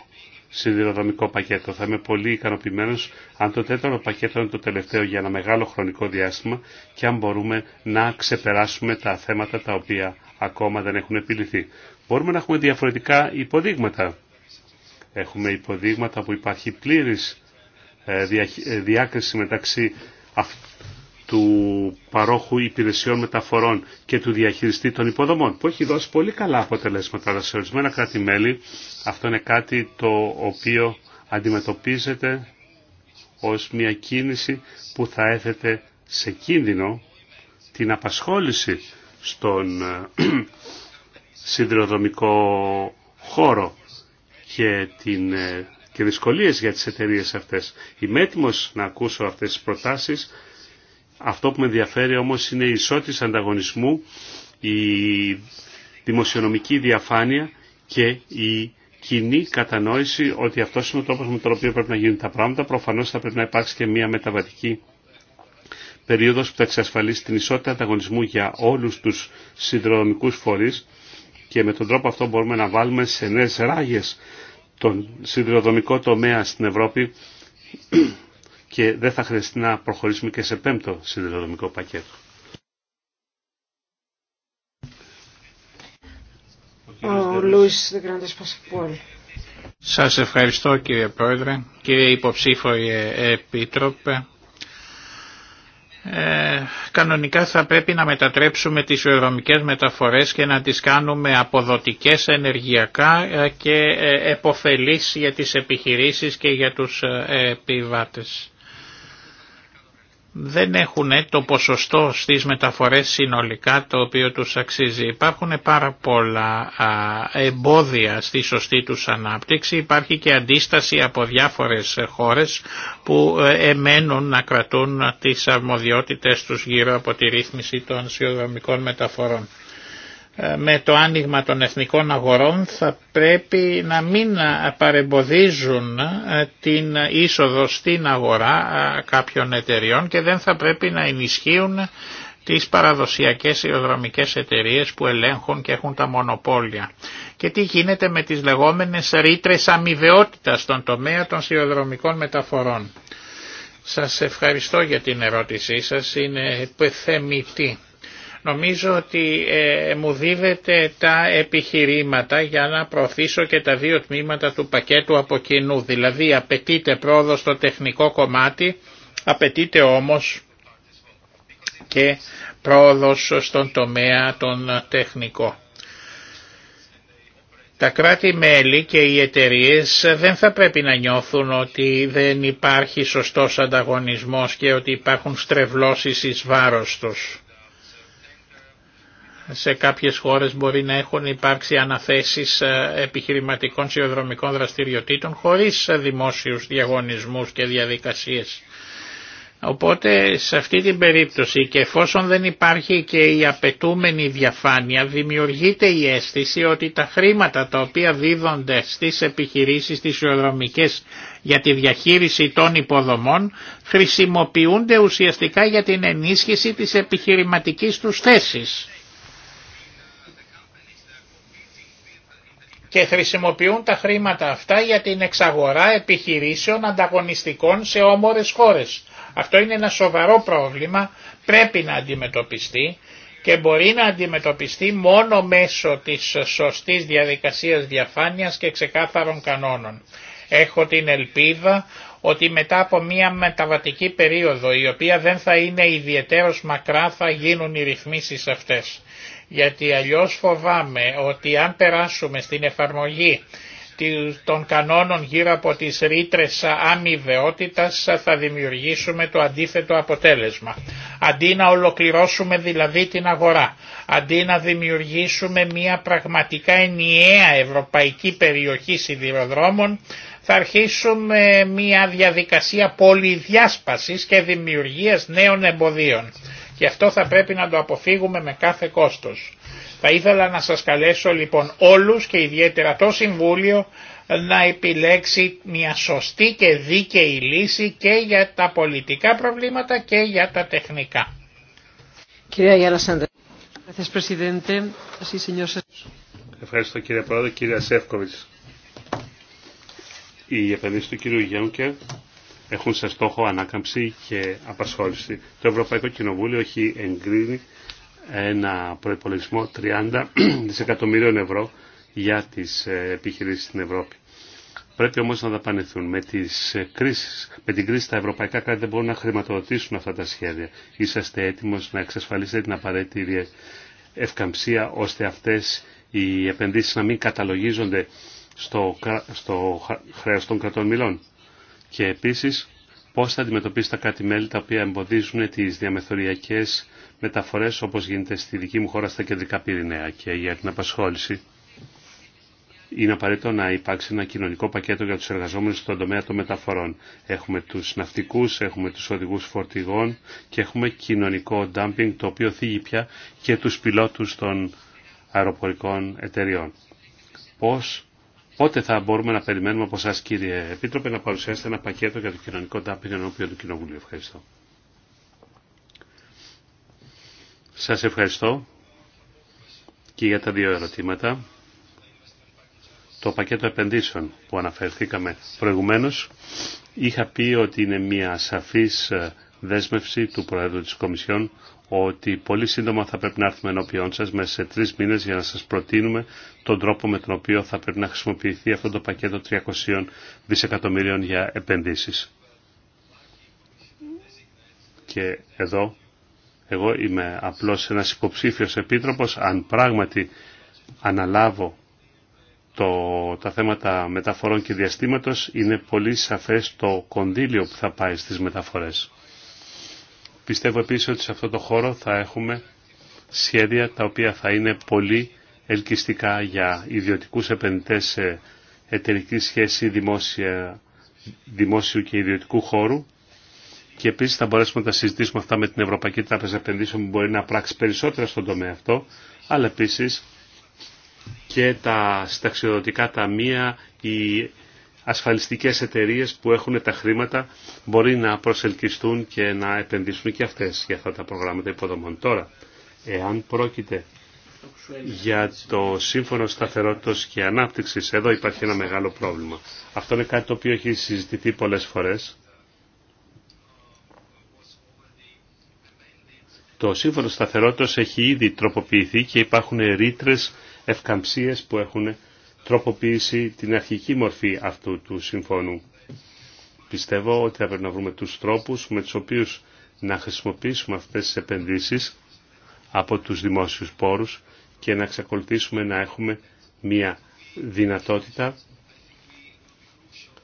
σιδηροδρομικό πακέτο. Θα είμαι πολύ ικανοποιημένο αν το τέταρτο πακέτο είναι το τελευταίο για ένα μεγάλο χρονικό διάστημα και αν μπορούμε να ξεπεράσουμε τα θέματα τα οποία ακόμα δεν έχουν επιληθεί. Μπορούμε να έχουμε διαφορετικά υποδείγματα. Έχουμε υποδείγματα που υπάρχει πλήρης ε, ε, διάκριση μεταξύ του παρόχου υπηρεσιών μεταφορών και του διαχειριστή των υποδομών, που έχει δώσει πολύ καλά αποτελέσματα. Αλλά σε ορισμένα κράτη-μέλη αυτό είναι κάτι το οποίο αντιμετωπίζεται ως μια κίνηση που θα έθετε σε κίνδυνο την απασχόληση στον ε, σιδηροδρομικό χώρο και, την, ε, και δυσκολίες για τις εταιρείες αυτές. Είμαι έτοιμος να ακούσω αυτές τις προτάσεις αυτό που με ενδιαφέρει όμως είναι η ισότητα ανταγωνισμού, η δημοσιονομική διαφάνεια και η κοινή κατανόηση ότι αυτό είναι ο τρόπος με τον οποίο πρέπει να γίνουν τα πράγματα. Προφανώς θα πρέπει να υπάρξει και μια μεταβατική περίοδος που θα εξασφαλίσει την ισότητα ανταγωνισμού για όλους τους συνδρομικούς φορείς και με τον τρόπο αυτό μπορούμε να βάλουμε σε νέες ράγες τον συνδρομικό τομέα στην Ευρώπη και δεν θα χρειαστεί να προχωρήσουμε και σε πέμπτο συνδεδομικό πακέτο. Σας ευχαριστώ κύριε Πρόεδρε, κύριε υποψήφοι Επίτροπε. Ε, κανονικά θα πρέπει να μετατρέψουμε τις οικονομικές μεταφορές και να τις κάνουμε αποδοτικές ενεργειακά ε, και ε, εποφελείς για τις επιχειρήσεις και για τους επιβάτες δεν έχουν το ποσοστό στις μεταφορές συνολικά το οποίο τους αξίζει. Υπάρχουν πάρα πολλά εμπόδια στη σωστή τους ανάπτυξη. Υπάρχει και αντίσταση από διάφορες χώρες που ε, εμένουν να κρατούν τις αρμοδιότητες τους γύρω από τη ρύθμιση των σιωδρομικών μεταφορών. Ε, με το άνοιγμα των εθνικών αγορών θα πρέπει να μην ε, παρεμποδίζουν ε, την είσοδο στην αγορά κάποιων εταιριών και δεν θα πρέπει να ενισχύουν τις παραδοσιακές ιοδρομικές εταιρείες που ελέγχουν και έχουν τα μονοπόλια. Και τι γίνεται με τις λεγόμενες ρήτρε αμοιβαιότητα στον τομέα των σιωδρομικών μεταφορών. Σας ευχαριστώ για την ερώτησή σας, είναι πεθεμητή. Νομίζω ότι ε, μου δίδεται τα επιχειρήματα για να προωθήσω και τα δύο τμήματα του πακέτου από κοινού. Δηλαδή απαιτείται πρόοδο στο τεχνικό κομμάτι, απαιτείται όμως και πρόοδος στον τομέα τον τεχνικό. Τα κράτη-μέλη και οι εταιρείες δεν θα πρέπει να νιώθουν ότι δεν υπάρχει σωστός ανταγωνισμός και ότι υπάρχουν στρεβλώσεις εις βάρος τους σε κάποιες χώρες μπορεί να έχουν υπάρξει αναθέσεις ε, επιχειρηματικών σιωδρομικών δραστηριοτήτων χωρίς ε, δημόσιους διαγωνισμούς και διαδικασίες. Οπότε σε αυτή την περίπτωση και εφόσον δεν υπάρχει και η απαιτούμενη διαφάνεια δημιουργείται η αίσθηση ότι τα χρήματα τα οποία δίδονται στις επιχειρήσεις τις ιοδρομικές για τη διαχείριση των υποδομών χρησιμοποιούνται ουσιαστικά για την ενίσχυση της επιχειρηματικής τους θέσης. και χρησιμοποιούν τα χρήματα αυτά για την εξαγορά επιχειρήσεων ανταγωνιστικών σε όμορες χώρες. Αυτό είναι ένα σοβαρό πρόβλημα, πρέπει να αντιμετωπιστεί και μπορεί να αντιμετωπιστεί μόνο μέσω της σωστής διαδικασίας διαφάνειας και ξεκάθαρων κανόνων. Έχω την ελπίδα ότι μετά από μια μεταβατική περίοδο η οποία δεν θα είναι ιδιαίτερος μακρά θα γίνουν οι ρυθμίσεις αυτές γιατί αλλιώς φοβάμαι ότι αν περάσουμε στην εφαρμογή των κανόνων γύρω από τις ρήτρες αμοιβαιότητας θα δημιουργήσουμε το αντίθετο αποτέλεσμα. Αντί να ολοκληρώσουμε δηλαδή την αγορά, αντί να δημιουργήσουμε μια πραγματικά ενιαία ευρωπαϊκή περιοχή σιδηροδρόμων, θα αρχίσουμε μια διαδικασία πολυδιάσπασης και δημιουργίας νέων εμποδίων. Και αυτό θα πρέπει να το αποφύγουμε με κάθε κόστος. Θα ήθελα να σας καλέσω λοιπόν όλους και ιδιαίτερα το Συμβούλιο να επιλέξει μια σωστή και δίκαιη λύση και για τα πολιτικά προβλήματα και για τα τεχνικά. Κυρία Γιάννα Ευχαριστώ κύριε Πρόεδρε, κύριε Σεύκοβιτς. Η επενδύση του κύριου Γιάνκερ έχουν σε στόχο ανάκαμψη και απασχόληση. Το Ευρωπαϊκό Κοινοβούλιο έχει εγκρίνει ένα προϋπολογισμό 30 δισεκατομμυρίων ευρώ για τις ε, επιχειρήσεις στην Ευρώπη. Πρέπει όμως να δαπανηθούν. Με, τις ε, κρίσεις, με την κρίση τα ευρωπαϊκά κράτη δεν μπορούν να χρηματοδοτήσουν αυτά τα σχέδια. Είσαστε έτοιμος να εξασφαλίσετε την απαραίτητη ευκαμψία ώστε αυτές οι επενδύσεις να μην καταλογίζονται στο, στο χρέος των κρατών μιλών και επίσης πώς θα αντιμετωπίσει τα κράτη-μέλη τα οποία εμποδίζουν τις διαμεθοριακές μεταφορές όπως γίνεται στη δική μου χώρα στα κεντρικά πυρηναία και για την απασχόληση. Είναι απαραίτητο να υπάρξει ένα κοινωνικό πακέτο για τους εργαζόμενους στον τομέα των μεταφορών. Έχουμε τους ναυτικούς, έχουμε τους οδηγούς φορτηγών και έχουμε κοινωνικό dumping το οποίο θίγει πια και τους πιλότους των αεροπορικών εταιριών. Πώς Πότε θα μπορούμε να περιμένουμε από εσά, κύριε Επίτροπε, να παρουσιάσετε ένα πακέτο για το κοινωνικό ντάμπινγκ ενώπιον του Κοινοβουλίου. Ευχαριστώ. Σας ευχαριστώ και για τα δύο ερωτήματα. Το πακέτο επενδύσεων που αναφερθήκαμε προηγουμένως είχα πει ότι είναι μια σαφής ε, δέσμευση του Προέδρου της Κομισιόν ότι πολύ σύντομα θα πρέπει να έρθουμε ενώπιόν σας μέσα σε τρεις μήνες για να σας προτείνουμε τον τρόπο με τον οποίο θα πρέπει να χρησιμοποιηθεί αυτό το πακέτο 300 δισεκατομμυρίων για επενδύσεις. Και εδώ εγώ είμαι απλώς ένας υποψήφιος επίτροπος αν πράγματι αναλάβω το, τα θέματα μεταφορών και διαστήματος είναι πολύ σαφές το κονδύλιο που θα πάει στις μεταφορές. Πιστεύω επίσης ότι σε αυτό το χώρο θα έχουμε σχέδια τα οποία θα είναι πολύ ελκυστικά για ιδιωτικούς επενδυτές σε εταιρική σχέση δημόσια, δημόσιου και ιδιωτικού χώρου και επίσης θα μπορέσουμε να τα συζητήσουμε αυτά με την Ευρωπαϊκή Τράπεζα Επενδύσεων που μπορεί να πράξει περισσότερα στον τομέα αυτό αλλά επίσης και τα συνταξιοδοτικά ταμεία, οι ασφαλιστικές εταιρείες που έχουν τα χρήματα μπορεί να προσελκυστούν και να επενδύσουν και αυτές για αυτά τα προγράμματα υποδομών. Τώρα, εάν πρόκειται για το Σύμφωνο Σταθερότητας και Ανάπτυξης, εδώ υπάρχει ένα μεγάλο πρόβλημα. Αυτό είναι κάτι το οποίο έχει συζητηθεί πολλές φορές. Το Σύμφωνο Σταθερότητας έχει ήδη τροποποιηθεί και υπάρχουν ρήτρε ευκαμψίες που έχουν τροποποιήσει την αρχική μορφή αυτού του συμφώνου. Πιστεύω ότι θα πρέπει να βρούμε τους τρόπους με τους οποίους να χρησιμοποιήσουμε αυτές τις επενδύσεις από τους δημόσιους πόρους και να εξακολουθήσουμε να έχουμε μία δυνατότητα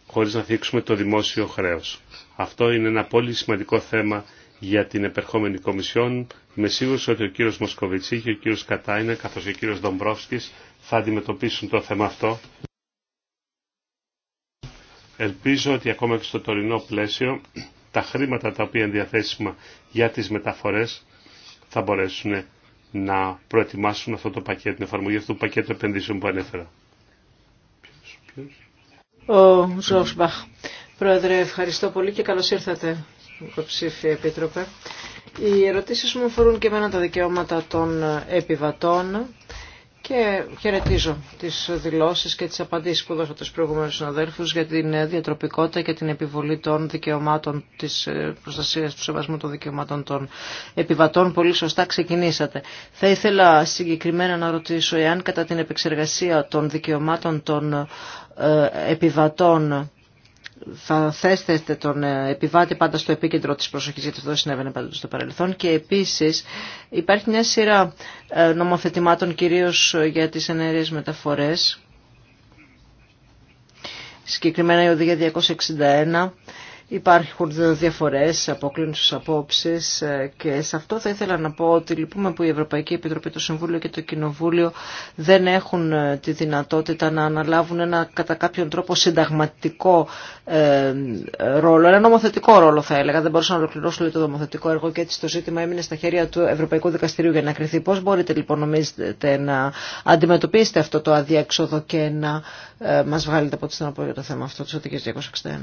χωρίς να θίξουμε το δημόσιο χρέος. Αυτό είναι ένα πολύ σημαντικό θέμα για την επερχόμενη Κομισιόν. Είμαι σίγουρος ότι ο κύριος Μοσκοβιτσί και ο κύριος Κατάινα καθώς και ο κύριος Δομπρόφσκης θα αντιμετωπίσουν το θέμα αυτό. Ελπίζω ότι ακόμα και στο τωρινό πλαίσιο τα χρήματα τα οποία είναι διαθέσιμα για τις μεταφορές θα μπορέσουν να προετοιμάσουν αυτό το πακέτο, την εφαρμογή αυτού του πακέτου επενδύσεων που ανέφερα. Ο Ζωσμπαχ. Πρόεδρε, ευχαριστώ πολύ και καλώς ήρθατε, υποψήφια επίτροπε. Οι ερωτήσεις μου αφορούν και εμένα τα δικαιώματα των επιβατών και χαιρετίζω τις δηλώσει και τις απαντήσεις που δώσατε στους προηγούμενους συναδέλφου για την διατροπικότητα και την επιβολή των δικαιωμάτων της ε, προστασίας του σεβασμού των δικαιωμάτων των επιβατών. Πολύ σωστά ξεκινήσατε. Θα ήθελα συγκεκριμένα να ρωτήσω εάν κατά την επεξεργασία των δικαιωμάτων των ε, επιβατών θα θέσετε τον ε, επιβάτη πάντα στο επίκεντρο της προσοχής, γιατί αυτό συνέβαινε πάντα στο παρελθόν. Και επίσης υπάρχει μια σειρά ε, νομοθετημάτων, κυρίως για τις ενέργειες μεταφορές, συγκεκριμένα η οδηγία 261, Υπάρχουν διαφορές, αποκλίνουσες απόψεις ε, και σε αυτό θα ήθελα να πω ότι λυπούμε που η Ευρωπαϊκή Επιτροπή, το Συμβούλιο και το Κοινοβούλιο δεν έχουν ε, τη δυνατότητα να αναλάβουν ένα κατά κάποιον τρόπο συνταγματικό ε, ρόλο, ένα νομοθετικό ρόλο θα έλεγα. Δεν μπορούσα να ολοκληρώσω το νομοθετικό έργο και έτσι το ζήτημα έμεινε στα χέρια του Ευρωπαϊκού Δικαστηρίου για να κρυθεί. Πώς μπορείτε λοιπόν νομίζετε να αντιμετωπίσετε αυτό το αδιέξοδο και να μας βγάλετε από τη το θέμα αυτό της 261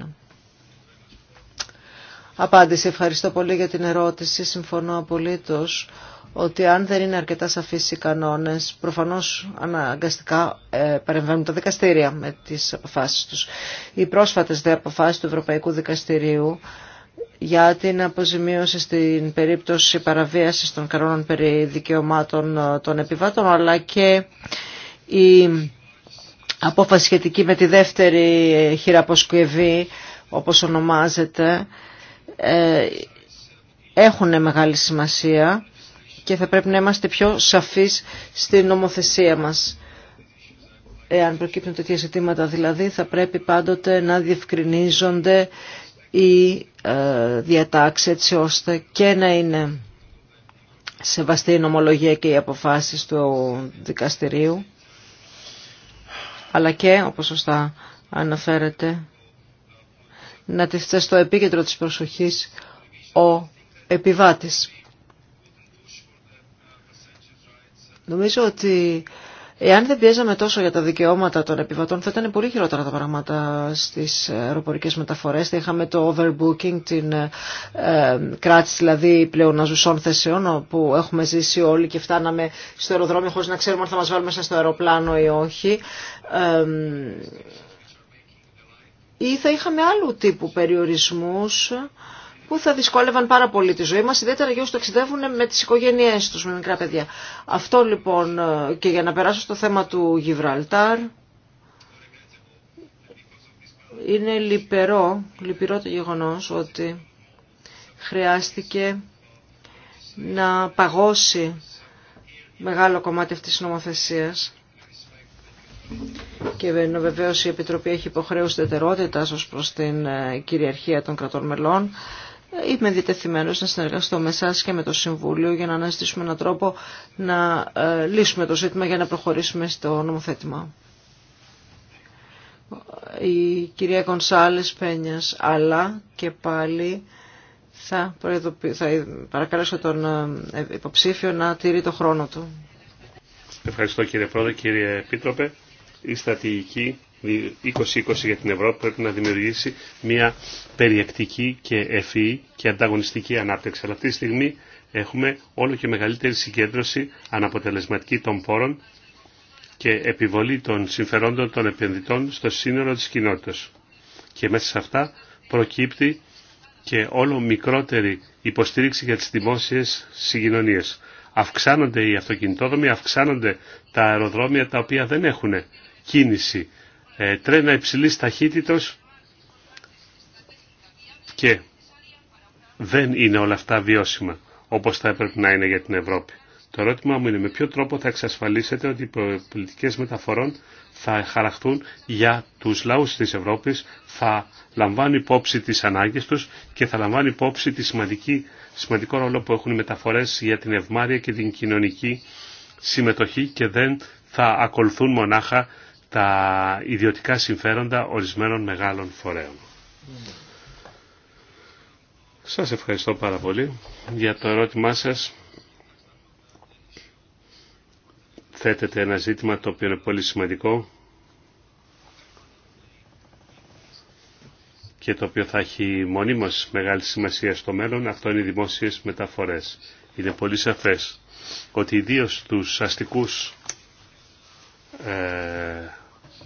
απάντηση. Ευχαριστώ πολύ για την ερώτηση. Συμφωνώ απολύτως ότι αν δεν είναι αρκετά σαφείς οι κανόνες, προφανώς αναγκαστικά ε, παρεμβαίνουν τα δικαστήρια με τις αποφάσεις τους. Οι πρόσφατες δε αποφάσεις του Ευρωπαϊκού Δικαστηρίου για την αποζημίωση στην περίπτωση παραβίασης των κανόνων περί δικαιωμάτων ε, των επιβάτων, αλλά και η απόφαση σχετική με τη δεύτερη χειραποσκευή, όπως ονομάζεται, ε, έχουν μεγάλη σημασία και θα πρέπει να είμαστε πιο σαφείς στην νομοθεσία μας. Εάν προκύπτουν τέτοια ζητήματα δηλαδή θα πρέπει πάντοτε να διευκρινίζονται οι ε, διατάξει έτσι ώστε και να είναι σεβαστή η νομολογία και οι αποφάσεις του δικαστηρίου αλλά και όπως σωστά αναφέρεται να τεθεί στο επίκεντρο της προσοχής ο επιβάτης. Νομίζω ότι εάν δεν πιέζαμε τόσο για τα δικαιώματα των επιβατών θα ήταν πολύ χειρότερα τα πράγματα στις αεροπορικές μεταφορές. Θα είχαμε το overbooking, την ε, κράτηση δηλαδή πλεοναζουσών θεσεών που έχουμε ζήσει όλοι και φτάναμε στο αεροδρόμιο χωρίς να ξέρουμε αν θα μας βάλουμε μέσα στο αεροπλάνο ή όχι. Ε, ή θα είχαμε άλλου τύπου περιορισμούς που θα δυσκόλευαν πάρα πολύ τη ζωή μας, ιδιαίτερα για όσους ταξιδεύουν με τις οικογένειές τους, με μικρά παιδιά. Αυτό λοιπόν και για να περάσω στο θέμα του Γιβραλτάρ, είναι λυπηρό, λυπηρό το γεγονός ότι χρειάστηκε να παγώσει μεγάλο κομμάτι αυτής της νομοθεσίας και βεβαίω η Επιτροπή έχει υποχρέωση τετερότητα ω προ την ε, κυριαρχία των κρατών μελών. Ε, είμαι διτεθειμένο να συνεργαστώ με εσά και με το Συμβούλιο για να αναζητήσουμε έναν τρόπο να ε, λύσουμε το ζήτημα για να προχωρήσουμε στο νομοθέτημα. Η κυρία Κονσάλες Πένιας, αλλά και πάλι θα, θα παρακαλέσω τον υποψήφιο να τηρεί το χρόνο του. Ευχαριστώ κύριε Πρόεδρε, κύριε Επίτροπε η στρατηγική 2020 για την Ευρώπη πρέπει να δημιουργήσει μια περιεκτική και ευφυή και ανταγωνιστική ανάπτυξη. Αλλά αυτή τη στιγμή έχουμε όλο και μεγαλύτερη συγκέντρωση αναποτελεσματική των πόρων και επιβολή των συμφερόντων των επενδυτών στο σύνολο της κοινότητας. Και μέσα σε αυτά προκύπτει και όλο μικρότερη υποστήριξη για τις δημόσιες συγκοινωνίες. Αυξάνονται οι αυτοκινητόδομοι, αυξάνονται τα αεροδρόμια τα οποία δεν έχουν κίνηση, ε, τρένα υψηλής ταχύτητος και δεν είναι όλα αυτά βιώσιμα όπως θα έπρεπε να είναι για την Ευρώπη. Το ερώτημά μου είναι με ποιο τρόπο θα εξασφαλίσετε ότι οι πολιτικές μεταφορών θα χαραχθούν για τους λαούς της Ευρώπης, θα λαμβάνουν υπόψη τις ανάγκες τους και θα λαμβάνουν υπόψη τη σημαντική, σημαντικό ρόλο που έχουν οι μεταφορές για την ευμάρεια και την κοινωνική συμμετοχή και δεν θα ακολουθούν μονάχα τα ιδιωτικά συμφέροντα ορισμένων μεγάλων φορέων. Σας ευχαριστώ πάρα πολύ για το ερώτημά σας. Θέτεται ένα ζήτημα το οποίο είναι πολύ σημαντικό και το οποίο θα έχει μονίμως μεγάλη σημασία στο μέλλον. Αυτό είναι οι δημόσιες μεταφορές. Είναι πολύ σαφές ότι ιδίως τους αστικούς ε,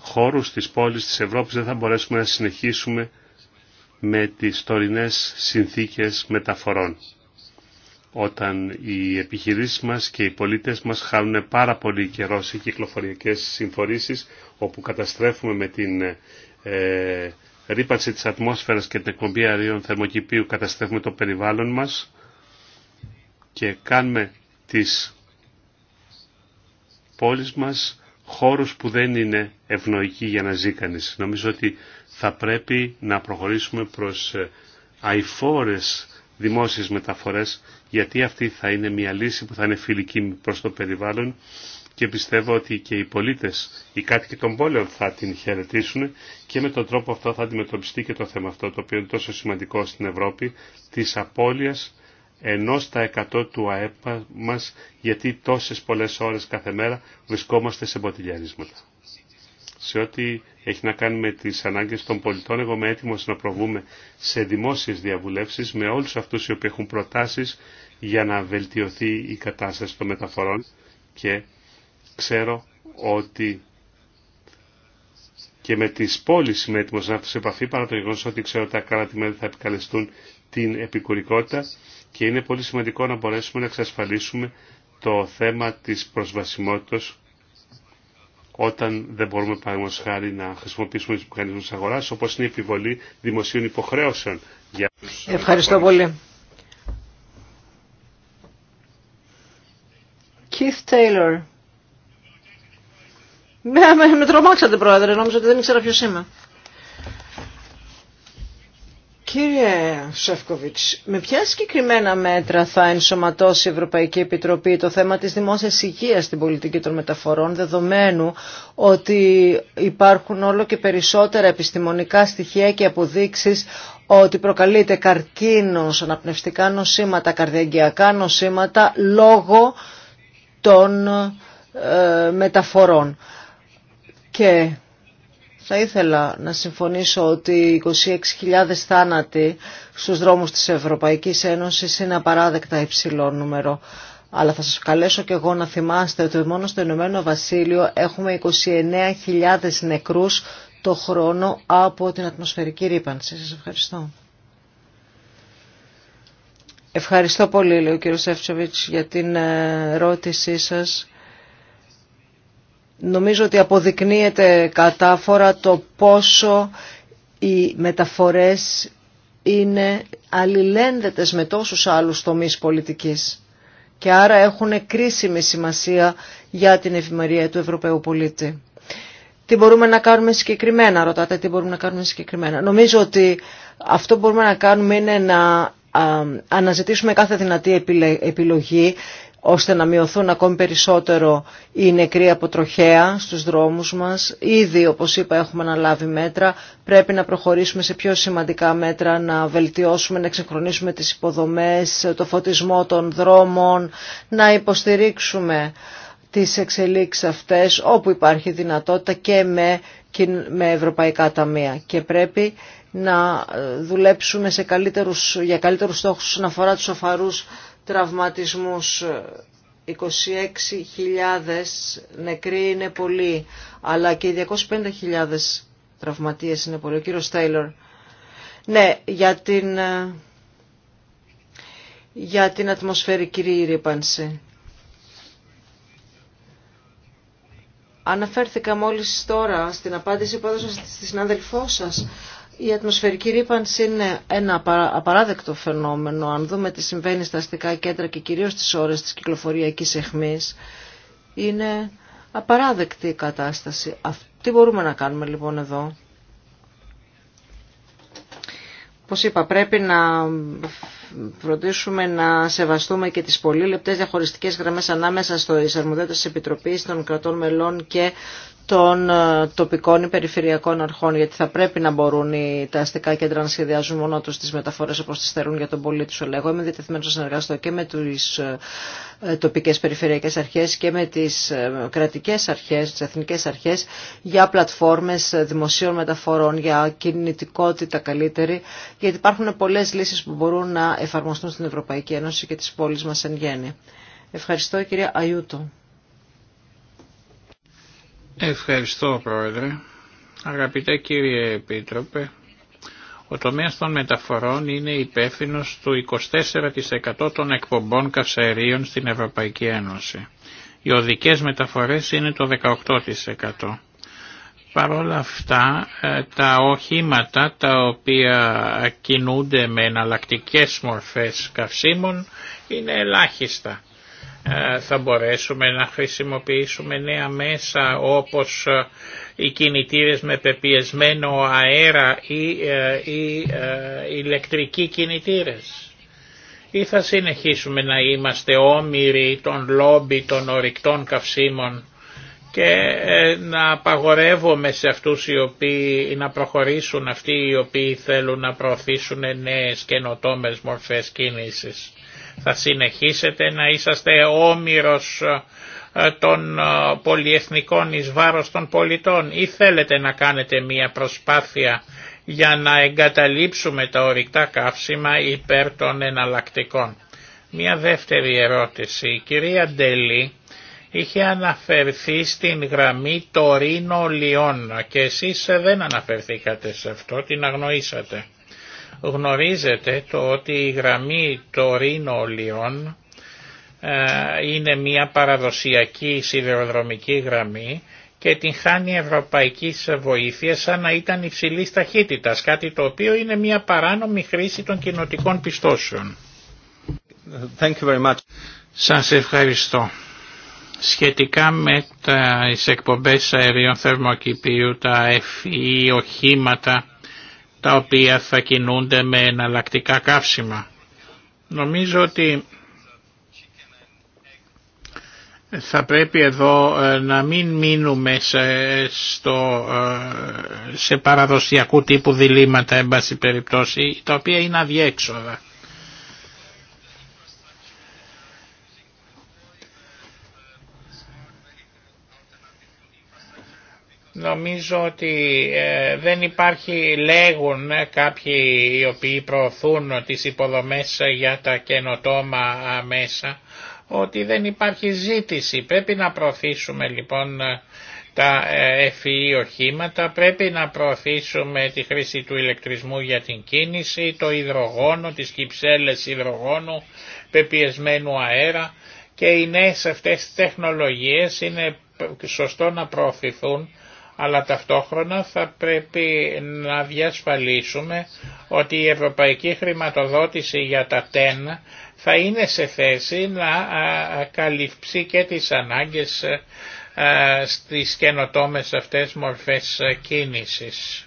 χώρους της πόλης της Ευρώπης δεν θα μπορέσουμε να συνεχίσουμε με τις τωρινές συνθήκες μεταφορών. Όταν οι επιχειρήσεις μας και οι πολίτες μας χάνουν πάρα πολύ καιρό σε κυκλοφοριακές συμφορήσεις όπου καταστρέφουμε με την ε, ρήπανση της ατμόσφαιρας και την εκπομπή αερίων θερμοκηπίου καταστρέφουμε το περιβάλλον μας και κάνουμε τις πόλεις μας χώρους που δεν είναι ευνοϊκοί για να ζει κανείς. Νομίζω ότι θα πρέπει να προχωρήσουμε προς ε, αηφόρες δημόσιες μεταφορές γιατί αυτή θα είναι μια λύση που θα είναι φιλική προς το περιβάλλον και πιστεύω ότι και οι πολίτες, οι κάτοικοι των πόλεων θα την χαιρετήσουν και με τον τρόπο αυτό θα αντιμετωπιστεί και το θέμα αυτό το οποίο είναι τόσο σημαντικό στην Ευρώπη της απώλειας ενώ στα εκατό του ΑΕΠ μας γιατί τόσες πολλές ώρες κάθε μέρα βρισκόμαστε σε μποτιλιαρίσματα. Σε ό,τι έχει να κάνει με τις ανάγκες των πολιτών, εγώ είμαι έτοιμο να προβούμε σε δημόσιες διαβουλεύσεις με όλους αυτούς οι οποίοι έχουν προτάσεις για να βελτιωθεί η κατάσταση των μεταφορών και ξέρω ότι και με τις πόλεις είμαι έτοιμος να έρθω σε επαφή παρά το γεγονός ότι ξέρω ότι τα κράτη-μέλη θα επικαλεστούν την επικουρικότητα και είναι πολύ σημαντικό να μπορέσουμε να εξασφαλίσουμε το θέμα της προσβασιμότητας όταν δεν μπορούμε παραδείγματος χάρη να χρησιμοποιήσουμε τους μηχανισμούς αγοράς όπως είναι η επιβολή δημοσίων υποχρέωσεων. Για Ευχαριστώ πολύ. Keith Taylor. Με, με, με τρομάξατε πρόεδρε, νόμιζα ότι δεν ήξερα ποιος είμαι. Κύριε Σεφκοβιτς, με ποια συγκεκριμένα μέτρα θα ενσωματώσει η Ευρωπαϊκή Επιτροπή το θέμα της δημόσιας υγεία στην πολιτική των μεταφορών, δεδομένου ότι υπάρχουν όλο και περισσότερα επιστημονικά στοιχεία και αποδείξεις ότι προκαλείται καρκίνο αναπνευστικά νοσήματα, καρδιαγκιακά νοσήματα λόγω των ε, μεταφορών. Και θα ήθελα να συμφωνήσω ότι 26.000 θάνατοι στους δρόμους της Ευρωπαϊκής Ένωσης είναι απαράδεκτα υψηλό νούμερο. Αλλά θα σας καλέσω και εγώ να θυμάστε ότι μόνο στο Ηνωμένο Βασίλειο έχουμε 29.000 νεκρούς το χρόνο από την ατμοσφαιρική ρήπανση. Σας ευχαριστώ. Ευχαριστώ πολύ, λέει ο κύριος Σεύτσοβιτς, για την ερώτησή σας νομίζω ότι αποδεικνύεται κατάφορα το πόσο οι μεταφορές είναι αλληλένδετες με τόσους άλλους τομείς πολιτικής και άρα έχουν κρίσιμη σημασία για την ευημερία του Ευρωπαίου πολίτη. Τι μπορούμε να κάνουμε συγκεκριμένα, ρωτάτε, τι μπορούμε να κάνουμε συγκεκριμένα. Νομίζω ότι αυτό που μπορούμε να κάνουμε είναι να αναζητήσουμε κάθε δυνατή επιλογή ώστε να μειωθούν ακόμη περισσότερο οι νεκροί από τροχέα στους δρόμους μας. Ήδη, όπως είπα, έχουμε αναλάβει μέτρα. Πρέπει να προχωρήσουμε σε πιο σημαντικά μέτρα, να βελτιώσουμε, να ξεχρονίσουμε τις υποδομές, το φωτισμό των δρόμων, να υποστηρίξουμε τις εξελίξεις αυτές όπου υπάρχει δυνατότητα και με, με ευρωπαϊκά ταμεία. Και πρέπει να δουλέψουμε σε καλύτερους, για καλύτερους στόχους αφορά τους σοφαρούς τραυματισμούς. 26.000 νεκροί είναι πολλοί, αλλά και οι 250.000 τραυματίες είναι πολλοί. Ο κύριος Τέιλορ. Ναι, για την, για την ατμοσφαιρική ρήπανση. Αναφέρθηκα μόλις τώρα στην απάντηση που έδωσα στη συνάδελφό σας η ατμοσφαιρική ρήπανση είναι ένα απαράδεκτο φαινόμενο. Αν δούμε τι συμβαίνει στα αστικά κέντρα και κυρίως τις ώρες της κυκλοφοριακής αιχμής, είναι απαράδεκτη η κατάσταση. Τι μπορούμε να κάνουμε λοιπόν εδώ. Όπως είπα, πρέπει να φροντίσουμε να σεβαστούμε και τις πολύ λεπτές διαχωριστικές γραμμές ανάμεσα στο εισαρμοδέτες της Επιτροπής των κρατών μελών και των ε, τοπικών ή περιφερειακών αρχών, γιατί θα πρέπει να μπορούν οι, τα αστικά κέντρα να σχεδιάζουν μόνο τους τις μεταφορές όπως τις θέλουν για τον πολίτη του Εγώ είμαι διατεθειμένος να συνεργαστώ και με τις ε, ε, τοπικές περιφερειακές αρχές και με τις κρατικές αρχές, τις εθνικέ αρχές, για πλατφόρμες δημοσίων μεταφορών, για κινητικότητα καλύτερη, γιατί υπάρχουν πολλές λύσεις που μπορούν να εφαρμοστούν στην Ευρωπαϊκή Ένωση και τις πόλεις μας εν γέννη. Ευχαριστώ κυρία Αιούτο. Ευχαριστώ Πρόεδρε. Αγαπητέ κύριε Επίτροπε, ο τομέας των μεταφορών είναι υπεύθυνο του 24% των εκπομπών καυσαερίων στην Ευρωπαϊκή Ένωση. Οι οδικές μεταφορές είναι το 18%. Παρ' όλα αυτά ε, τα οχήματα τα οποία κινούνται με εναλλακτικέ μορφές καυσίμων είναι ελάχιστα. Ε, θα μπορέσουμε να χρησιμοποιήσουμε νέα μέσα όπως ε, οι κινητήρες με πεπιεσμένο αέρα ή οι ε, ηλεκτρικοί κινητήρες. Ή θα συνεχίσουμε να είμαστε όμοιροι των λόμπι των ορυκτών καυσίμων και να απαγορεύουμε σε αυτούς οι οποίοι να προχωρήσουν αυτοί οι οποίοι θέλουν να προωθήσουν νέες καινοτόμες μορφές κίνησης θα συνεχίσετε να είσαστε όμοιρος ε, των ε, πολιεθνικών εις βάρος των πολιτών ή θέλετε να κάνετε μία προσπάθεια για να εγκαταλείψουμε τα ορυκτά καύσιμα υπέρ των εναλλακτικών. Μία δεύτερη ερώτηση. Η κυρία Ντελή είχε αναφερθεί στην γραμμή Τωρίνο Λιών και εσείς δεν αναφερθήκατε σε αυτό, την αγνοήσατε. Γνωρίζετε το ότι η γραμμή το Ρήνο ε, είναι μια παραδοσιακή σιδηροδρομική γραμμή και την χάνει ευρωπαϊκή βοήθεια σαν να ήταν υψηλής ταχύτητας, κάτι το οποίο είναι μια παράνομη χρήση των κοινοτικών πιστώσεων. Thank you very much. Σας ευχαριστώ. Σχετικά με τις εκπομπές αερίων θερμοκηπίου, τα εφή e, οχήματα, τα οποία θα κινούνται με εναλλακτικά καύσιμα. Νομίζω ότι θα πρέπει εδώ ε, να μην μείνουμε σε, στο, ε, παραδοσιακού τύπου διλήμματα, εν πάση περιπτώσει, τα οποία είναι αδιέξοδα. Νομίζω ότι ε, δεν υπάρχει, λέγουν ε, κάποιοι οι οποίοι προωθούν τις υποδομές ε, για τα καινοτόμα μέσα, ότι δεν υπάρχει ζήτηση. Πρέπει να προωθήσουμε λοιπόν τα FEE οχήματα, πρέπει να προωθήσουμε τη χρήση του ηλεκτρισμού για την κίνηση, το υδρογόνο, τις κυψέλες υδρογόνου, πεπιεσμένου αέρα και οι νέες αυτές τεχνολογίες είναι σωστό να προωθηθούν αλλά ταυτόχρονα θα πρέπει να διασφαλίσουμε ότι η ευρωπαϊκή χρηματοδότηση για τα ΤΕΝ θα είναι σε θέση να καλυψεί και τις ανάγκες στις καινοτόμες αυτές μορφές κίνησης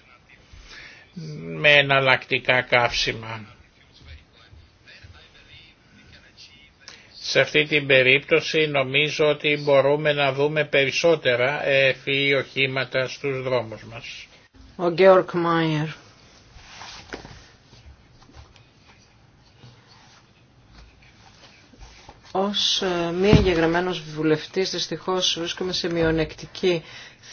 με εναλλακτικά καύσιμα. Σε αυτή την περίπτωση νομίζω ότι μπορούμε να δούμε περισσότερα εφή οχήματα στους δρόμους μας. Ο Γκέορκ Μάιερ. Ως ε, μη εγγεγραμμένος βουλευτής δυστυχώς βρίσκομαι σε μειονεκτική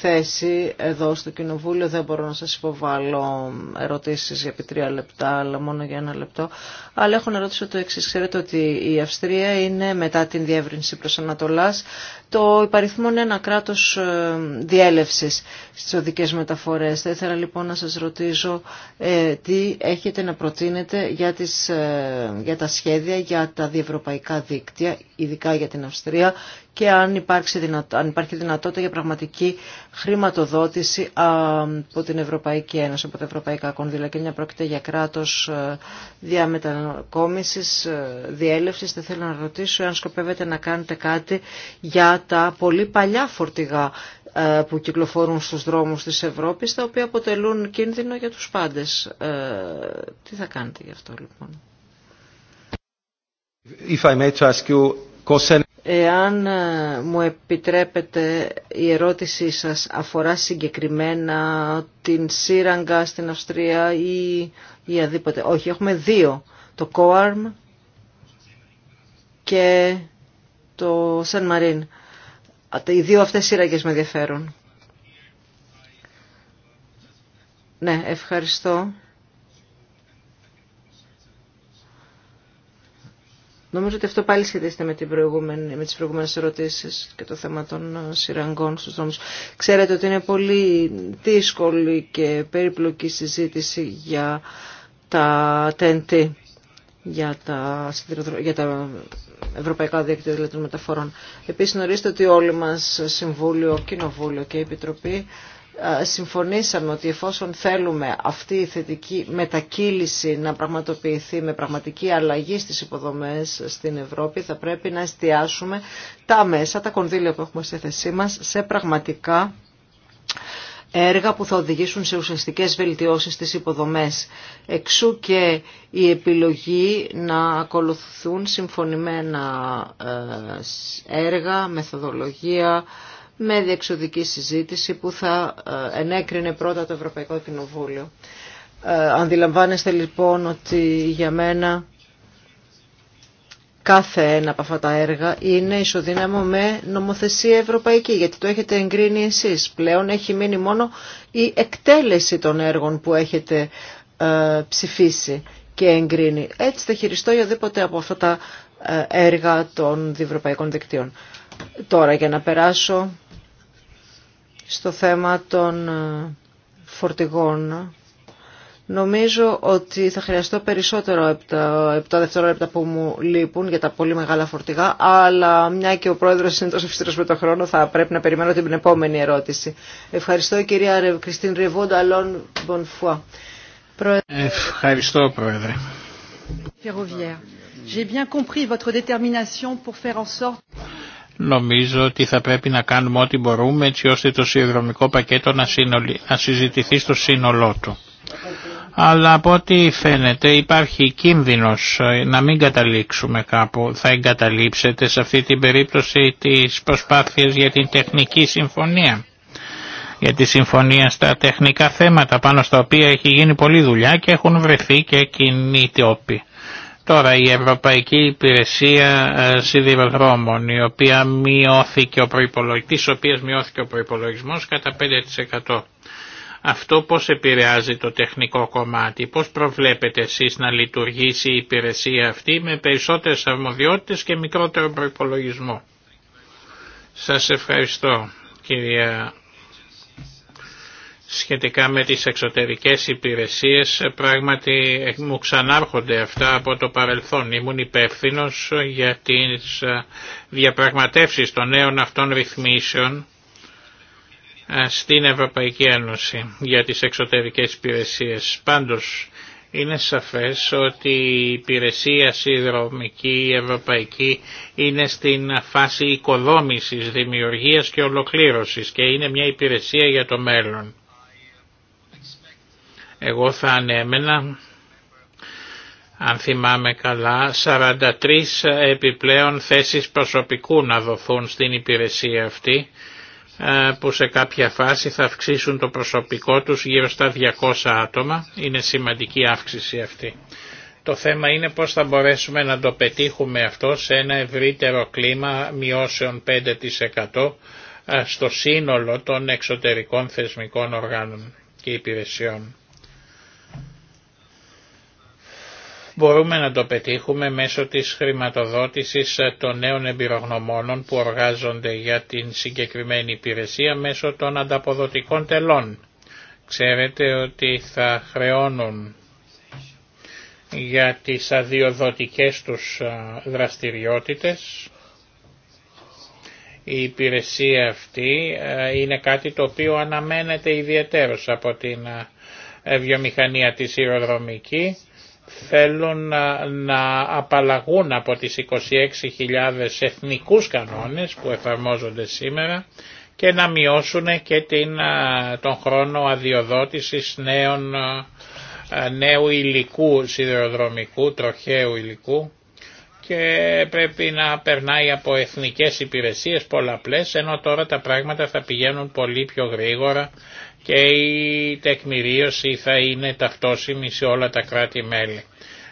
θέση εδώ στο Κοινοβούλιο. Δεν μπορώ να σας υποβάλω ερωτήσεις για επί λεπτά, αλλά μόνο για ένα λεπτό. Αλλά έχω να ρωτήσω το εξή. Ξέρετε ότι η Αυστρία είναι μετά την διεύρυνση προς Ανατολάς το είναι ένα κράτος ε, διέλευσης στις οδικές μεταφορές. Θα ήθελα λοιπόν να σας ρωτήσω ε, τι έχετε να προτείνετε για, τις, ε, για τα σχέδια, για τα διευρωπαϊκά δίκτυα, ειδικά για την Αυστρία και αν, υπάρχει δυνατότητα για πραγματική χρηματοδότηση από την Ευρωπαϊκή Ένωση, από τα Ευρωπαϊκά Κονδύλα. Και μια πρόκειται για κράτος ε, διαμετακόμισης, ε, διέλευσης. Δεν θέλω να ρωτήσω αν σκοπεύετε να κάνετε κάτι για τα πολύ παλιά φορτηγά ε, που κυκλοφορούν στους δρόμους της Ευρώπης, τα οποία αποτελούν κίνδυνο για τους πάντες. Τι θα κάνετε γι' αυτό λοιπόν. If I Εάν ε, μου επιτρέπετε η ερώτησή σας αφορά συγκεκριμένα την σύραγγα στην Αυστρία ή, ή Όχι, έχουμε δύο. Το COARM και το Σαν Μαρίν. Οι δύο αυτές σύραγγες με ενδιαφέρουν. Ναι, ευχαριστώ. Νομίζω ότι αυτό πάλι σχετίζεται με, με τις προηγούμενες ερωτήσεις και το θέμα των ε, σειραγγών στους δρόμους. Ξέρετε ότι είναι πολύ δύσκολη και περίπλοκη συζήτηση για τα TNT, για τα, για τα Ευρωπαϊκά Δίκτυα δηλαδή Μεταφορών. Επίσης γνωρίζετε ότι όλοι μας, Συμβούλιο, Κοινοβούλιο και Επιτροπή, συμφωνήσαμε ότι εφόσον θέλουμε αυτή η θετική μετακύληση να πραγματοποιηθεί με πραγματική αλλαγή στις υποδομές στην Ευρώπη θα πρέπει να εστιάσουμε τα μέσα, τα κονδύλια που έχουμε στη θέσή μας σε πραγματικά έργα που θα οδηγήσουν σε ουσιαστικές βελτιώσεις στις υποδομές. Εξού και η επιλογή να ακολουθούν συμφωνημένα ε, έργα, μεθοδολογία, με διεξοδική συζήτηση που θα ε, ενέκρινε πρώτα το Ευρωπαϊκό Κοινοβούλιο. Ε, αντιλαμβάνεστε λοιπόν ότι για μένα κάθε ένα από αυτά τα έργα είναι ισοδύναμο με νομοθεσία ευρωπαϊκή, γιατί το έχετε εγκρίνει εσείς. Πλέον έχει μείνει μόνο η εκτέλεση των έργων που έχετε ε, ψηφίσει και εγκρίνει. Έτσι θα χειριστώ για οδήποτε από αυτά τα έργα των διευρωπαϊκών δικτύων. Τώρα για να περάσω στο θέμα των ε, φορτηγών. Νομίζω ότι θα χρειαστώ περισσότερο από τα δευτερόλεπτα που μου λείπουν για τα πολύ μεγάλα φορτηγά, αλλά μια και ο πρόεδρος είναι τόσο ευστηρός με τον χρόνο θα πρέπει να περιμένω την επόμενη ερώτηση. Ευχαριστώ κυρία Κριστίν Ρεβόντα Αλόν, Μπονφουά. Ευχαριστώ πρόεδρε. J'ai bien compris votre détermination pour faire en Νομίζω ότι θα πρέπει να κάνουμε ό,τι μπορούμε έτσι ώστε το σιδηροδρομικό πακέτο να, να συζητηθεί στο σύνολό του. Αλλά από ό,τι φαίνεται υπάρχει κίνδυνος ε, να μην καταλήξουμε κάπου. Θα εγκαταλείψετε σε αυτή την περίπτωση τις προσπάθειες για την τεχνική συμφωνία. Για τη συμφωνία στα τεχνικά θέματα πάνω στα οποία έχει γίνει πολλή δουλειά και έχουν βρεθεί και κοινοί τόποι. Τώρα η Ευρωπαϊκή Υπηρεσία ε, Σιδηροδρόμων, η οποία μειώθηκε ο προϋπολογισμός, οποίας μειώθηκε ο προϋπολογισμός κατά 5%. Αυτό πώς επηρεάζει το τεχνικό κομμάτι, πώς προβλέπετε εσείς να λειτουργήσει η υπηρεσία αυτή με περισσότερες αρμοδιότητες και μικρότερο προϋπολογισμό. Σας ευχαριστώ κυρία σχετικά με τις εξωτερικές υπηρεσίες πράγματι μου ξανάρχονται αυτά από το παρελθόν. Ήμουν υπεύθυνο για τις ε, διαπραγματεύσεις των νέων αυτών ρυθμίσεων ε, στην Ευρωπαϊκή Ένωση για τις εξωτερικές υπηρεσίες. Πάντως είναι σαφές ότι η υπηρεσία σιδρομική η ευρωπαϊκή είναι στην φάση οικοδόμησης, δημιουργίας και ολοκλήρωσης και είναι μια υπηρεσία για το μέλλον. Εγώ θα ανέμενα, αν θυμάμαι καλά, 43 επιπλέον θέσεις προσωπικού να δοθούν στην υπηρεσία αυτή, ε, που σε κάποια φάση θα αυξήσουν το προσωπικό τους γύρω στα 200 άτομα. Είναι σημαντική αύξηση αυτή. Το θέμα είναι πώς θα μπορέσουμε να το πετύχουμε αυτό σε ένα ευρύτερο κλίμα μειώσεων 5% ε, στο σύνολο των εξωτερικών θεσμικών οργάνων και υπηρεσιών. μπορούμε να το πετύχουμε μέσω της χρηματοδότησης ε, των νέων εμπειρογνωμόνων που οργάζονται για την συγκεκριμένη υπηρεσία μέσω των ανταποδοτικών τελών. Ξέρετε ότι θα χρεώνουν για τις αδειοδοτικές τους ε, δραστηριότητες. Η υπηρεσία αυτή ε, είναι κάτι το οποίο αναμένεται ιδιαίτερος από την βιομηχανία της ηροδρομική θέλουν να, να απαλλαγούν από τις 26.000 εθνικούς κανόνες που εφαρμόζονται σήμερα και να μειώσουν και την, τον χρόνο αδειοδότησης νέων, νέου υλικού σιδηροδρομικού, τροχαίου υλικού και πρέπει να περνάει από εθνικές υπηρεσίες πολλαπλές ενώ τώρα τα πράγματα θα πηγαίνουν πολύ πιο γρήγορα και η τεκμηρίωση θα είναι ταυτόσιμη σε όλα τα κράτη-μέλη.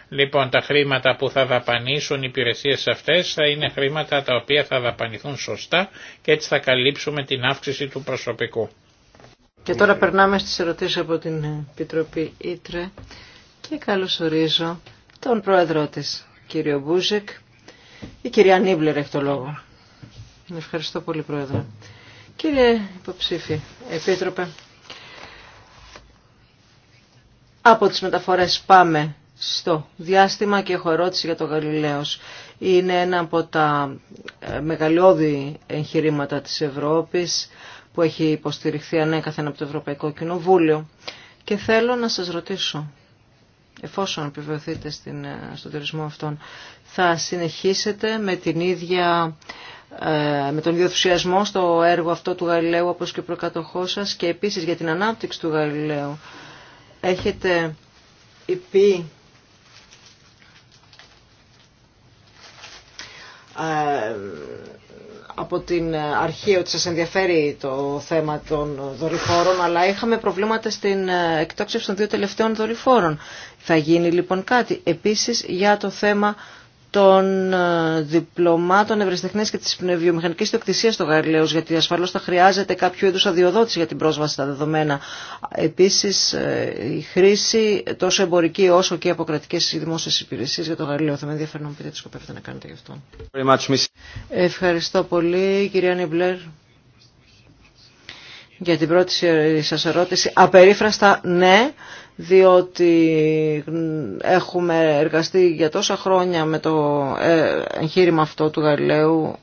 Λοιπόν, τα χρήματα που θα δαπανίσουν οι υπηρεσίες αυτές θα είναι χρήματα τα οποία θα δαπανηθούν σωστά και έτσι θα καλύψουμε την αύξηση του προσωπικού. Και τώρα περνάμε στις ερωτήσεις από την Επιτροπή Ήτρε και καλωσορίζω τον πρόεδρό της, κύριο Μπούζεκ, η κυρία Νίμπλερ έχει το λόγο. Ευχαριστώ πολύ πρόεδρε. Κύριε υποψήφι, επίτροπε, από τις μεταφορές πάμε στο διάστημα και έχω ερώτηση για το Γαλιλαίος. Είναι ένα από τα ε, μεγαλειώδη εγχειρήματα της Ευρώπης που έχει υποστηριχθεί ανέκαθεν από το Ευρωπαϊκό Κοινοβούλιο. Και θέλω να σας ρωτήσω, εφόσον επιβεβαιωθείτε ε, στον τουρισμό αυτόν, θα συνεχίσετε με, την ίδια, ε, με τον ίδιο ενθουσιασμό στο έργο αυτό του Γαλιλαίου όπως και προκατοχό σας και επίσης για την ανάπτυξη του Γαλιλαίου έχετε πει ε, από την αρχή ότι σας ενδιαφέρει το θέμα των δορυφόρων, αλλά είχαμε προβλήματα στην ε, εκτόξευση των δύο τελευταίων δορυφόρων. Θα γίνει λοιπόν κάτι. Επίσης για το θέμα των ε, διπλωμάτων ευρεσιτεχνία και τη πνευμηχανική τοκτησία στο Γαλλίο, γιατί ασφαλώ θα χρειάζεται κάποιο είδου αδειοδότηση για την πρόσβαση στα δεδομένα. Επίση, ε, η χρήση τόσο εμπορική όσο και από κρατικέ δημόσιε υπηρεσίε για το Γαλλίο. Θα με ενδιαφέρει να μου πείτε τι σκοπεύετε να κάνετε γι' αυτό. Ευχαριστώ πολύ, κυρία Νιμπλερ για την πρώτη σας ερώτηση. Απερίφραστα ναι, διότι έχουμε εργαστεί για τόσα χρόνια με το ε, εγχείρημα αυτό του Γαλιλαίου.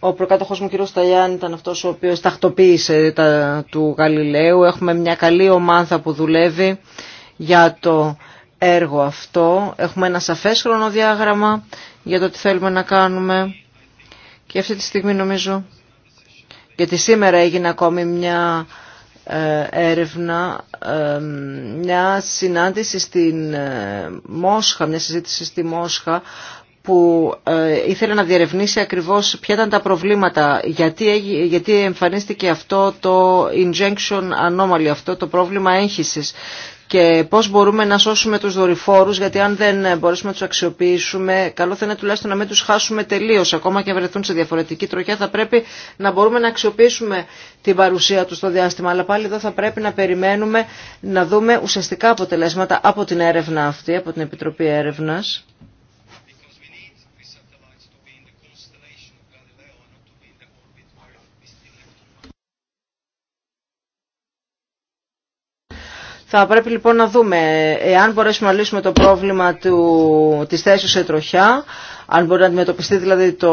Ο προκάτοχος μου κύριος Σταγιάν ήταν αυτός ο οποίος τακτοποίησε τα του Γαλιλαίου. Έχουμε μια καλή ομάδα που δουλεύει για το έργο αυτό. Έχουμε ένα σαφές χρονοδιάγραμμα για το τι θέλουμε να κάνουμε. Και αυτή τη στιγμή νομίζω γιατί σήμερα έγινε ακόμη μια ε, έρευνα, ε, μια συνάντηση στην ε, Μόσχα, μια συζήτηση στη Μόσχα που ήθελε να διερευνήσει ακριβώς ποια ήταν τα προβλήματα, γιατί, γιατί εμφανίστηκε αυτό το injection anomaly, αυτό το πρόβλημα έγχυσης και πώς μπορούμε να σώσουμε τους δορυφόρους γιατί αν δεν μπορέσουμε να τους αξιοποιήσουμε καλό θα είναι τουλάχιστον να μην τους χάσουμε τελείως ακόμα και βρεθούν σε διαφορετική τροχιά θα πρέπει να μπορούμε να αξιοποιήσουμε την παρουσία τους στο διάστημα αλλά πάλι εδώ θα πρέπει να περιμένουμε να δούμε ουσιαστικά αποτελέσματα από την έρευνα αυτή, από την Επιτροπή Έρευνας Θα πρέπει λοιπόν να δούμε εάν μπορέσουμε να λύσουμε το πρόβλημα του, της θέσης σε τροχιά, αν μπορεί να αντιμετωπιστεί δηλαδή το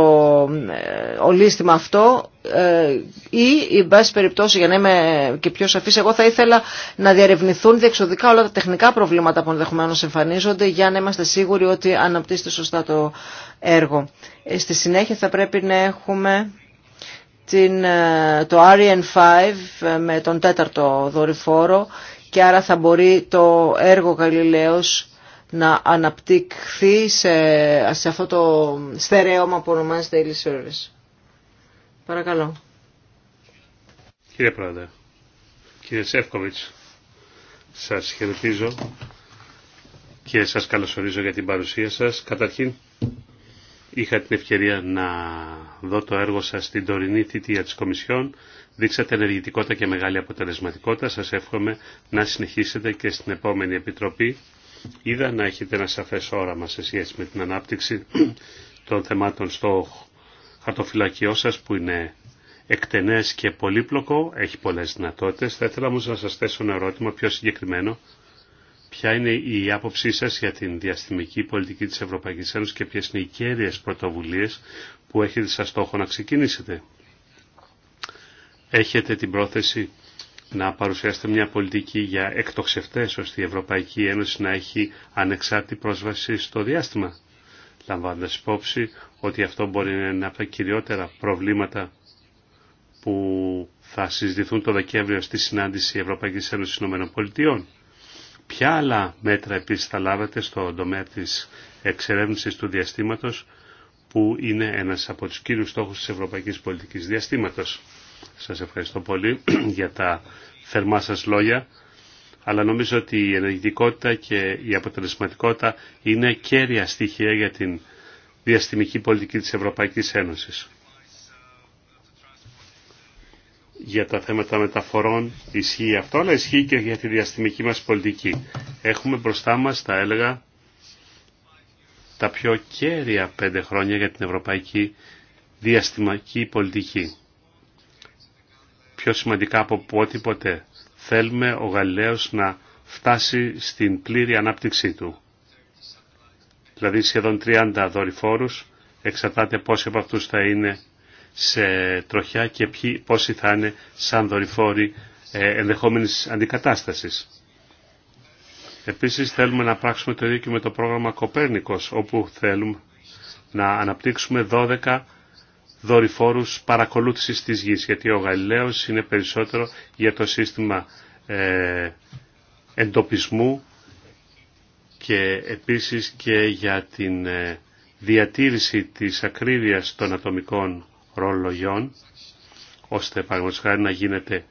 ε, ολίσθημα αυτό ε, ή, εν πάση περιπτώσει, για να είμαι και πιο σαφής, εγώ θα ήθελα να διαρευνηθούν διεξοδικά όλα τα τεχνικά προβλήματα που ενδεχομένω εμφανίζονται για να είμαστε σίγουροι ότι αναπτύσσεται σωστά το έργο. Ε, στη συνέχεια θα πρέπει να έχουμε την, το REN5 με τον τέταρτο δορυφόρο και άρα θα μπορεί το έργο Γαλιλαίος να αναπτυχθεί σε, αυτό το στερέωμα που ονομάζεται Daily Service. Παρακαλώ. Κύριε Πρόεδρε, κύριε Σεύκοβιτς, σας χαιρετίζω και σας καλωσορίζω για την παρουσία σας. Καταρχήν, είχα την ευκαιρία να δω το έργο σας στην τωρινή θητεία της Κομισιόν Δείξατε ενεργητικότητα και μεγάλη αποτελεσματικότητα. Σας εύχομαι να συνεχίσετε και στην επόμενη Επιτροπή. Είδα να έχετε ένα σαφές όραμα σε σχέση με την ανάπτυξη των θεμάτων στο χαρτοφυλακιό σας που είναι εκτενές και πολύπλοκο, έχει πολλές δυνατότητες. Θα ήθελα όμως να σας θέσω ένα ερώτημα πιο συγκεκριμένο. Ποια είναι η άποψή σας για την διαστημική πολιτική της Ευρωπαϊκής Ένωσης και ποιες είναι οι κέρδιες πρωτοβουλίες που έχετε σαν στόχο να ξεκινήσετε έχετε την πρόθεση να παρουσιάσετε μια πολιτική για εκτοξευτές ώστε η Ευρωπαϊκή Ένωση να έχει ανεξάρτητη πρόσβαση στο διάστημα λαμβάνοντας υπόψη ότι αυτό μπορεί να είναι από τα κυριότερα προβλήματα που θα συζητηθούν το Δεκέμβριο στη συνάντηση Ευρωπαϊκής Ένωσης ΗΠΑ. Ποια άλλα μέτρα επίσης θα λάβετε στον τομέα της εξερεύνησης του διαστήματος που είναι ένας από τους κύριους στόχους της Ευρωπαϊκής Πολιτικής Διαστήματος. Σας ευχαριστώ πολύ για τα θερμά σας λόγια, αλλά νομίζω ότι η ενεργητικότητα και η αποτελεσματικότητα είναι κέρια στοιχεία για την διαστημική πολιτική της Ευρωπαϊκής Ένωσης. Για τα θέματα μεταφορών ισχύει αυτό, αλλά ισχύει και για τη διαστημική μας πολιτική. Έχουμε μπροστά μας, τα έλεγα, τα πιο κέρια πέντε χρόνια για την ευρωπαϊκή διαστημική πολιτική πιο σημαντικά από ό,τι ποτέ. Θέλουμε ο Γαλιλαίος να φτάσει στην πλήρη ανάπτυξή του. Δηλαδή σχεδόν 30 δορυφόρους, εξαρτάται πόσοι από αυτούς θα είναι σε τροχιά και ποιοι, πόσοι θα είναι σαν δορυφόροι ε, ενδεχόμενης αντικατάστασης. Επίσης θέλουμε να πράξουμε το ίδιο και με το πρόγραμμα Κοπέρνικος, όπου θέλουμε να αναπτύξουμε 12 δορυφόρους παρακολούθησης της γης, γιατί ο Γαλιλαίος είναι περισσότερο για το σύστημα ε, εντοπισμού και επίσης και για την ε, διατήρηση της ακρίβειας των ατομικών ρολογιών, ώστε παραγωγικά να γίνεται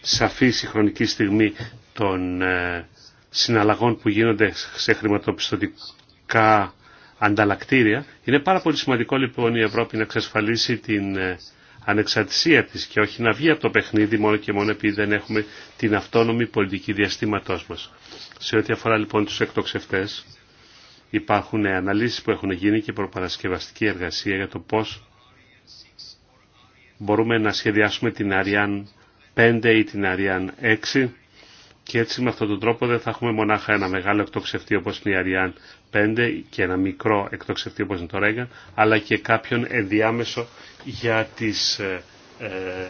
σαφής η χρονική στιγμή των ε, συναλλαγών που γίνονται σε χρηματοπιστωτικά ανταλλακτήρια. Είναι πάρα πολύ σημαντικό λοιπόν η Ευρώπη να εξασφαλίσει την ε, ανεξαρτησία της και όχι να βγει από το παιχνίδι μόνο και μόνο επειδή δεν έχουμε την αυτόνομη πολιτική διαστήματός μας. Σε ό,τι αφορά λοιπόν τους εκτοξευτές υπάρχουν ε, αναλύσεις που έχουν γίνει και προπαρασκευαστική εργασία για το πώς μπορούμε να σχεδιάσουμε την Αριάν 5 ή την Αριάν 6 και έτσι με αυτόν τον τρόπο δεν θα έχουμε μονάχα ένα μεγάλο εκτοξευτή όπως είναι η Αριάν 5 και ένα μικρό εκτοξευτή όπως είναι το Ρέγκαν, αλλά και κάποιον ενδιάμεσο για τις ε, ε,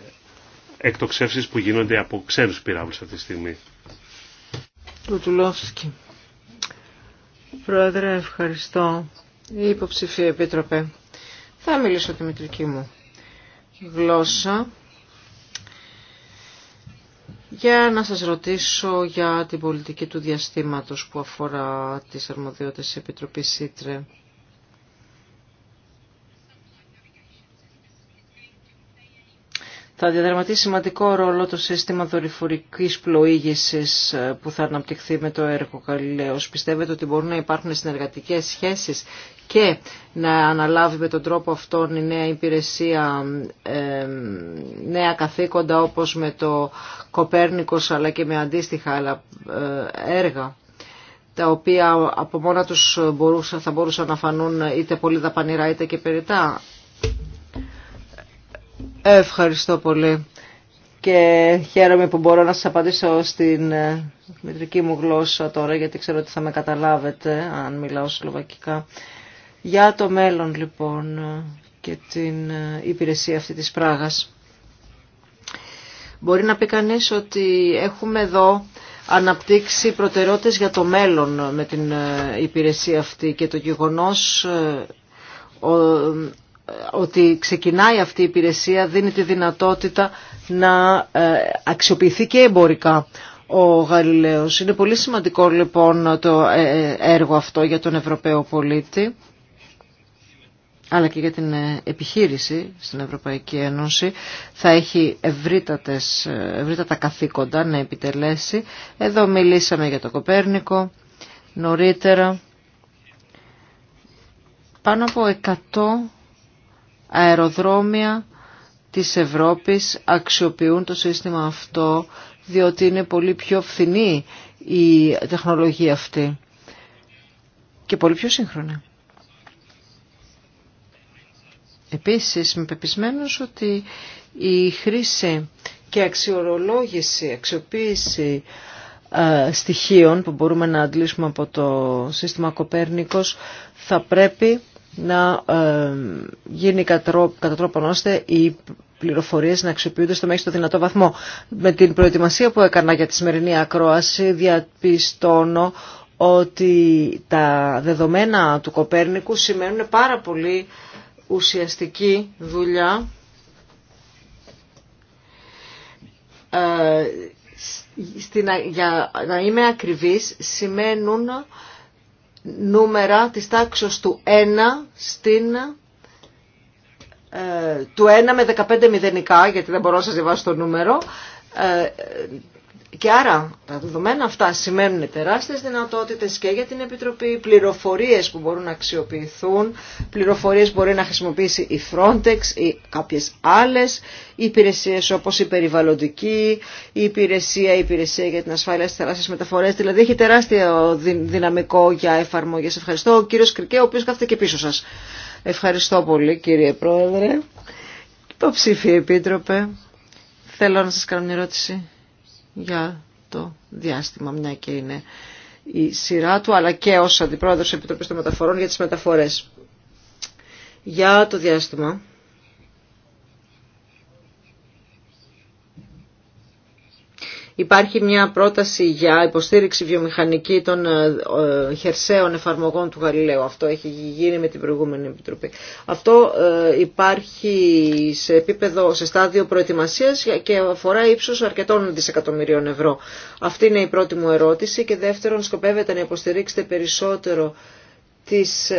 εκτοξεύσεις που γίνονται από ξένους πυράβλους αυτή τη στιγμή. Λουτουλόφσκι. Πρόεδρε, ευχαριστώ. Η υποψηφία επίτροπε. Θα μιλήσω τη μητρική μου γλώσσα για να σας ρωτήσω για την πολιτική του διαστήματος που αφορά τις αρμοδιότητες της Επιτροπής ΣΥΤΡΕ. Θα διαδραματίσει σημαντικό ρόλο το σύστημα δορυφορικής πλοήγησης ε, που θα αναπτυχθεί με το έργο Καλλιλέως. Πιστεύετε ότι μπορούν να υπάρχουν συνεργατικές σχέσεις και να αναλάβει με τον τρόπο αυτόν η νέα υπηρεσία νέα καθήκοντα όπως με το Κοπέρνικος αλλά και με αντίστοιχα ε, έργα τα οποία από μόνα τους θα μπορούσαν να φανούν είτε πολύ δαπανηρά είτε και περιτά. Ευχαριστώ πολύ και χαίρομαι που μπορώ να σας απαντήσω στην ε, μητρική μου γλώσσα τώρα γιατί ξέρω ότι θα με καταλάβετε αν μιλάω σλοβακικά. Για το μέλλον λοιπόν και την ε, υπηρεσία αυτή της πράγας. Μπορεί να πει κανείς ότι έχουμε εδώ αναπτύξει προτεραιότητες για το μέλλον με την ε, υπηρεσία αυτή και το γεγονός ε, ότι ξεκινάει αυτή η υπηρεσία δίνει τη δυνατότητα να αξιοποιηθεί και εμπορικά ο Γαλιλαίος. Είναι πολύ σημαντικό λοιπόν το έργο αυτό για τον Ευρωπαίο πολίτη αλλά και για την ε, επιχείρηση στην Ευρωπαϊκή Ένωση θα έχει ε, ευρύτατα καθήκοντα να επιτελέσει. Εδώ μιλήσαμε για το Κοπέρνικο νωρίτερα. Πάνω από 100 αεροδρόμια της Ευρώπης αξιοποιούν το σύστημα αυτό διότι είναι πολύ πιο φθηνή η τεχνολογία αυτή και πολύ πιο σύγχρονη. Επίσης είμαι πεπισμένος ότι η χρήση και αξιορολόγηση, αξιοποίηση ε, στοιχείων που μπορούμε να αντλήσουμε από το σύστημα Κοπέρνικος θα πρέπει να ε, γίνει κατά τρόπον ώστε οι πληροφορίες να αξιοποιούνται στο μέγιστο δυνατό βαθμό. Με την προετοιμασία που έκανα για τη σημερινή ακρόαση διαπιστώνω ότι τα δεδομένα του Κοπέρνικου σημαίνουν πάρα πολύ ουσιαστική δουλειά ε, στην, για να είμαι ακριβής σημαίνουν νούμερα της τάξης του 1 στην ε, του 1 με 15 μηδενικά, γιατί δεν μπορώ να σας διαβάσω το νούμερο, ε, και άρα τα δεδομένα αυτά σημαίνουν τεράστιες δυνατότητες και για την Επιτροπή, πληροφορίες που μπορούν να αξιοποιηθούν, πληροφορίες που μπορεί να χρησιμοποιήσει η Frontex ή κάποιες άλλες υπηρεσίες όπως η περιβαλλοντική, η υπηρεσία, η υπηρεσία για την ασφάλεια στις τεράστιες μεταφορές. Δηλαδή έχει τεράστιο δυναμικό για εφαρμογές. Ευχαριστώ ο κύριος Κρικέ, ο οποίος κάθεται και πίσω σας. Ευχαριστώ πολύ κύριε Πρόεδρε. Το ψήφι Επίτροπε, θέλω να σας κάνω μια ερώτηση για το διάστημα, μια και είναι η σειρά του, αλλά και ως Αντιπρόεδρος Επιτροπής των Μεταφορών για τις μεταφορές. Για το διάστημα Υπάρχει μια πρόταση για υποστήριξη βιομηχανική των χερσαίων εφαρμογών του Γαλιλαίου. Αυτό έχει γίνει με την προηγούμενη Επιτροπή. Αυτό υπάρχει σε επίπεδο, σε στάδιο προετοιμασίας και αφορά ύψος αρκετών δισεκατομμυρίων ευρώ. Αυτή είναι η πρώτη μου ερώτηση και δεύτερον σκοπεύετε να υποστηρίξετε περισσότερο τις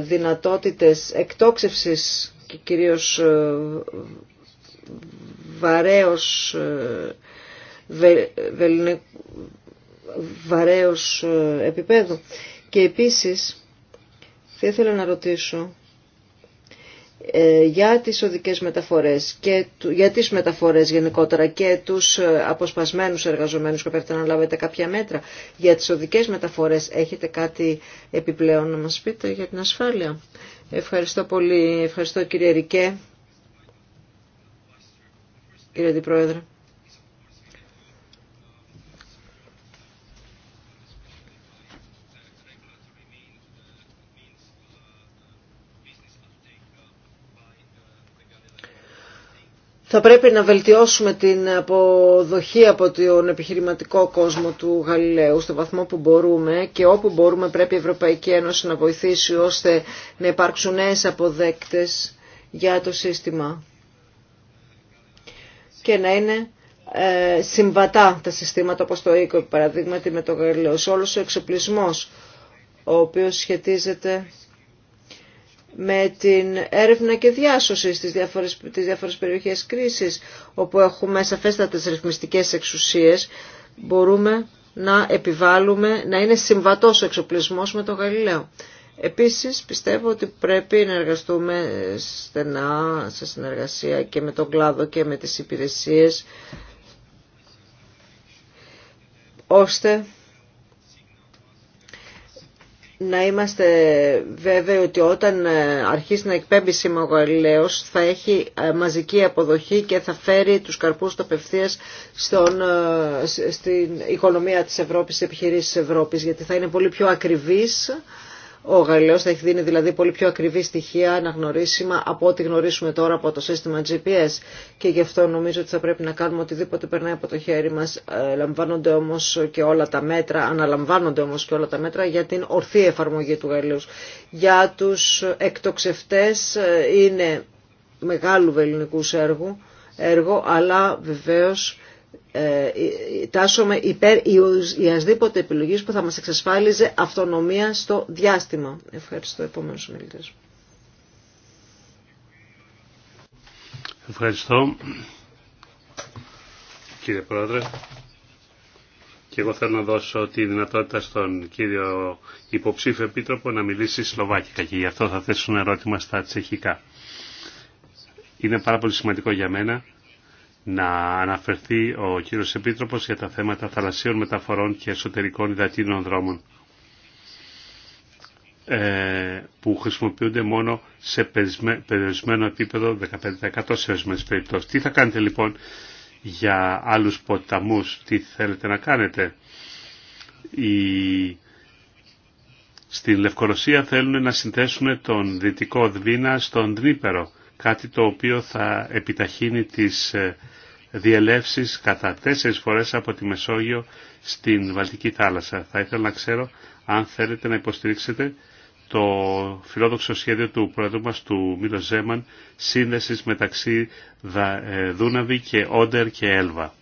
δυνατότητες εκτόξευσης και κυρίως βαρέως βελνε, βαρέως ε, επίπεδου. Και επίσης θα ήθελα να ρωτήσω ε, για τις οδικές μεταφορές και για τις μεταφορές γενικότερα και τους ε, αποσπασμένους εργαζομένους που έπρεπε να λάβετε κάποια μέτρα. Για τις οδικές μεταφορές έχετε κάτι επιπλέον να μας πείτε για την ασφάλεια. Ευχαριστώ πολύ. Ευχαριστώ κύριε Ρικέ. Κύριε Αντιπρόεδρε. Θα πρέπει να βελτιώσουμε την αποδοχή από τον επιχειρηματικό κόσμο του Γαλιλαίου στο βαθμό που μπορούμε και όπου μπορούμε πρέπει η Ευρωπαϊκή Ένωση να βοηθήσει ώστε να υπάρξουν νέε αποδέκτες για το σύστημα και να είναι ε, συμβατά τα συστήματα όπως το οίκο παραδείγματι με το Γαλιλαίο. Σε όλος ο εξοπλισμός ο οποίος σχετίζεται με την έρευνα και διάσωση στις διάφορες, τις διάφορες περιοχές κρίσης, όπου έχουμε σαφέστατες ρυθμιστικές εξουσίες, μπορούμε να επιβάλλουμε, να είναι συμβατός ο εξοπλισμός με το Γαλιλαίο. Επίσης πιστεύω ότι πρέπει να εργαστούμε στενά σε συνεργασία και με τον κλάδο και με τις υπηρεσίες ώστε να είμαστε βέβαιοι ότι όταν ε, αρχίσει να εκπέμπει σήμα ο θα έχει ε, μαζική αποδοχή και θα φέρει τους καρπούς του απευθείας στον, ε, στην οικονομία της Ευρώπης, στις επιχειρήσεις της Ευρώπης, γιατί θα είναι πολύ πιο ακριβής ο Γαλιλαίος θα έχει δίνει δηλαδή πολύ πιο ακριβή στοιχεία αναγνωρίσιμα από ό,τι γνωρίσουμε τώρα από το σύστημα GPS και γι' αυτό νομίζω ότι θα πρέπει να κάνουμε οτιδήποτε περνάει από το χέρι μας. Ε, λαμβάνονται όμως και όλα τα μέτρα, αναλαμβάνονται όμως και όλα τα μέτρα για την ορθή εφαρμογή του Γαλιλαίου. Για τους εκτοξευτές ε, είναι μεγάλου βεληνικού έργου, έργο, αλλά βεβαίως ε, τάσσομαι υπέρ ιασδήποτε επιλογής που θα μας εξασφάλιζε αυτονομία στο διάστημα. Ευχαριστώ επόμενο μιλητές. Ευχαριστώ κύριε Πρόεδρε και εγώ θέλω να δώσω τη δυνατότητα στον κύριο υποψήφιο επίτροπο να μιλήσει σλοβάκικα και γι' αυτό θα θέσω ερώτημα στα τσεχικά. Είναι πάρα πολύ σημαντικό για μένα να αναφερθεί ο κύριος Επίτροπος για τα θέματα θαλασσίων μεταφορών και εσωτερικών υδατίνων δρόμων ε, που χρησιμοποιούνται μόνο σε περιορισμένο επίπεδο 15% σε ορισμένε περιπτώσει. Τι θα κάνετε λοιπόν για άλλους ποταμούς, τι θέλετε να κάνετε. Στην Λευκορωσία θέλουν να συνθέσουν τον Δυτικό Δβίνα στον Δνήπερο κάτι το οποίο θα επιταχύνει τις ε, διελεύσεις κατά τέσσερις φορές από τη Μεσόγειο στην Βαλτική θάλασσα. Θα ήθελα να ξέρω αν θέλετε να υποστηρίξετε το φιλόδοξο σχέδιο του πρόεδρου μας, του Μίλο Ζέμαν, σύνδεσης μεταξύ ε, Δούναβη και Όντερ και Έλβα.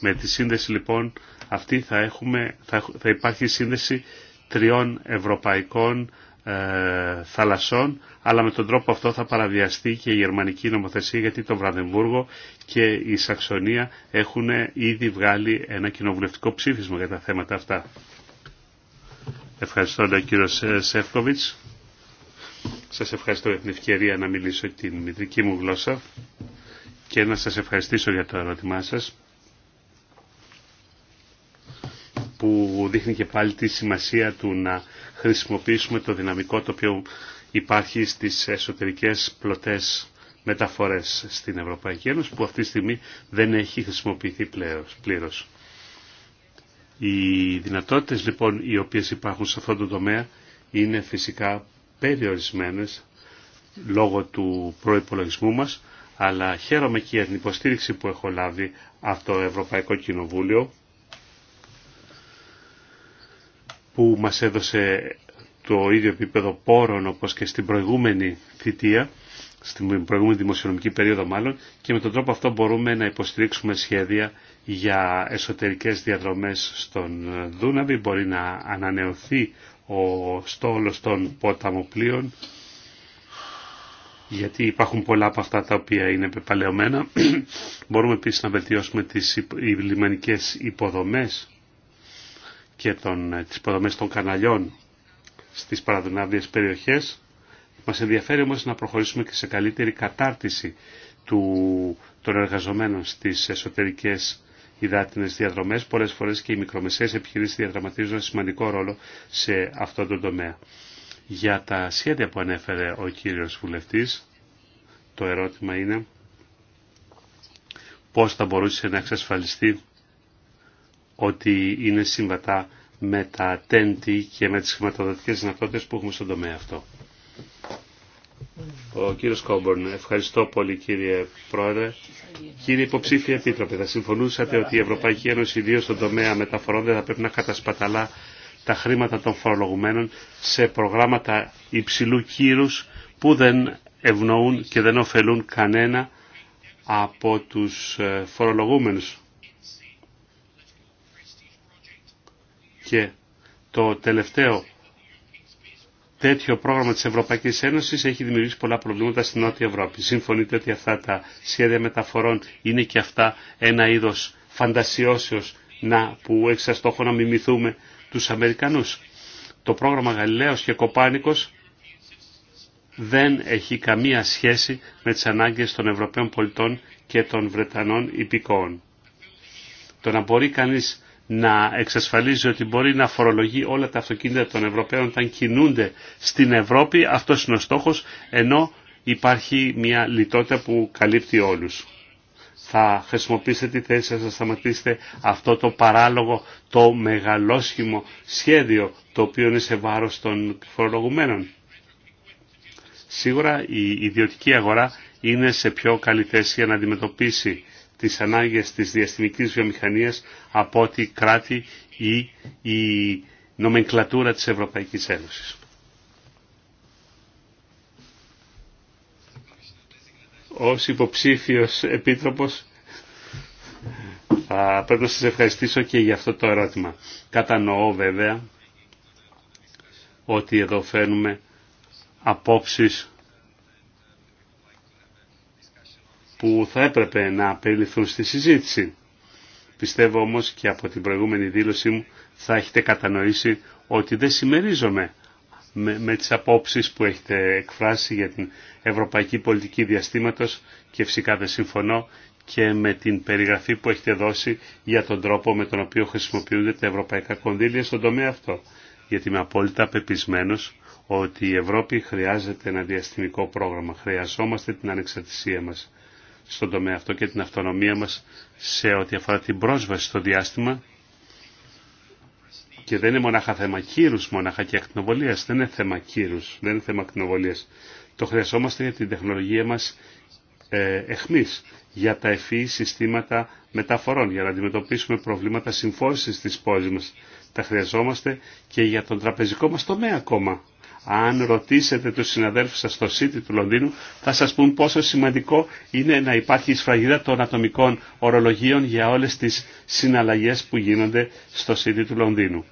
Με τη σύνδεση λοιπόν αυτή θα, έχουμε, θα, θα υπάρχει σύνδεση τριών ευρωπαϊκών ε, θαλασσών, αλλά με τον τρόπο αυτό θα παραβιαστεί και η γερμανική νομοθεσία γιατί το Βραδεμβούργο και η Σαξονία έχουν ήδη βγάλει ένα κοινοβουλευτικό ψήφισμα για τα θέματα αυτά. Ευχαριστώ τον κύριο ε, Σεύκοβιτς. Σας ευχαριστώ για την ευκαιρία να μιλήσω την μητρική μου γλώσσα και να σας ευχαριστήσω για το ερώτημά σας. που δείχνει και πάλι τη σημασία του να χρησιμοποιήσουμε το δυναμικό το οποίο υπάρχει στις εσωτερικές πλωτές μεταφορές στην Ευρωπαϊκή Ένωση που αυτή τη στιγμή δεν έχει χρησιμοποιηθεί πλήρως. Οι δυνατότητες λοιπόν οι οποίες υπάρχουν σε αυτό το τομέα είναι φυσικά περιορισμένες λόγω του προϋπολογισμού μας αλλά χαίρομαι και για την υποστήριξη που έχω λάβει από το Ευρωπαϊκό Κοινοβούλιο που μας έδωσε το ίδιο επίπεδο πόρων όπως και στην προηγούμενη θητεία, στην προηγούμενη δημοσιονομική περίοδο μάλλον, και με τον τρόπο αυτό μπορούμε να υποστηρίξουμε σχέδια για εσωτερικές διαδρομές στον Δούναβη, μπορεί να ανανεωθεί ο στόλος των ποταμοπλοίων, γιατί υπάρχουν πολλά από αυτά τα οποία είναι πεπαλαιωμένα. μπορούμε επίσης να βελτιώσουμε τις λιμανικές υποδομές και των, ε, τις υποδομές των καναλιών στις παραδουνάβιες περιοχές. Μας ενδιαφέρει όμως να προχωρήσουμε και σε καλύτερη κατάρτιση του, των εργαζομένων στις εσωτερικές υδάτινες διαδρομές. Πολλές φορές και οι μικρομεσαίες επιχειρήσεις διαδραματίζουν ένα σημαντικό ρόλο σε αυτό το τομέα. Για τα σχέδια που ανέφερε ο κύριος βουλευτής, το ερώτημα είναι πώς θα μπορούσε να εξασφαλιστεί ότι είναι συμβατά με τα τέντη και με τις χρηματοδοτικές δυνατότητες που έχουμε στον τομέα αυτό. Ο κύριος Κόμπορν, ευχαριστώ πολύ κύριε Πρόεδρε. Κύριε Υποψήφια Επίτροπε, θα συμφωνούσατε ότι η Ευρωπαϊκή Ένωση ιδίως στον τομέα μεταφορών δεν θα πρέπει να κατασπαταλά τα χρήματα των φορολογουμένων σε προγράμματα υψηλού κύρους που δεν ευνοούν και δεν ωφελούν κανένα από τους ε, φορολογούμενους. και το τελευταίο τέτοιο πρόγραμμα της Ευρωπαϊκής Ένωσης έχει δημιουργήσει πολλά προβλήματα στην Νότια Ευρώπη. Συμφωνείτε ότι αυτά τα σχέδια μεταφορών είναι και αυτά ένα είδος φαντασιώσεως που έχει σαν στόχο να μιμηθούμε τους Αμερικανούς. Το πρόγραμμα Γαλιλαίος και Κοπάνικος δεν έχει καμία σχέση με τις ανάγκες των Ευρωπαίων πολιτών και των Βρετανών υπηκόων. Το να μπορεί κανείς να εξασφαλίζει ότι μπορεί να φορολογεί όλα τα αυτοκίνητα των Ευρωπαίων όταν κινούνται στην Ευρώπη. Αυτό είναι ο στόχος, ενώ υπάρχει μια λιτότητα που καλύπτει όλους. Θα χρησιμοποιήσετε τη θέση σας να σταματήσετε αυτό το παράλογο, το μεγαλόσχημο σχέδιο το οποίο είναι σε βάρος των φορολογουμένων. Σίγουρα η ιδιωτική αγορά είναι σε πιο καλή θέση για να αντιμετωπίσει τις ανάγκες της διαστημικής βιομηχανίας από ό,τι κράτη ή η νομενκλατούρα της Ευρωπαϊκής Ένωσης. Ως υποψήφιος επίτροπος θα πρέπει να σας ευχαριστήσω και για αυτό το ερώτημα. Κατανοώ βέβαια ότι εδώ φαίνουμε απόψεις που θα έπρεπε να περιληφθούν στη συζήτηση. Πιστεύω όμως και από την προηγούμενη δήλωσή μου θα έχετε κατανοήσει ότι δεν συμμερίζομαι με, με τις απόψεις που έχετε εκφράσει για την ευρωπαϊκή πολιτική διαστήματος και φυσικά δεν συμφωνώ και με την περιγραφή που έχετε δώσει για τον τρόπο με τον οποίο χρησιμοποιούνται τα ευρωπαϊκά κονδύλια στον τομέα αυτό. Γιατί είμαι απόλυτα πεπισμένος ότι η Ευρώπη χρειάζεται ένα διαστημικό πρόγραμμα. Χρειαζόμαστε την ανεξαρτησία μας στον τομέα αυτό και την αυτονομία μας σε ό,τι αφορά την πρόσβαση στο διάστημα και δεν είναι μονάχα θέμα κύρους, μονάχα και ακτινοβολίας, δεν είναι θέμα κύρους, δεν είναι θέμα ακτινοβολίας. Το χρειαζόμαστε για την τεχνολογία μας ε, εχμής, για τα ευφυή συστήματα μεταφορών, για να αντιμετωπίσουμε προβλήματα συμφόρησης της πόλης μας. Τα χρειαζόμαστε και για τον τραπεζικό μας τομέα ακόμα. Αν ρωτήσετε τους συναδέλφους σας στο City του Λονδίνου, θα σας πούν πόσο σημαντικό είναι να υπάρχει η σφραγίδα των ατομικών ορολογίων για όλες τις συναλλαγές που γίνονται στο City του Λονδίνου.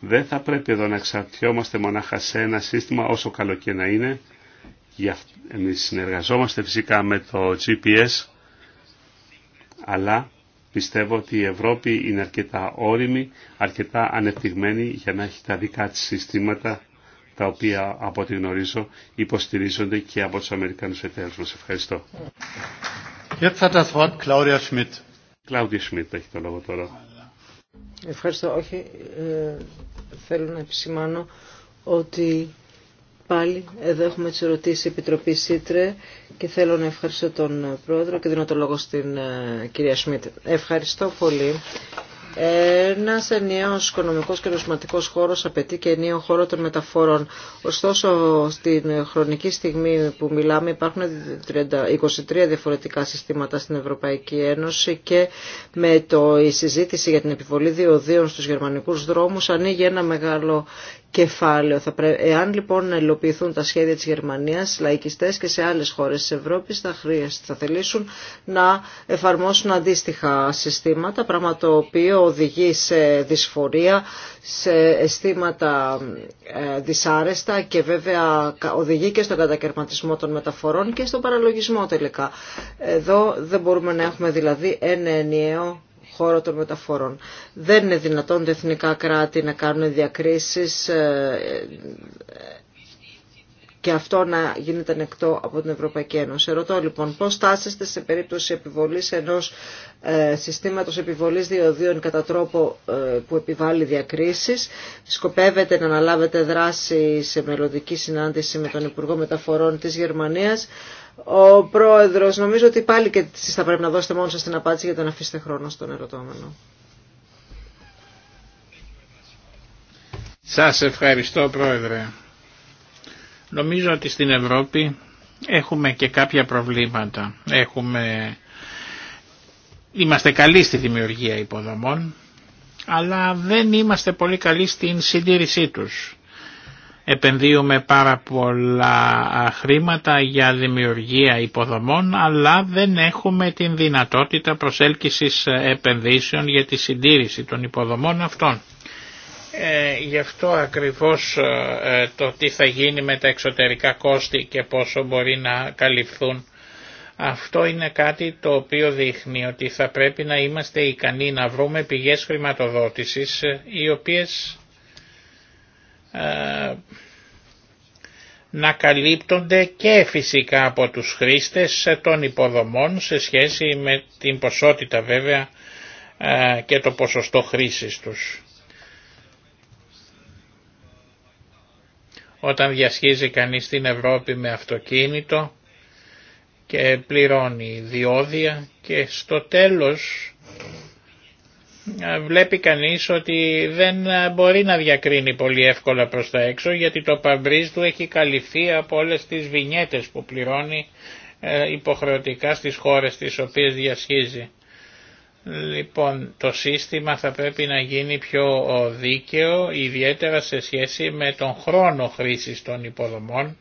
Δεν θα πρέπει εδώ να εξαρτιόμαστε μονάχα σε ένα σύστημα όσο καλό και να είναι. Εμείς συνεργαζόμαστε φυσικά με το GPS, αλλά πιστεύω ότι η Ευρώπη είναι αρκετά όρημη, αρκετά ανεπτυγμένη για να έχει τα δικά της συστήματα τα οποία από ό,τι γνωρίζω υποστηρίζονται και από τους Αμερικανούς εταίρους μας. Ευχαριστώ. Jetzt έχει το λόγο τώρα. Ευχαριστώ. Όχι, ε, θέλω να επισημάνω ότι πάλι εδώ έχουμε τις ερωτήσεις Επιτροπή Σίτρε και θέλω να ευχαριστώ τον Πρόεδρο και δίνω το λόγο στην ε, κυρία Σμιτ. Ευχαριστώ πολύ. Ένα ενιαίο οικονομικό και νοσηματικό χώρο απαιτεί και ενιαίο χώρο των μεταφορών. Ωστόσο, στην χρονική στιγμή που μιλάμε υπάρχουν 23 διαφορετικά συστήματα στην Ευρωπαϊκή Ένωση και με το, η συζήτηση για την επιβολή διοδίων στους γερμανικούς δρόμους ανοίγει ένα μεγάλο κεφάλαιο. Εάν λοιπόν ελοποιηθούν τα σχέδια της Γερμανίας, λαϊκιστές και σε άλλες χώρες της Ευρώπης θα, χρειαστεί, θα θελήσουν να εφαρμόσουν αντίστοιχα συστήματα, πράγμα το οποίο οδηγεί σε δυσφορία, σε αισθήματα ε, δυσάρεστα και βέβαια οδηγεί και στον κατακαιρματισμό των μεταφορών και στον παραλογισμό τελικά. Εδώ δεν μπορούμε να έχουμε δηλαδή ένα ενιαίο χώρο των μεταφορών. Δεν είναι δυνατόν τα εθνικά κράτη να κάνουν διακρίσεις ε, και αυτό να γίνεται ανεκτό από την Ευρωπαϊκή Ένωση. Ρωτώ λοιπόν πώς στάσεστε σε περίπτωση επιβολής ενός ε, συστήματος επιβολής διοδίων κατά τρόπο ε, που επιβάλλει διακρίσεις. Σκοπεύετε να αναλάβετε δράση σε μελλοντική συνάντηση με τον Υπουργό Μεταφορών της Γερμανίας. Ο πρόεδρος, νομίζω ότι πάλι και εσεί θα πρέπει να δώσετε μόνο σα την απάντηση για να αφήσετε χρόνο στον ερωτώμενο. Σας ευχαριστώ πρόεδρε. Νομίζω ότι στην Ευρώπη έχουμε και κάποια προβλήματα. Έχουμε... Είμαστε καλοί στη δημιουργία υποδομών, αλλά δεν είμαστε πολύ καλοί στην συντήρησή τους επενδύουμε πάρα πολλά χρήματα για δημιουργία υποδομών αλλά δεν έχουμε την δυνατότητα προσέλκυσης ε, επενδύσεων για τη συντήρηση των υποδομών αυτών. Ε, γι' αυτό ακριβώς ε, ε, το τι θα γίνει με τα εξωτερικά κόστη και πόσο μπορεί να καλυφθούν αυτό είναι κάτι το οποίο δείχνει ότι θα πρέπει να είμαστε ικανοί να βρούμε πηγές χρηματοδότησης οι οποίες ε, να καλύπτονται και φυσικά από τους χρήστες των υποδομών σε σχέση με την ποσότητα βέβαια ε, και το ποσοστό χρήσης τους. Όταν διασχίζει κανείς την Ευρώπη με αυτοκίνητο και πληρώνει διόδια και στο τέλος ε, βλέπει κανείς ότι δεν ε, μπορεί να διακρίνει πολύ εύκολα προς τα έξω γιατί το παμπρίζ του έχει καλυφθεί από όλες τις βινιέτες που πληρώνει ε, υποχρεωτικά στις χώρες τις οποίες διασχίζει. Λοιπόν, το σύστημα θα πρέπει να γίνει πιο δίκαιο, ιδιαίτερα σε σχέση με τον χρόνο χρήσης των υποδομών.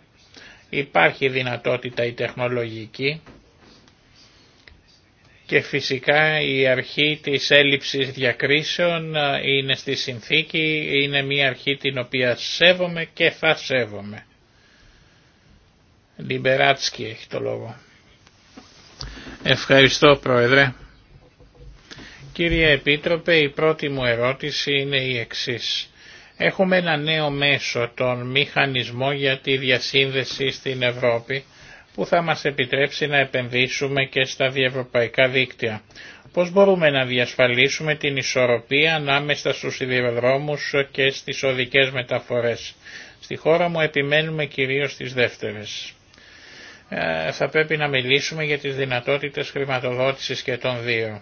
Υπάρχει δυνατότητα η τεχνολογική και φυσικά η αρχή της έλλειψης διακρίσεων ε, είναι στη συνθήκη, είναι μια αρχή την οποία σέβομαι και θα σέβομαι. Λιμπεράτσκι έχει το λόγο. Ευχαριστώ Πρόεδρε. Κύριε Επίτροπε, η πρώτη μου ερώτηση είναι η εξής. Έχουμε ένα νέο μέσο, τον μηχανισμό για τη διασύνδεση στην Ευρώπη, που θα μας επιτρέψει να επενδύσουμε και στα διευρωπαϊκά δίκτυα. Πώς μπορούμε να διασφαλίσουμε την ισορροπία ανάμεσα στους σιδηροδρόμους και στις οδικές μεταφορές. Στη χώρα μου επιμένουμε κυρίως στις δεύτερες. Ε, θα πρέπει να μιλήσουμε για τις δυνατότητες χρηματοδότησης και των δύο.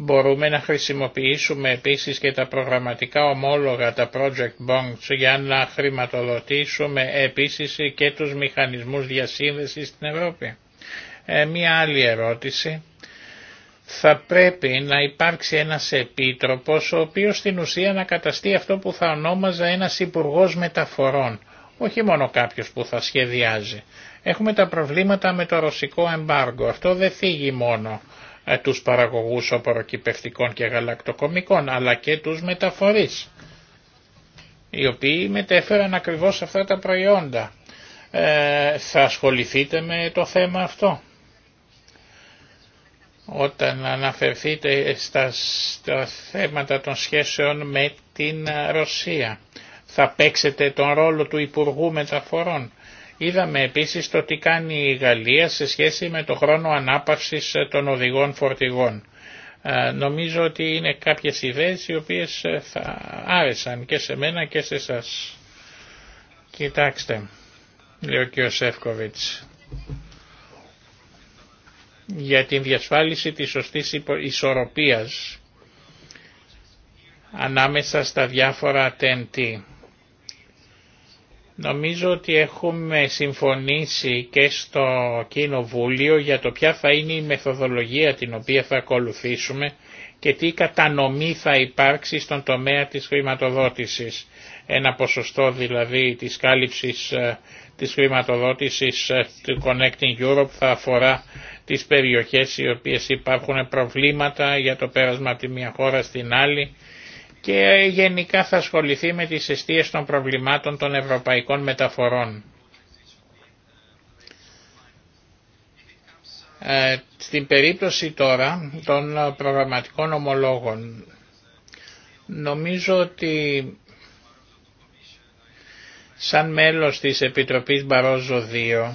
Μπορούμε να χρησιμοποιήσουμε επίσης και τα προγραμματικά ομόλογα, τα project bonds, για να χρηματοδοτήσουμε επίσης και τους μηχανισμούς διασύνδεσης στην Ευρώπη. Ε, μία άλλη ερώτηση. Θα πρέπει να υπάρξει ένας επίτροπος ο οποίος στην ουσία να καταστεί αυτό που θα ονόμαζα ένας υπουργός μεταφορών, όχι μόνο κάποιος που θα σχεδιάζει. Έχουμε τα προβλήματα με το ρωσικό εμπάργκο, αυτό δεν θίγει μόνο ε, τους παραγωγούς οποροκυπευτικών και γαλακτοκομικών αλλά και τους μεταφορείς οι οποίοι μετέφεραν ακριβώς αυτά τα προϊόντα. Ε, θα ασχοληθείτε με το θέμα αυτό. Όταν αναφερθείτε στα, στα θέματα των σχέσεων με την Ρωσία θα παίξετε τον ρόλο του Υπουργού Μεταφορών Είδαμε επίσης το τι κάνει η Γαλλία σε σχέση με το χρόνο ανάπαυσης ε, των οδηγών φορτηγών. Ε, νομίζω ότι είναι κάποιες ιδέες οι οποίες ε, θα άρεσαν και σε μένα και σε σας. Κοιτάξτε, λέει ο κ. Σεύκοβιτς, για την διασφάλιση της σωστής ισορροπίας ανάμεσα στα διάφορα TNT. Νομίζω ότι έχουμε συμφωνήσει και στο Κοινοβούλιο για το ποια θα είναι η μεθοδολογία την οποία θα ακολουθήσουμε και τι κατανομή θα υπάρξει στον τομέα της χρηματοδότησης. Ένα ποσοστό δηλαδή της κάλυψης ε, της χρηματοδότησης ε, του Connecting Europe θα αφορά τις περιοχές οι οποίες υπάρχουν προβλήματα για το πέρασμα από τη μια χώρα στην άλλη και γενικά θα ασχοληθεί με τις αιστείες των προβλημάτων των ευρωπαϊκών μεταφορών. Ε, στην περίπτωση τώρα των προγραμματικών ομολόγων, νομίζω ότι σαν μέλος της Επιτροπής Μπαρόζο 2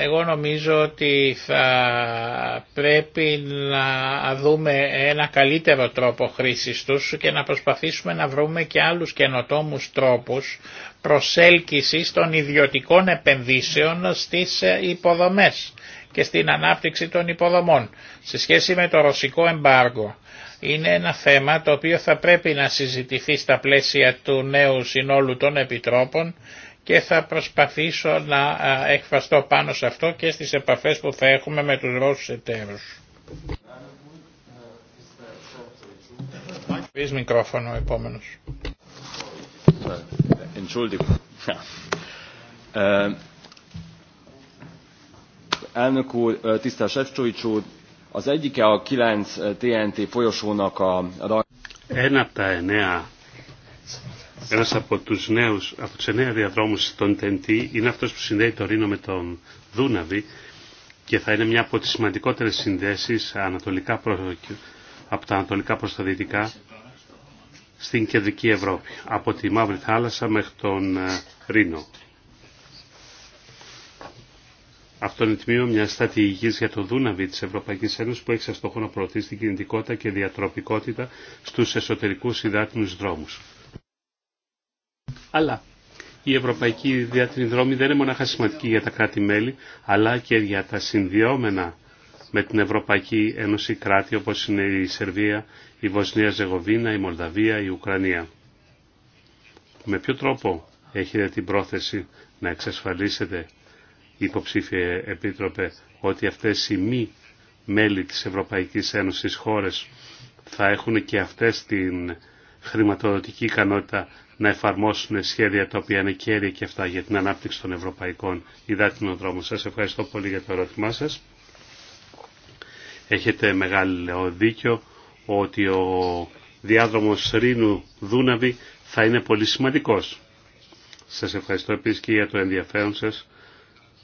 εγώ νομίζω ότι θα πρέπει να δούμε ένα καλύτερο τρόπο χρήσης τους και να προσπαθήσουμε να βρούμε και άλλους καινοτόμους τρόπους προσέλκυσης των ιδιωτικών επενδύσεων στις ε, υποδομές και στην ανάπτυξη των υποδομών. Σε σχέση με το ρωσικό εμπάργο, είναι ένα θέμα το οποίο θα πρέπει να συζητηθεί στα πλαίσια του νέου συνόλου των επιτρόπων και θα προσπαθήσω να εκφραστώ πάνω σε αυτό και στις επαφές που θα έχουμε με τους Ρώσους εταίρους. Πείς μικρόφωνο επόμενος. Äh, elnök úr, äh, tisztelt Sefcsovics úr, az egyike a 9 äh, TNT folyosónak a... Ένα από τα εννέα ένας από τους νέους, από τους εννέα διαδρόμους των Τεντή είναι αυτός που συνδέει το Ρήνο με τον Δούναβη και θα είναι μια από τις σημαντικότερες συνδέσεις ανατολικά από τα ανατολικά προς τα δυτικά στην κεντρική Ευρώπη, από τη Μαύρη Θάλασσα μέχρι τον ε, Ρήνο. Αυτό είναι τμήμα μια στρατηγική για το δούναβη τη Ευρωπαϊκή Ένωση που έχει σαν στόχο να προωθήσει την κινητικότητα και διατροπικότητα στου εσωτερικού υδάτινου δρόμου. Αλλά η ευρωπαϊκή δρόμη δεν είναι μονάχα σημαντική για τα κράτη-μέλη, αλλά και για τα συνδυόμενα με την Ευρωπαϊκή Ένωση κράτη όπως είναι η Σερβία, η Βοσνία Ζεγοβίνα, η Μολδαβία, η Ουκρανία. Με ποιο τρόπο έχετε την πρόθεση να εξασφαλίσετε υποψήφιε επίτροπε ότι αυτές οι μη μέλη της Ευρωπαϊκής Ένωσης χώρες θα έχουν και αυτές την χρηματοδοτική ικανότητα να εφαρμόσουν σχέδια τα οποία είναι κέρια και αυτά για την ανάπτυξη των ευρωπαϊκών υδάτινων δρόμων. Σας ευχαριστώ πολύ για το ερώτημά σας. Έχετε μεγάλο δίκιο ότι ο διάδρομος Ρήνου Δούναβη θα είναι πολύ σημαντικός. Σας ευχαριστώ επίσης και για το ενδιαφέρον σας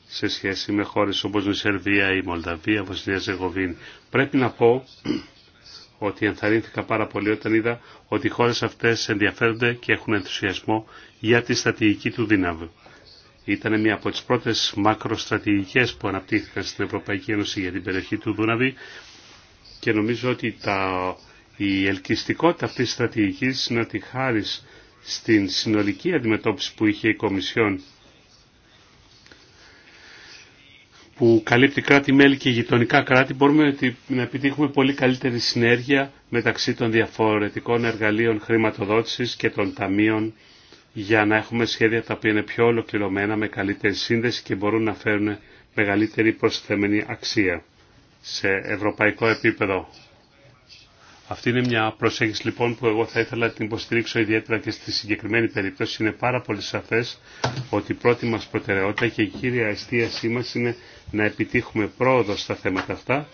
σε σχέση με χώρες όπως η Σερβία, η Μολδαβία, η Βοσνία Ζεγοβίνη. Πρέπει να πω ότι ενθαρρύνθηκα πάρα πολύ όταν είδα ότι οι χώρες αυτές ενδιαφέρονται και έχουν ενθουσιασμό για τη στρατηγική του δύναμη. Ήταν μια από τις πρώτες μακροστρατηγικές που αναπτύχθηκαν στην Ευρωπαϊκή Ένωση για την περιοχή του Δούναβη και νομίζω ότι η ελκυστικότητα αυτής της στρατηγικής είναι ότι χάρη στην συνολική αντιμετώπιση που είχε η Κομισιόν που καλύπτει κράτη-μέλη και γειτονικά κράτη μπορούμε να επιτύχουμε πολύ καλύτερη συνέργεια μεταξύ των διαφορετικών εργαλείων χρηματοδότησης και των ταμείων για να έχουμε σχέδια τα οποία είναι πιο ολοκληρωμένα με καλύτερη σύνδεση και μπορούν να φέρουν μεγαλύτερη προσθέμενη αξία σε ευρωπαϊκό επίπεδο. Αυτή είναι μια προσέγγιση λοιπόν που εγώ θα ήθελα να την υποστηρίξω ιδιαίτερα και στη συγκεκριμένη περίπτωση. Είναι πάρα πολύ σαφές ότι η πρώτη μας προτεραιότητα και η κύρια εστίασή μας είναι να επιτύχουμε πρόοδο στα θέματα αυτά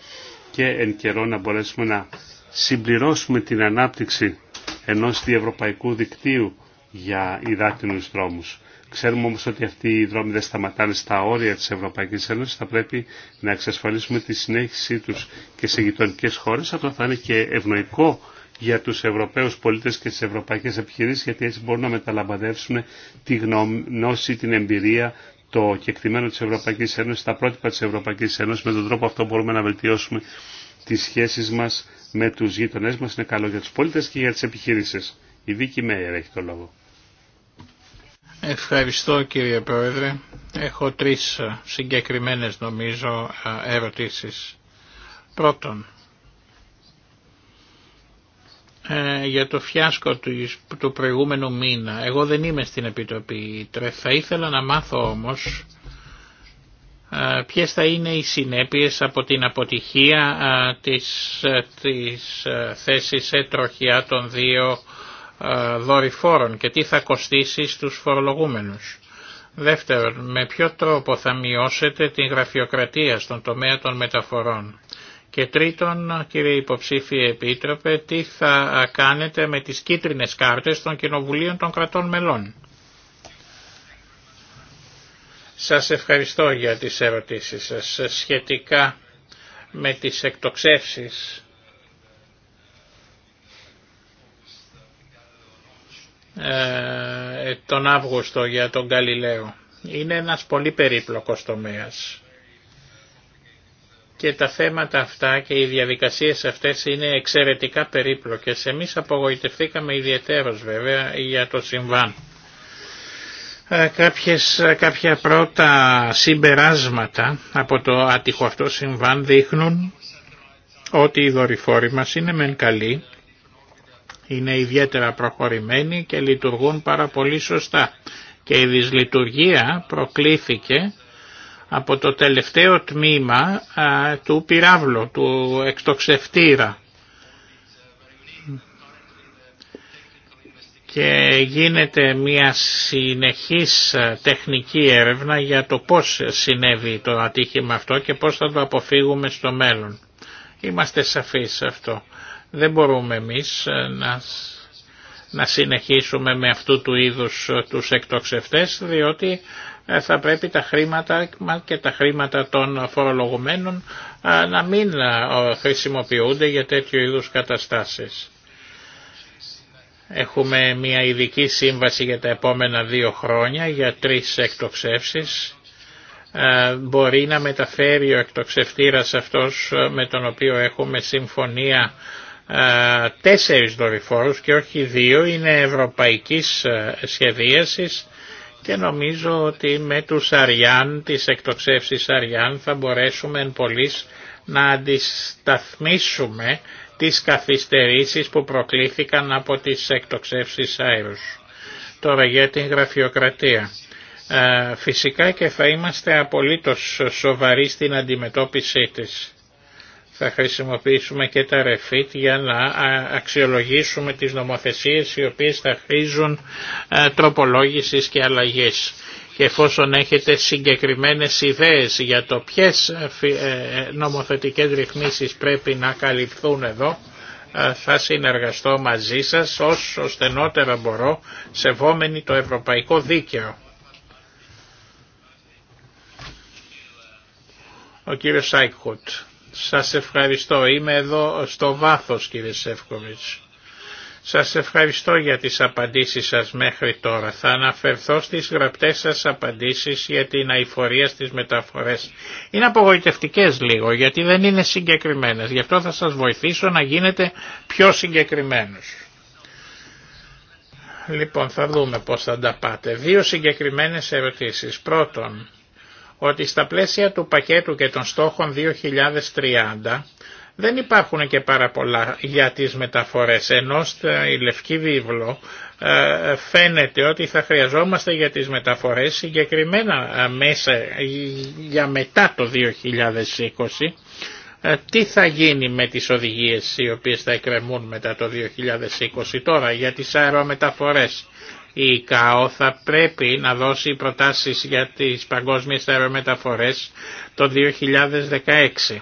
και εν καιρό να μπορέσουμε να συμπληρώσουμε την ανάπτυξη ενός διευρωπαϊκού δικτύου για υδάτινους δρόμους. Ξέρουμε όμως ότι αυτοί οι δρόμοι δεν σταματάνε στα όρια της Ευρωπαϊκής Ένωσης. Θα πρέπει να εξασφαλίσουμε τη συνέχιση τους και σε γειτονικέ χώρες. Αυτό θα είναι και ευνοϊκό για τους Ευρωπαίους πολίτες και τις ευρωπαϊκές επιχειρήσεις γιατί έτσι μπορούν να μεταλαμπαδεύσουν τη γνώση, την εμπειρία, το κεκτημένο της Ευρωπαϊκής Ένωσης, τα πρότυπα της Ευρωπαϊκής Ένωσης. Με τον τρόπο αυτό μπορούμε να βελτιώσουμε τις σχέσεις μας με τους γείτονές μας. Είναι καλό για τους πολίτες και για τις επιχειρήσεις. Η δίκη Μέιερ έχει το λόγο. Ευχαριστώ κύριε Πρόεδρε. Έχω τρεις συγκεκριμένες νομίζω ερωτήσεις. Πρώτον, ε, για το φιάσκο του προηγούμενου μήνα. Εγώ δεν είμαι στην Επιτροπή Θα ήθελα να μάθω όμως ε, ποιες θα είναι οι συνέπειες από την αποτυχία της, ε, της θέσης έτροχιά των δύο ε, δορυφόρων και τι θα κοστίσει στους φορολογούμενους. Δεύτερον, με ποιο τρόπο θα μειώσετε την γραφειοκρατία στον τομέα των μεταφορών. Και τρίτον, κύριε υποψήφιε επίτροπε, τι θα κάνετε με τις κίτρινες κάρτες των κοινοβουλίων των κρατών μελών. Σας ευχαριστώ για τις ερωτήσεις σας σχετικά με τις εκτοξεύσεις Ε, ε, τον Αύγουστο για τον Γαλιλαίο. Είναι ένας πολύ περίπλοκος τομέας. Και τα θέματα αυτά και οι διαδικασίες αυτές είναι εξαιρετικά περίπλοκες. Εμείς απογοητευθήκαμε ιδιαίτερως βέβαια για το συμβάν. Ε, κάποιες, κάποια πρώτα συμπεράσματα από το άτυχο αυτό συμβάν δείχνουν ότι οι δορυφόροι μας είναι μεν καλοί, είναι ιδιαίτερα προχωρημένοι και λειτουργούν πάρα πολύ σωστά. Και η δυσλειτουργία προκλήθηκε από το τελευταίο τμήμα του πυράβλου, του εκτοξευτήρα. Και γίνεται μια συνεχής τεχνική έρευνα για το πώς συνέβη το ατύχημα αυτό και πώς θα το αποφύγουμε στο μέλλον. Είμαστε σαφείς σε αυτό. Δεν μπορούμε εμείς ε, να, να συνεχίσουμε με αυτού του είδους ε, τους εκτοξευτές διότι ε, θα πρέπει τα χρήματα και τα χρήματα των φορολογουμένων να μην χρησιμοποιούνται για τέτοιου είδους καταστάσεις. Έχουμε μια ειδική σύμβαση για τα επόμενα δύο χρόνια για τρεις εκτοξεύσεις. Μπορεί να μεταφέρει ο εκτοξευτήρας αυτός με τον οποίο έχουμε συμφωνία ε, τέσσερις δορυφόρους και όχι δύο είναι ευρωπαϊκής ε, σχεδίασης και νομίζω ότι με τους Αριάν, τις εκτοξεύσεις Αριάν θα μπορέσουμε εν πολύς να αντισταθμίσουμε τις καθυστερήσεις που προκλήθηκαν από τις εκτοξεύσεις αέρους. Τώρα για την γραφειοκρατία. Ε, φυσικά και θα είμαστε απολύτως σοβαροί στην αντιμετώπιση της. Θα χρησιμοποιήσουμε και τα REFIT για να αξιολογήσουμε τις νομοθεσίες οι οποίες θα χρήζουν τροπολόγησης και αλλαγής. Και εφόσον έχετε συγκεκριμένες ιδέες για το ποιες ε, ε, νομοθετικές ρυθμίσεις πρέπει να καλυφθούν εδώ, θα συνεργαστώ μαζί σας όσο στενότερα μπορώ, σεβόμενοι το ευρωπαϊκό δίκαιο. Ο κύριος σας ευχαριστώ. Είμαι εδώ στο βάθος κύριε Σεύκοβιτς. Σας ευχαριστώ για τις απαντήσεις σας μέχρι τώρα. Θα αναφερθώ στις γραπτές σας απαντήσεις για την αηφορία στις μεταφορές. Είναι απογοητευτικές λίγο γιατί δεν είναι συγκεκριμένες. Γι' αυτό θα σας βοηθήσω να γίνετε πιο συγκεκριμένους. Λοιπόν θα δούμε πώς θα τα πάτε. Δύο συγκεκριμένες ερωτήσεις. Πρώτον, ότι στα πλαίσια του πακέτου και των στόχων 2030 δεν υπάρχουν και πάρα πολλά για τις μεταφορές, ενώ η Λευκή Βίβλο ε, φαίνεται ότι θα χρειαζόμαστε για τις μεταφορές συγκεκριμένα ε, μέσα για μετά το 2020, ε, τι θα γίνει με τις οδηγίες οι οποίες θα εκκρεμούν μετά το 2020 τώρα για τις αερομεταφορές. Η ΚΑΟ θα πρέπει να δώσει προτάσεις για τις παγκόσμιες αερομεταφορές το 2016.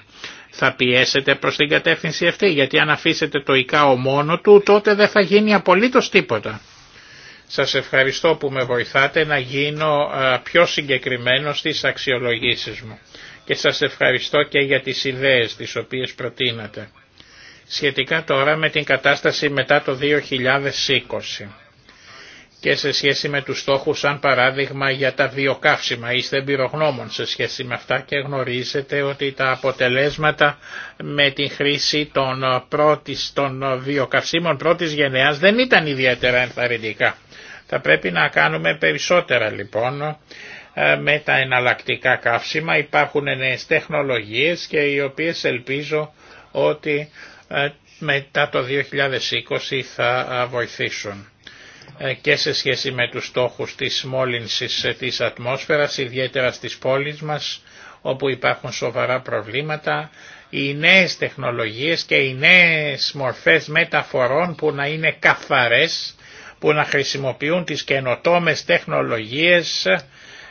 Θα πιέσετε προς την κατεύθυνση αυτή, γιατί αν αφήσετε το ΙΚΑΟ μόνο του, τότε δεν θα γίνει απολύτως τίποτα. Σας ευχαριστώ που με βοηθάτε να γίνω πιο συγκεκριμένος στις αξιολογήσεις μου. Και σας ευχαριστώ και για τις ιδέες τις οποίες προτείνατε. Σχετικά τώρα με την κατάσταση μετά το 2020 και σε σχέση με τους στόχους σαν παράδειγμα για τα βιοκαύσιμα. Είστε εμπειρογνώμων σε σχέση με αυτά και γνωρίζετε ότι τα αποτελέσματα με τη χρήση των, ε, πρώτης, των ε, βιοκαυσίμων πρώτης γενεάς δεν ήταν ιδιαίτερα ενθαρρυντικά. Θα πρέπει να κάνουμε περισσότερα λοιπόν ε, με τα εναλλακτικά καύσιμα. Υπάρχουν νέες τεχνολογίες και οι οποίες ελπίζω ότι μετά το 2020 θα βοηθήσουν. Ε, και σε σχέση με τους στόχους της μόλυνσης ε, της ατμόσφαιρας, ιδιαίτερα στις πόλεις μας, όπου υπάρχουν σοβαρά προβλήματα, οι νέες τεχνολογίες και οι νέες μορφές μεταφορών που να είναι καθαρές, που να χρησιμοποιούν τις καινοτόμες τεχνολογίες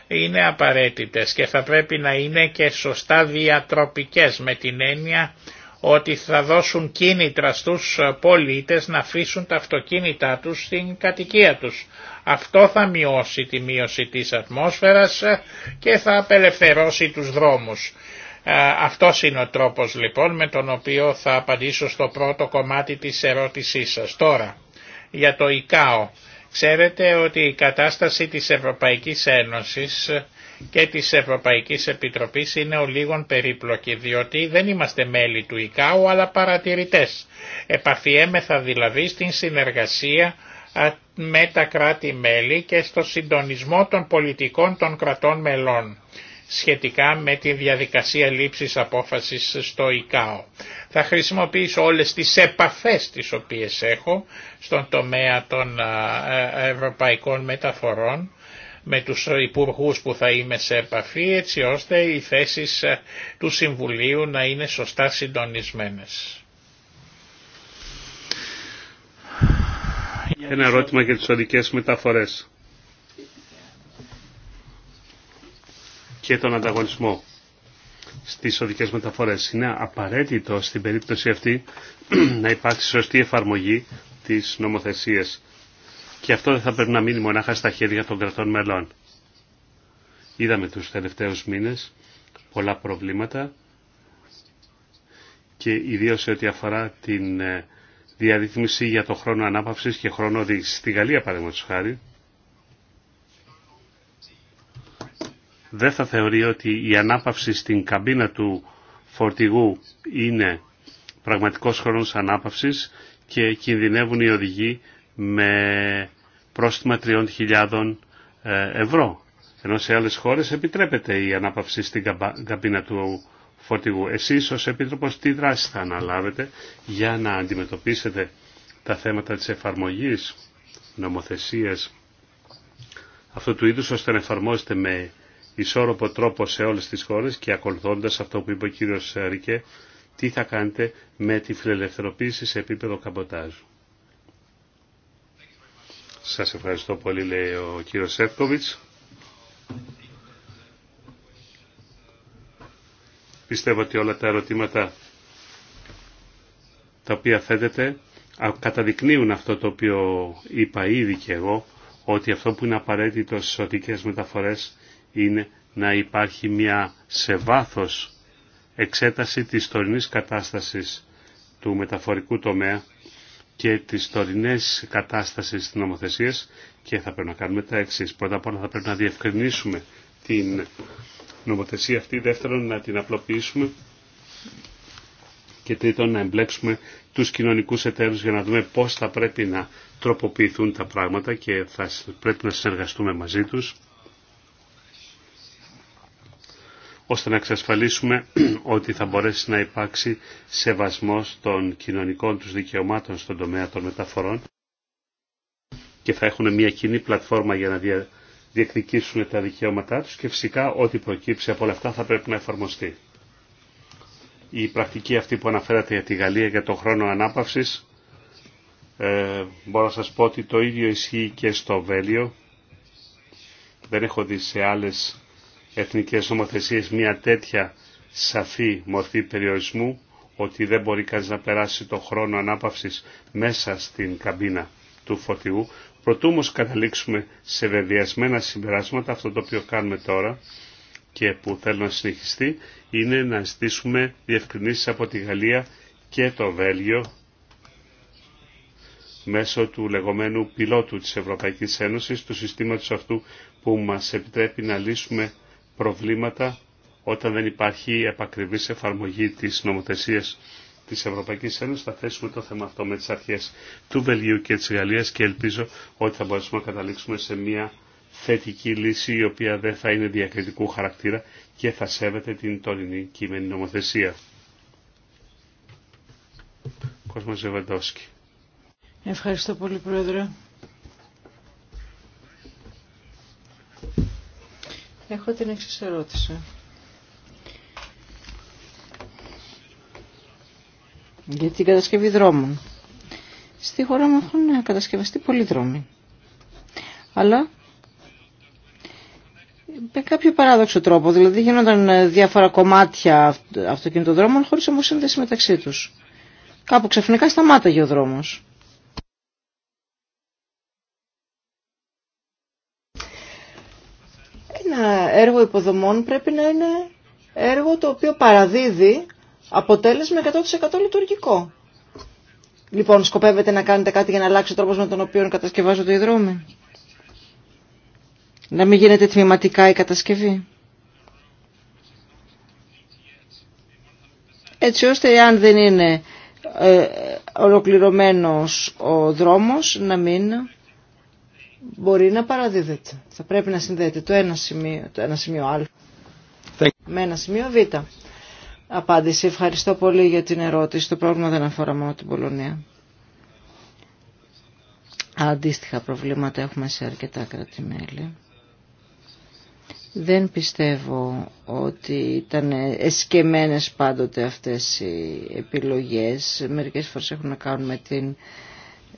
είναι απαραίτητες και θα πρέπει να είναι και σωστά διατροπικές με την έννοια ότι θα δώσουν κίνητρα στους ε, πολίτες να αφήσουν τα αυτοκίνητά τους στην κατοικία τους. Αυτό θα μειώσει τη μείωση της ατμόσφαιρας ε, και θα απελευθερώσει τους δρόμους. Ε, Αυτό είναι ο τρόπος λοιπόν με τον οποίο θα απαντήσω στο πρώτο κομμάτι της ερώτησής σας. Τώρα, για το ΙΚΑΟ. Ξέρετε ότι η κατάσταση της Ευρωπαϊκής Ένωσης και της Ευρωπαϊκής Επιτροπής είναι ο λίγων περίπλοκη, διότι δεν είμαστε μέλη του ΙΚΑΟ αλλά παρατηρητές. Επαφιέμεθα δηλαδή στην συνεργασία με τα κράτη-μέλη και στο συντονισμό των πολιτικών των κρατών μελών σχετικά με τη διαδικασία λήψης απόφασης στο ΙΚΑΟ. Θα χρησιμοποιήσω όλες τις επαφές τις οποίες έχω στον τομέα των ευρωπαϊκών μεταφορών με τους υπουργούς που θα είμαι σε επαφή έτσι ώστε οι θέσεις ε, του Συμβουλίου να είναι σωστά συντονισμένες. Ένα ερώτημα για τις οδικές μεταφορές και τον ανταγωνισμό στις οδικές μεταφορές. Είναι απαραίτητο στην περίπτωση αυτή να υπάρξει σωστή εφαρμογή της νομοθεσίας και αυτό δεν θα πρέπει να μείνει μονάχα στα χέρια των κρατών μελών. Είδαμε τους τελευταίους μήνες πολλά προβλήματα και ιδίως σε ό,τι αφορά την ε, διαρρύθμιση για το χρόνο ανάπαυσης και χρόνο οδήγησης. Στη Γαλλία, παραδείγματος χάρη, δεν θα θεωρεί ότι η ανάπαυση στην καμπίνα του φορτηγού είναι πραγματικός χρόνος ανάπαυσης και κινδυνεύουν οι οδηγοί με πρόστιμα 3.000 ε, ευρώ. Ενώ σε άλλες χώρες επιτρέπεται η ανάπαυση στην καμπίνα του φωτιγού. Εσείς ως Επίτροπος τι δράση θα αναλάβετε για να αντιμετωπίσετε τα θέματα της εφαρμογής νομοθεσίας αυτού του είδους ώστε να εφαρμόζεται με ισόρροπο τρόπο σε όλες τις χώρες και ακολουθώντας αυτό που είπε ο κύριος Ρικέ, τι θα κάνετε με τη φιλελευθερωποίηση σε επίπεδο καμποτάζου. Σας ευχαριστώ πολύ, λέει ο κύριος Σεύκοβιτς. Πιστεύω ότι όλα τα ερωτήματα τα οποία θέτεται καταδεικνύουν αυτό το οποίο είπα ήδη και εγώ, ότι αυτό που είναι απαραίτητο στις οδικές μεταφορές είναι να υπάρχει μια σε βάθος εξέταση της τωρινής κατάστασης του μεταφορικού τομέα και τις τωρινές κατάστασεις της νομοθεσίας και θα πρέπει να κάνουμε τα εξή. Πρώτα απ' όλα θα πρέπει να διευκρινίσουμε την νομοθεσία αυτή, δεύτερον να την απλοποιήσουμε και τρίτον να εμπλέξουμε τους κοινωνικούς εταίρους για να δούμε πώς θα πρέπει να τροποποιηθούν τα πράγματα και θα πρέπει να συνεργαστούμε μαζί τους ώστε να εξασφαλίσουμε ότι θα μπορέσει να υπάρξει σεβασμός των κοινωνικών τους δικαιωμάτων στον τομέα των μεταφορών και θα έχουν μια κοινή πλατφόρμα για να διεκδικήσουν τα δικαιώματά τους και φυσικά ό,τι προκύψει από όλα αυτά θα πρέπει να εφαρμοστεί. Η πρακτική αυτή που αναφέρατε για τη Γαλλία για τον χρόνο ανάπαυσης ε, μπορώ να σας πω ότι το ίδιο ισχύει και στο Βέλιο. Δεν έχω δει σε άλλες εθνικές νομοθεσίες μια τέτοια σαφή μορφή περιορισμού ότι δεν μπορεί κανείς να περάσει το χρόνο ανάπαυσης μέσα στην καμπίνα του φωτιού. Προτού όμως καταλήξουμε σε βεβαιασμένα συμπεράσματα, αυτό το οποίο κάνουμε τώρα και που θέλω να συνεχιστεί, είναι να ζητήσουμε διευκρινήσεις από τη Γαλλία και το Βέλγιο μέσω του λεγόμενου πιλότου της Ευρωπαϊκής Ένωσης, του συστήματος αυτού που μας επιτρέπει να λύσουμε προβλήματα όταν δεν υπάρχει επακριβής εφαρμογή της νομοθεσίας της Ευρωπαϊκής Ένωσης. Θα θέσουμε το θέμα αυτό με τις αρχές του Βελγίου και της Γαλλίας και ελπίζω ότι θα μπορέσουμε να καταλήξουμε σε μια θετική λύση η οποία δεν θα είναι διακριτικού χαρακτήρα και θα σέβεται την τωρινή κείμενη νομοθεσία. Κόσμος Ευχαριστώ πολύ Πρόεδρε. Έχω την εξή ερώτηση. Για την κατασκευή δρόμων. Στη χώρα μου έχουν κατασκευαστεί πολλοί δρόμοι. Αλλά με κάποιο παράδοξο τρόπο, δηλαδή γίνονταν διάφορα κομμάτια αυτοκινητοδρόμων χωρίς όμως σύνδεση μεταξύ τους. Κάπου ξαφνικά σταμάταγε ο δρόμος. έργο υποδομών πρέπει να είναι έργο το οποίο παραδίδει αποτέλεσμα 100% λειτουργικό. Λοιπόν, σκοπεύετε να κάνετε κάτι για να αλλάξει ο τρόπος με τον οποίο κατασκευάζονται οι δρόμοι. Να μην γίνεται τμηματικά η κατασκευή. Έτσι ώστε αν δεν είναι ε, ολοκληρωμένος ο δρόμος να μην μπορεί να παραδίδεται. Θα πρέπει να συνδέεται το ένα σημείο, το ένα σημείο Α με ένα σημείο Β. Απάντηση. Ευχαριστώ πολύ για την ερώτηση. Το πρόβλημα δεν αφορά μόνο την Πολωνία. Αντίστοιχα προβλήματα έχουμε σε αρκετά Δεν πιστεύω ότι ήταν εσκεμμένες πάντοτε αυτές οι επιλογές. Μερικές φορές έχουν να κάνουν με την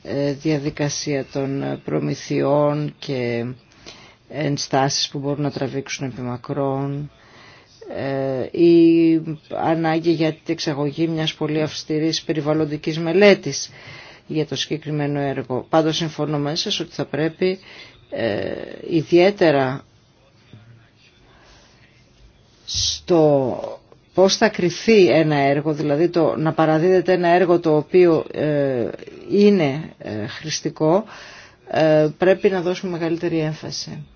ε, διαδικασία των προμηθειών και ενστάσεις που μπορούν να τραβήξουν επιμακρών ε, η ανάγκη για την εξαγωγή μιας πολύ αυστηρής περιβαλλοντικής μελέτης για το συγκεκριμένο έργο. Πάντως συμφωνώ μέσα ότι θα πρέπει ε, ιδιαίτερα στο πώς θα κριθεί ένα έργο, δηλαδή το να παραδίδεται ένα έργο το οποίο ε, είναι ε, χρηστικό, ε, πρέπει να δώσουμε μεγαλύτερη έμφαση.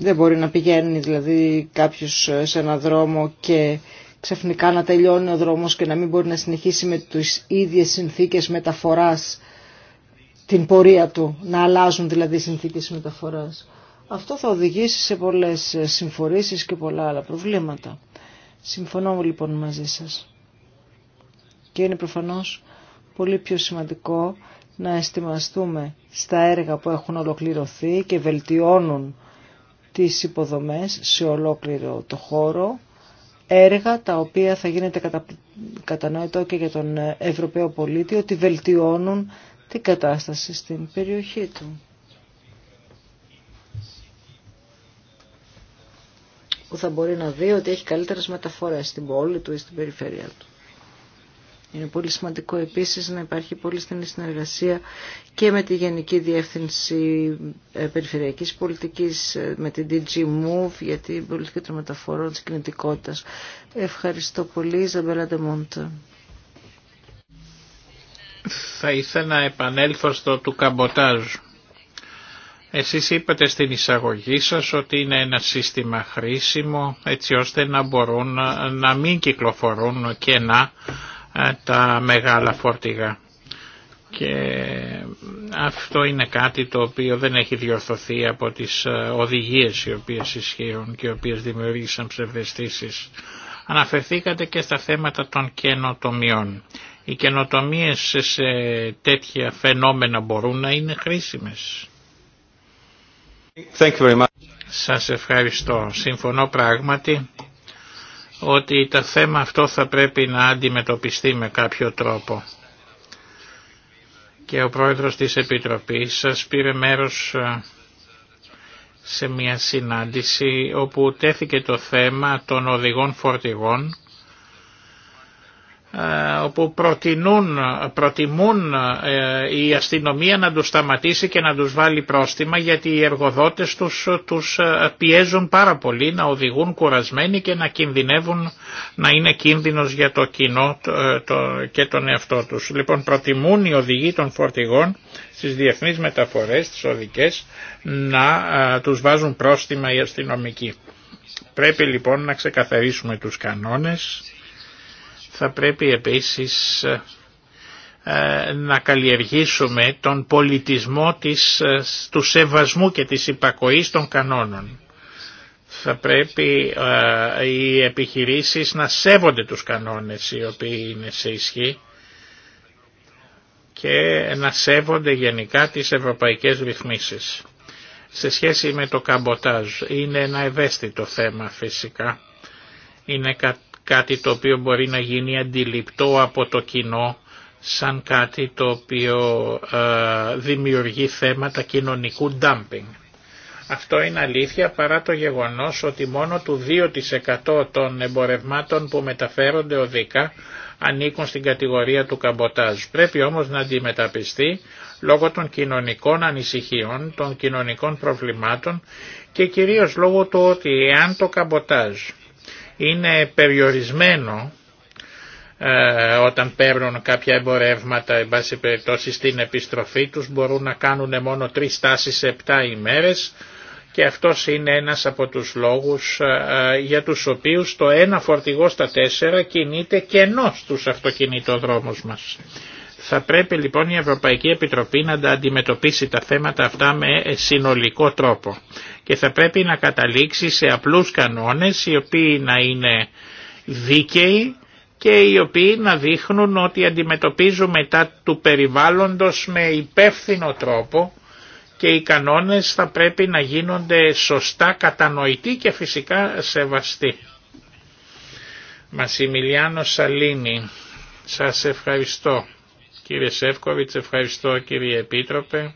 Δεν μπορεί να πηγαίνει δηλαδή κάποιος σε ένα δρόμο και ξαφνικά να τελειώνει ο δρόμος και να μην μπορεί να συνεχίσει με τις ίδιες συνθήκες μεταφοράς την πορεία του, να αλλάζουν δηλαδή οι συνθήκες μεταφοράς. Αυτό θα οδηγήσει σε πολλές συμφορήσεις και πολλά άλλα προβλήματα. Συμφωνώ λοιπόν μαζί σας. Και είναι προφανώς πολύ πιο σημαντικό να εστιμαστούμε στα έργα που έχουν ολοκληρωθεί και βελτιώνουν τις υποδομές σε ολόκληρο το χώρο, έργα τα οποία θα γίνεται κατανοητό και για τον Ευρωπαίο πολίτη ότι βελτιώνουν την κατάσταση στην περιοχή του. Που θα μπορεί να δει ότι έχει καλύτερες μεταφορές στην πόλη του ή στην περιφέρεια του. Είναι πολύ σημαντικό επίσης να υπάρχει πολύ στενή συνεργασία και με τη Γενική Διεύθυνση ε, Περιφερειακής Πολιτικής, ε, με την DG Move για την πολιτική των μεταφορών της κινητικότητας. Ευχαριστώ πολύ, Ιζαμπέλα Ντεμόντα. Θα ήθελα να επανέλθω στο του καμποτάζ. Εσείς είπατε στην εισαγωγή σας ότι είναι ένα σύστημα χρήσιμο έτσι ώστε να μπορούν να μην κυκλοφορούν κενά ε, τα μεγάλα φορτηγά. Και αυτό είναι κάτι το οποίο δεν έχει διορθωθεί από τις ε, οδηγίες οι οποίες ισχύουν και οι οποίες δημιούργησαν ψευδεστήσεις. Αναφερθήκατε και στα θέματα των καινοτομιών. Οι καινοτομίες σε τέτοια φαινόμενα μπορούν να είναι χρήσιμες. Thank Σας ευχαριστώ. Συμφωνώ πράγματι ότι το θέμα αυτό θα πρέπει να αντιμετωπιστεί με κάποιο τρόπο. Και ο πρόεδρος της Επιτροπής σας πήρε μέρος ε, σε μια συνάντηση όπου τέθηκε το θέμα των οδηγών φορτηγών ε, όπου προτιμούν, προτιμούν ε, η αστυνομία να τους σταματήσει και να τους βάλει πρόστιμα γιατί οι εργοδότες τους, τους ε, πιέζουν πάρα πολύ να οδηγούν κουρασμένοι και να κινδυνεύουν να είναι κίνδυνος για το κοινό και τον εαυτό τους. Λοιπόν προτιμούν οι οδηγοί των φορτηγών στις διεθνείς μεταφορές, τις οδικές, να τους βάζουν πρόστιμα οι αστυνομικοί. Πρέπει λοιπόν να ξεκαθαρίσουμε τους κανόνες θα πρέπει επίσης ε, ε, να καλλιεργήσουμε τον πολιτισμό της, ε, του σεβασμού και της υπακοής των κανόνων. Θα πρέπει οι επιχειρήσεις να σέβονται τους κανόνες οι οποίοι είναι σε ισχύ και να σέβονται γενικά τις ευρωπαϊκές ρυθμίσεις. Σε σχέση με το καμποτάζ είναι ένα ευαίσθητο θέμα φυσικά. Είναι κάτι το οποίο μπορεί να γίνει αντιληπτό από το κοινό σαν κάτι το οποίο ε, δημιουργεί θέματα κοινωνικού dumping. Αυτό είναι αλήθεια παρά το γεγονός ότι μόνο του 2% των εμπορευμάτων που μεταφέρονται οδικά ανήκουν στην κατηγορία του καμποτάζ. Πρέπει όμως να αντιμεταπιστεί λόγω των κοινωνικών ανησυχιών, των κοινωνικών προβλημάτων και κυρίως λόγω του ότι εάν το καμποτάζ είναι περιορισμένο ε, όταν παίρνουν κάποια εμπορεύματα εν πάση περιπτώσει στην επιστροφή τους μπορούν να κάνουν μόνο τρεις τάσεις σε επτά ημέρες και αυτός είναι ένας από τους λόγους ε, ε, για τους οποίους το ένα φορτηγό στα τέσσερα κινείται κενό στους αυτοκινητοδρόμους μας. Θα πρέπει λοιπόν η Ευρωπαϊκή Επιτροπή να τα αντιμετωπίσει τα θέματα αυτά με συνολικό τρόπο και θα πρέπει να καταλήξει σε απλούς κανόνες οι οποίοι να είναι δίκαιοι και οι οποίοι να δείχνουν ότι αντιμετωπίζουμε τα του περιβάλλοντος με υπεύθυνο τρόπο και οι κανόνες θα πρέπει να γίνονται σωστά κατανοητοί και φυσικά σεβαστοί. Μασιμιλιάνο Σαλίνη, σας ευχαριστώ. Κύριε Σεύκοβιτς, ευχαριστώ κύριε Επίτροπε.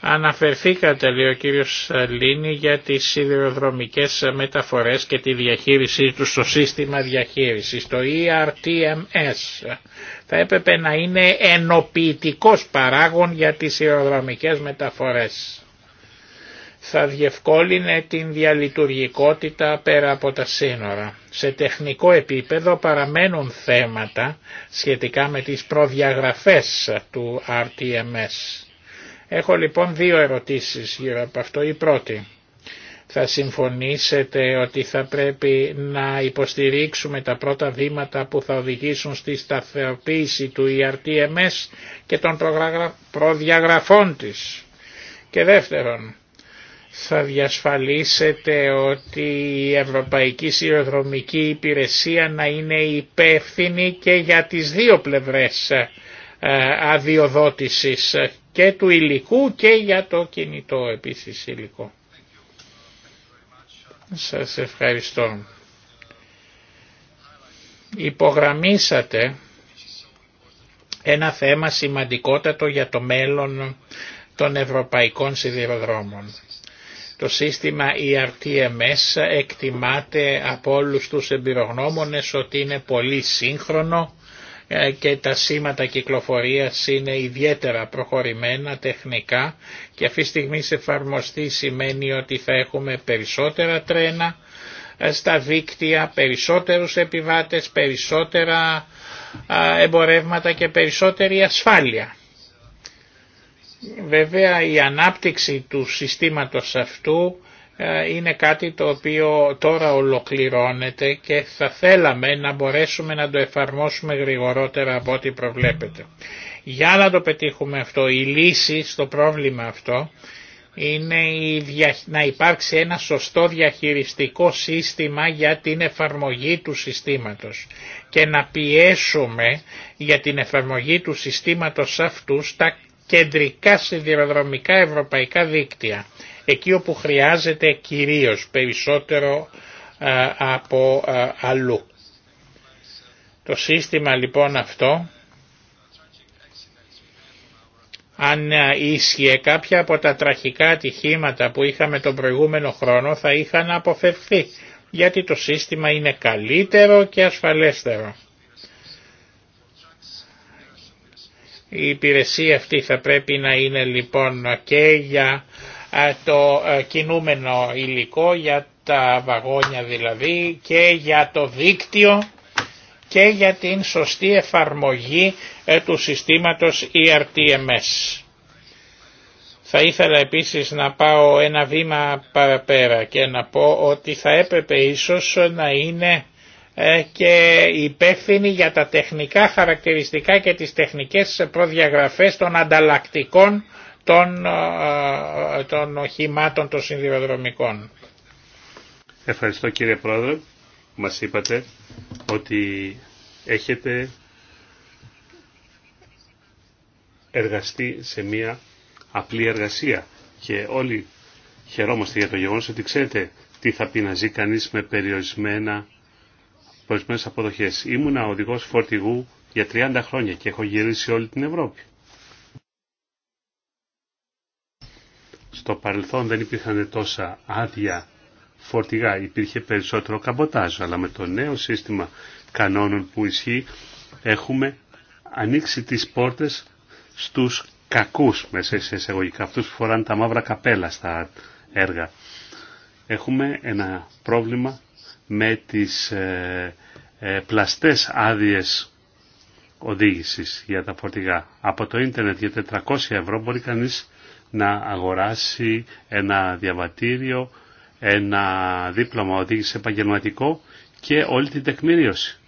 Αναφερθήκατε, λέει ο κύριος Σαλίνη, για τις σιδηροδρομικές μεταφορές και τη διαχείρισή του στο σύστημα διαχείρισης, το ERTMS. Θα έπρεπε να είναι ενοποιητικός παράγων για τις σιδηροδρομικές μεταφορές θα διευκόλυνε την διαλειτουργικότητα πέρα από τα σύνορα. Σε τεχνικό επίπεδο παραμένουν θέματα σχετικά με τις προδιαγραφές του RTMS. Έχω λοιπόν δύο ερωτήσεις γύρω από αυτό. Η πρώτη, θα συμφωνήσετε ότι θα πρέπει να υποστηρίξουμε τα πρώτα βήματα που θα οδηγήσουν στη σταθεροποίηση του ERTMS και των προδιαγραφών της. Και δεύτερον, θα διασφαλίσετε ότι η Ευρωπαϊκή Σιδηροδρομική Υπηρεσία να είναι υπεύθυνη και για τις δύο πλευρές ε, αδειοδότησης και του υλικού και για το κινητό επίσης υλικό. Σας ευχαριστώ. Υπογραμμίσατε ένα θέμα σημαντικότατο για το μέλλον των ευρωπαϊκών σιδηροδρόμων. Το σύστημα ERTMS εκτιμάται από όλους τους εμπειρογνώμονες ότι είναι πολύ σύγχρονο ε, και τα σήματα κυκλοφορίας είναι ιδιαίτερα προχωρημένα τεχνικά και αυτή τη στιγμή σε εφαρμοστεί σημαίνει ότι θα έχουμε περισσότερα τρένα ε, στα δίκτυα, περισσότερους επιβάτες, περισσότερα ε, εμπορεύματα και περισσότερη ασφάλεια. Βέβαια η ανάπτυξη του συστήματος αυτού ε, είναι κάτι το οποίο τώρα ολοκληρώνεται και θα θέλαμε να μπορέσουμε να το εφαρμόσουμε γρηγορότερα από ό,τι προβλέπεται. Για να το πετύχουμε αυτό, η λύση στο πρόβλημα αυτό είναι να υπάρξει ένα σωστό διαχειριστικό σύστημα για την εφαρμογή του συστήματος και να πιέσουμε για την εφαρμογή του συστήματος αυτού στα κεντρικά σιδηροδρομικά ευρωπαϊκά δίκτυα, εκεί όπου χρειάζεται κυρίως περισσότερο ε, από ε, αλλού. Το σύστημα λοιπόν αυτό, αν ε, ίσχυε κάποια από τα τραχικά ατυχήματα που είχαμε τον προηγούμενο χρόνο θα είχαν αποφευθεί, γιατί το σύστημα είναι καλύτερο και ασφαλέστερο. Η υπηρεσία αυτή θα πρέπει να είναι λοιπόν και για το κινούμενο υλικό, για τα βαγόνια δηλαδή και για το δίκτυο και για την σωστή εφαρμογή ε, του συστήματος ERTMS. Θα ήθελα επίσης να πάω ένα βήμα παραπέρα και να πω ότι θα έπρεπε ίσως να είναι ε, και υπεύθυνη για τα τεχνικά χαρακτηριστικά και τις τεχνικές προδιαγραφές των ανταλλακτικών των, ε, ε, των οχημάτων των συνδυοδρομικών. Ευχαριστώ κύριε Πρόεδρε. Μας είπατε ότι έχετε εργαστεί σε μια απλή εργασία και όλοι χαιρόμαστε για το γεγονός ότι ξέρετε τι θα πει να ζει κανείς με περιορισμένα ορισμένες αποδοχές. Ήμουνα οδηγό φορτηγού για 30 χρόνια και έχω γυρίσει όλη την Ευρώπη. Στο παρελθόν δεν υπήρχαν τόσα άδεια φορτηγά, υπήρχε περισσότερο καμποτάζ, αλλά με το νέο σύστημα κανόνων που ισχύει έχουμε ανοίξει τις πόρτες στους κακούς μέσα σε εισαγωγικά, αυτούς που φοράνε τα μαύρα καπέλα στα έργα. Έχουμε ένα πρόβλημα με τις ε, ε, πλαστές άδειες οδήγησης για τα φορτηγά. Από το ίντερνετ για 400 ευρώ μπορεί κανείς να αγοράσει ένα διαβατήριο, ένα δίπλωμα οδήγηση επαγγελματικό και όλη την τεκμηρίωση.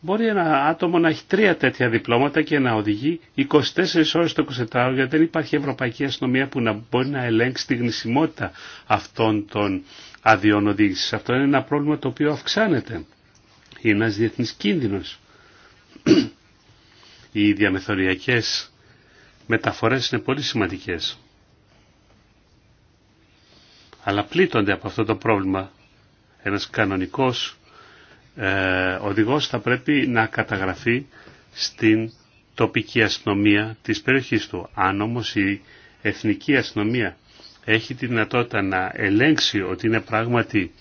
Μπορεί ένα άτομο να έχει τρία τέτοια διπλώματα και να οδηγεί 24 ώρες το 24 γιατί δεν υπάρχει ευρωπαϊκή αστυνομία που να μπορεί να ελέγξει τη γνησιμότητα αυτών των αδειών Αυτό είναι ένα πρόβλημα το οποίο αυξάνεται. Είναι ένας διεθνής κίνδυνος. Οι διαμεθοριακές μεταφορές είναι πολύ σημαντικές. Αλλά πλήττονται από αυτό το πρόβλημα. Ένας κανονικός ε, οδηγός θα πρέπει να καταγραφεί στην τοπική αστυνομία της περιοχής του. Αν όμως η εθνική αστυνομία έχει τη δυνατότητα να ελέγξει ότι είναι πράγματι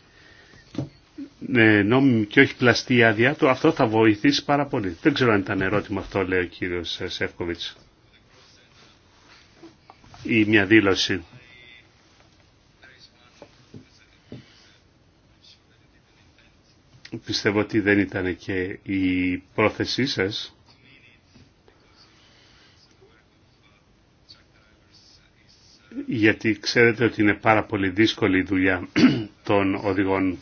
ε, νόμιμη και όχι πλαστή η άδειά του, αυτό θα βοηθήσει πάρα πολύ. Δεν ξέρω αν ήταν ερώτημα αυτό, λέει ο κύριος Σεύκοβιτς. Ή μια δήλωση. Πιστεύω ότι δεν ήταν και η πρόθεσή σας γιατί ξέρετε ότι είναι πάρα πολύ δύσκολη η δουλειά των οδηγών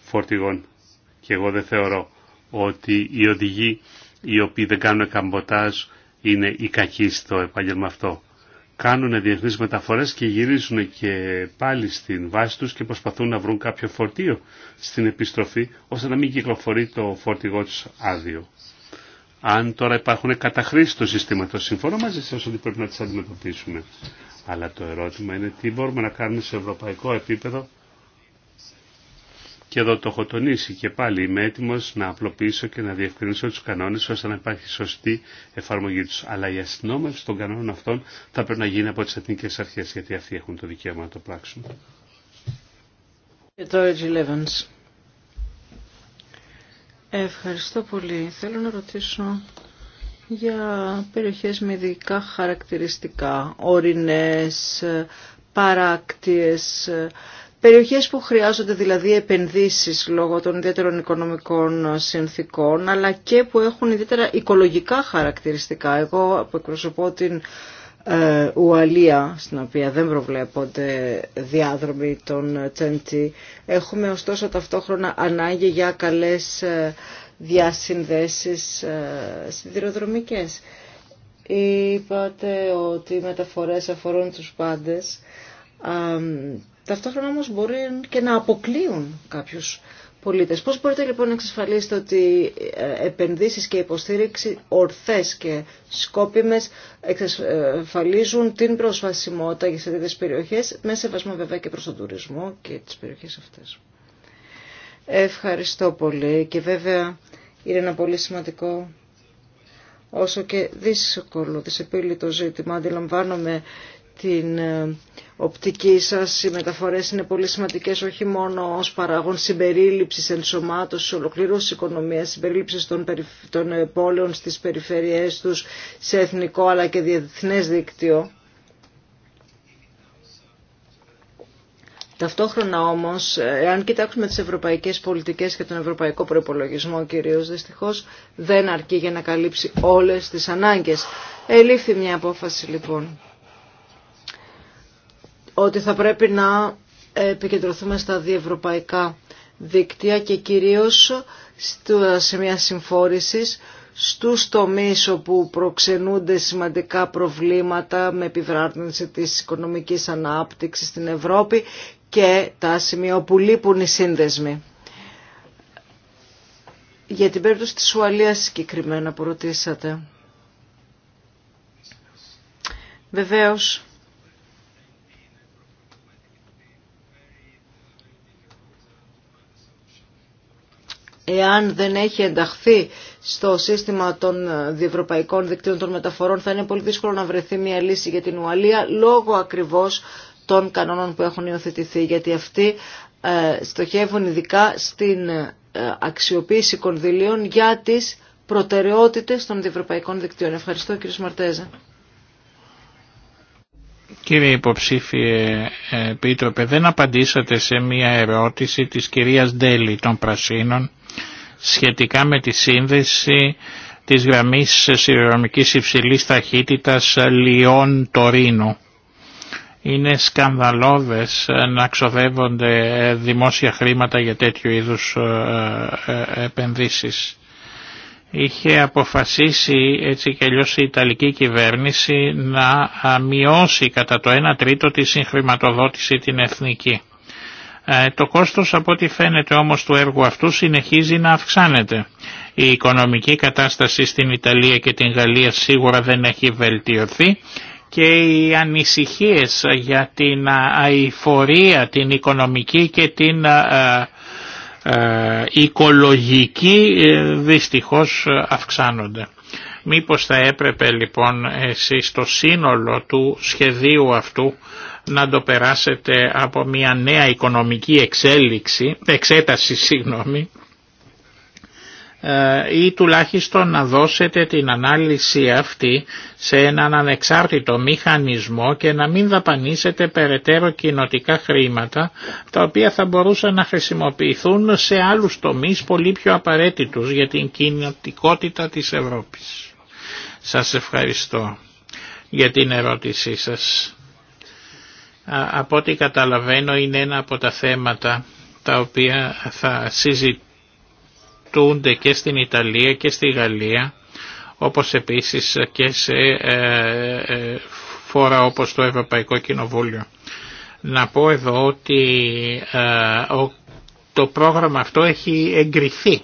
φορτηγών και εγώ δεν θεωρώ ότι οι οδηγοί οι οποίοι δεν κάνουν καμποτάζ είναι οι κακοί στο επάγγελμα αυτό. Κάνουν διεθνείς μεταφορές και γυρίζουν και πάλι στην βάση τους και προσπαθούν να βρουν κάποιο φορτίο στην επιστροφή ώστε να μην κυκλοφορεί το φορτηγό τους άδειο αν τώρα υπάρχουν καταχρήσεις του συστήματος. Συμφωνώ μαζί σα ότι πρέπει να τι αντιμετωπίσουμε. Αλλά το ερώτημα είναι τι μπορούμε να κάνουμε σε ευρωπαϊκό επίπεδο. Και εδώ το έχω τονίσει και πάλι είμαι έτοιμο να απλοποιήσω και να διευκρινίσω του κανόνε ώστε να υπάρχει σωστή εφαρμογή του. Αλλά η αστυνόμευση των κανόνων αυτών θα πρέπει να γίνει από τι εθνικέ αρχέ, γιατί αυτοί έχουν το δικαίωμα να το πράξουν. Και τωρα Ευχαριστώ πολύ. Θέλω να ρωτήσω για περιοχές με ειδικά χαρακτηριστικά, ορεινές, παράκτιες, περιοχές που χρειάζονται δηλαδή επενδύσεις λόγω των ιδιαίτερων οικονομικών συνθήκων, αλλά και που έχουν ιδιαίτερα οικολογικά χαρακτηριστικά. Εγώ που την ε, Ουαλία, στην οποία δεν προβλέπονται διάδρομοι των Τσέντσι. Έχουμε ωστόσο ταυτόχρονα ανάγκη για καλές ε, διασυνδέσεις ε, σιδηροδρομικές. Είπατε ότι οι μεταφορές αφορούν τους πάντες. Ταυτόχρονα όμως μπορεί και να αποκλείουν κάποιους πολίτες. Πώς μπορείτε λοιπόν να εξασφαλίσετε ότι ε, επενδύσεις και υποστήριξη ορθές και σκόπιμες εξασφαλίζουν την προσβασιμότητα για τις περιοχές με σεβασμό βέβαια και προς τον τουρισμό και τις περιοχές αυτές. Ευχαριστώ πολύ και βέβαια είναι ένα πολύ σημαντικό όσο και δύσκολο, δυσεπίλητο ζήτημα. Αντιλαμβάνομαι την ε, οπτική σας. Οι μεταφορές είναι πολύ σημαντικές όχι μόνο ως παράγον συμπερίληψης, ενσωμάτωσης, ολοκλήρωσης οικονομίας, συμπερίληψης των, των ε, πόλεων στις περιφερειές τους σε εθνικό αλλά και διεθνές δίκτυο. Ταυτόχρονα όμως, ε, εάν κοιτάξουμε τις ευρωπαϊκές πολιτικές και τον ευρωπαϊκό προϋπολογισμό κυρίως δυστυχώς, δεν αρκεί για να καλύψει όλες τις ανάγκες. Ελήφθη μια απόφαση λοιπόν ότι θα πρέπει να επικεντρωθούμε στα διευρωπαϊκά δίκτυα και κυρίως σε σημεία συμφόρηση στους τομείς όπου προξενούνται σημαντικά προβλήματα με επιβράδυνση της οικονομικής ανάπτυξης στην Ευρώπη και τα σημεία όπου λείπουν οι σύνδεσμοι. Για την περίπτωση της Ουαλίας συγκεκριμένα που ρωτήσατε. Βεβαίως, εάν δεν έχει ενταχθεί στο σύστημα των ε, διευρωπαϊκών δικτύων των μεταφορών θα είναι πολύ δύσκολο να βρεθεί μια λύση για την Ουαλία λόγω ακριβώς των κανόνων που έχουν υιοθετηθεί γιατί αυτοί ε, στοχεύουν ειδικά στην ε, αξιοποίηση κονδυλίων για τις προτεραιότητες των διευρωπαϊκών δικτύων. Ευχαριστώ κύριε Σμαρτέζα. Κύριε υποψήφιε επίτροπε, δεν απαντήσατε σε μία ερώτηση της κυρίας Ντέλη των Πρασίνων σχετικά με τη σύνδεση της γραμμής σιδηροδρομικής υψηλής ταχύτητας Λιών-Τορίνου. Είναι σκανδαλώδες να ξοδεύονται δημόσια χρήματα για τέτοιου είδους ε, ε, επενδύσεις είχε αποφασίσει έτσι και αλλιώς η Ιταλική κυβέρνηση να μειώσει κατά το 1 τρίτο τη συγχρηματοδότηση την εθνική. Ε, το κόστος από ό,τι φαίνεται όμως του έργου αυτού συνεχίζει να αυξάνεται. Η οικονομική κατάσταση στην Ιταλία και την Γαλλία σίγουρα δεν έχει βελτιωθεί και οι ανησυχίες για την αηφορία, την οικονομική και την ε, οικολογικοί ε, δυστυχώς αυξάνονται. Μήπως θα έπρεπε λοιπόν εσείς το σύνολο του σχεδίου αυτού να το περάσετε από μια νέα οικονομική εξέλιξη, εξέταση συγγνώμη, ε, ή τουλάχιστον να δώσετε την ανάλυση αυτή σε έναν ανεξάρτητο μηχανισμό και να μην δαπανίσετε περαιτέρω κοινοτικά χρήματα τα οποία θα μπορούσαν να χρησιμοποιηθούν σε άλλους τομείς πολύ πιο απαραίτητους για την κοινοτικότητα της Ευρώπης. Σας ευχαριστώ για την ερώτησή σας. Από ό,τι καταλαβαίνω είναι ένα από τα θέματα τα οποία θα συζητήσουμε και στην Ιταλία και στη Γαλλία, όπως επίσης και σε ε, ε, φόρα όπως το Ευρωπαϊκό Κοινοβούλιο. Να πω εδώ ότι ε, το πρόγραμμα αυτό έχει εγκριθεί.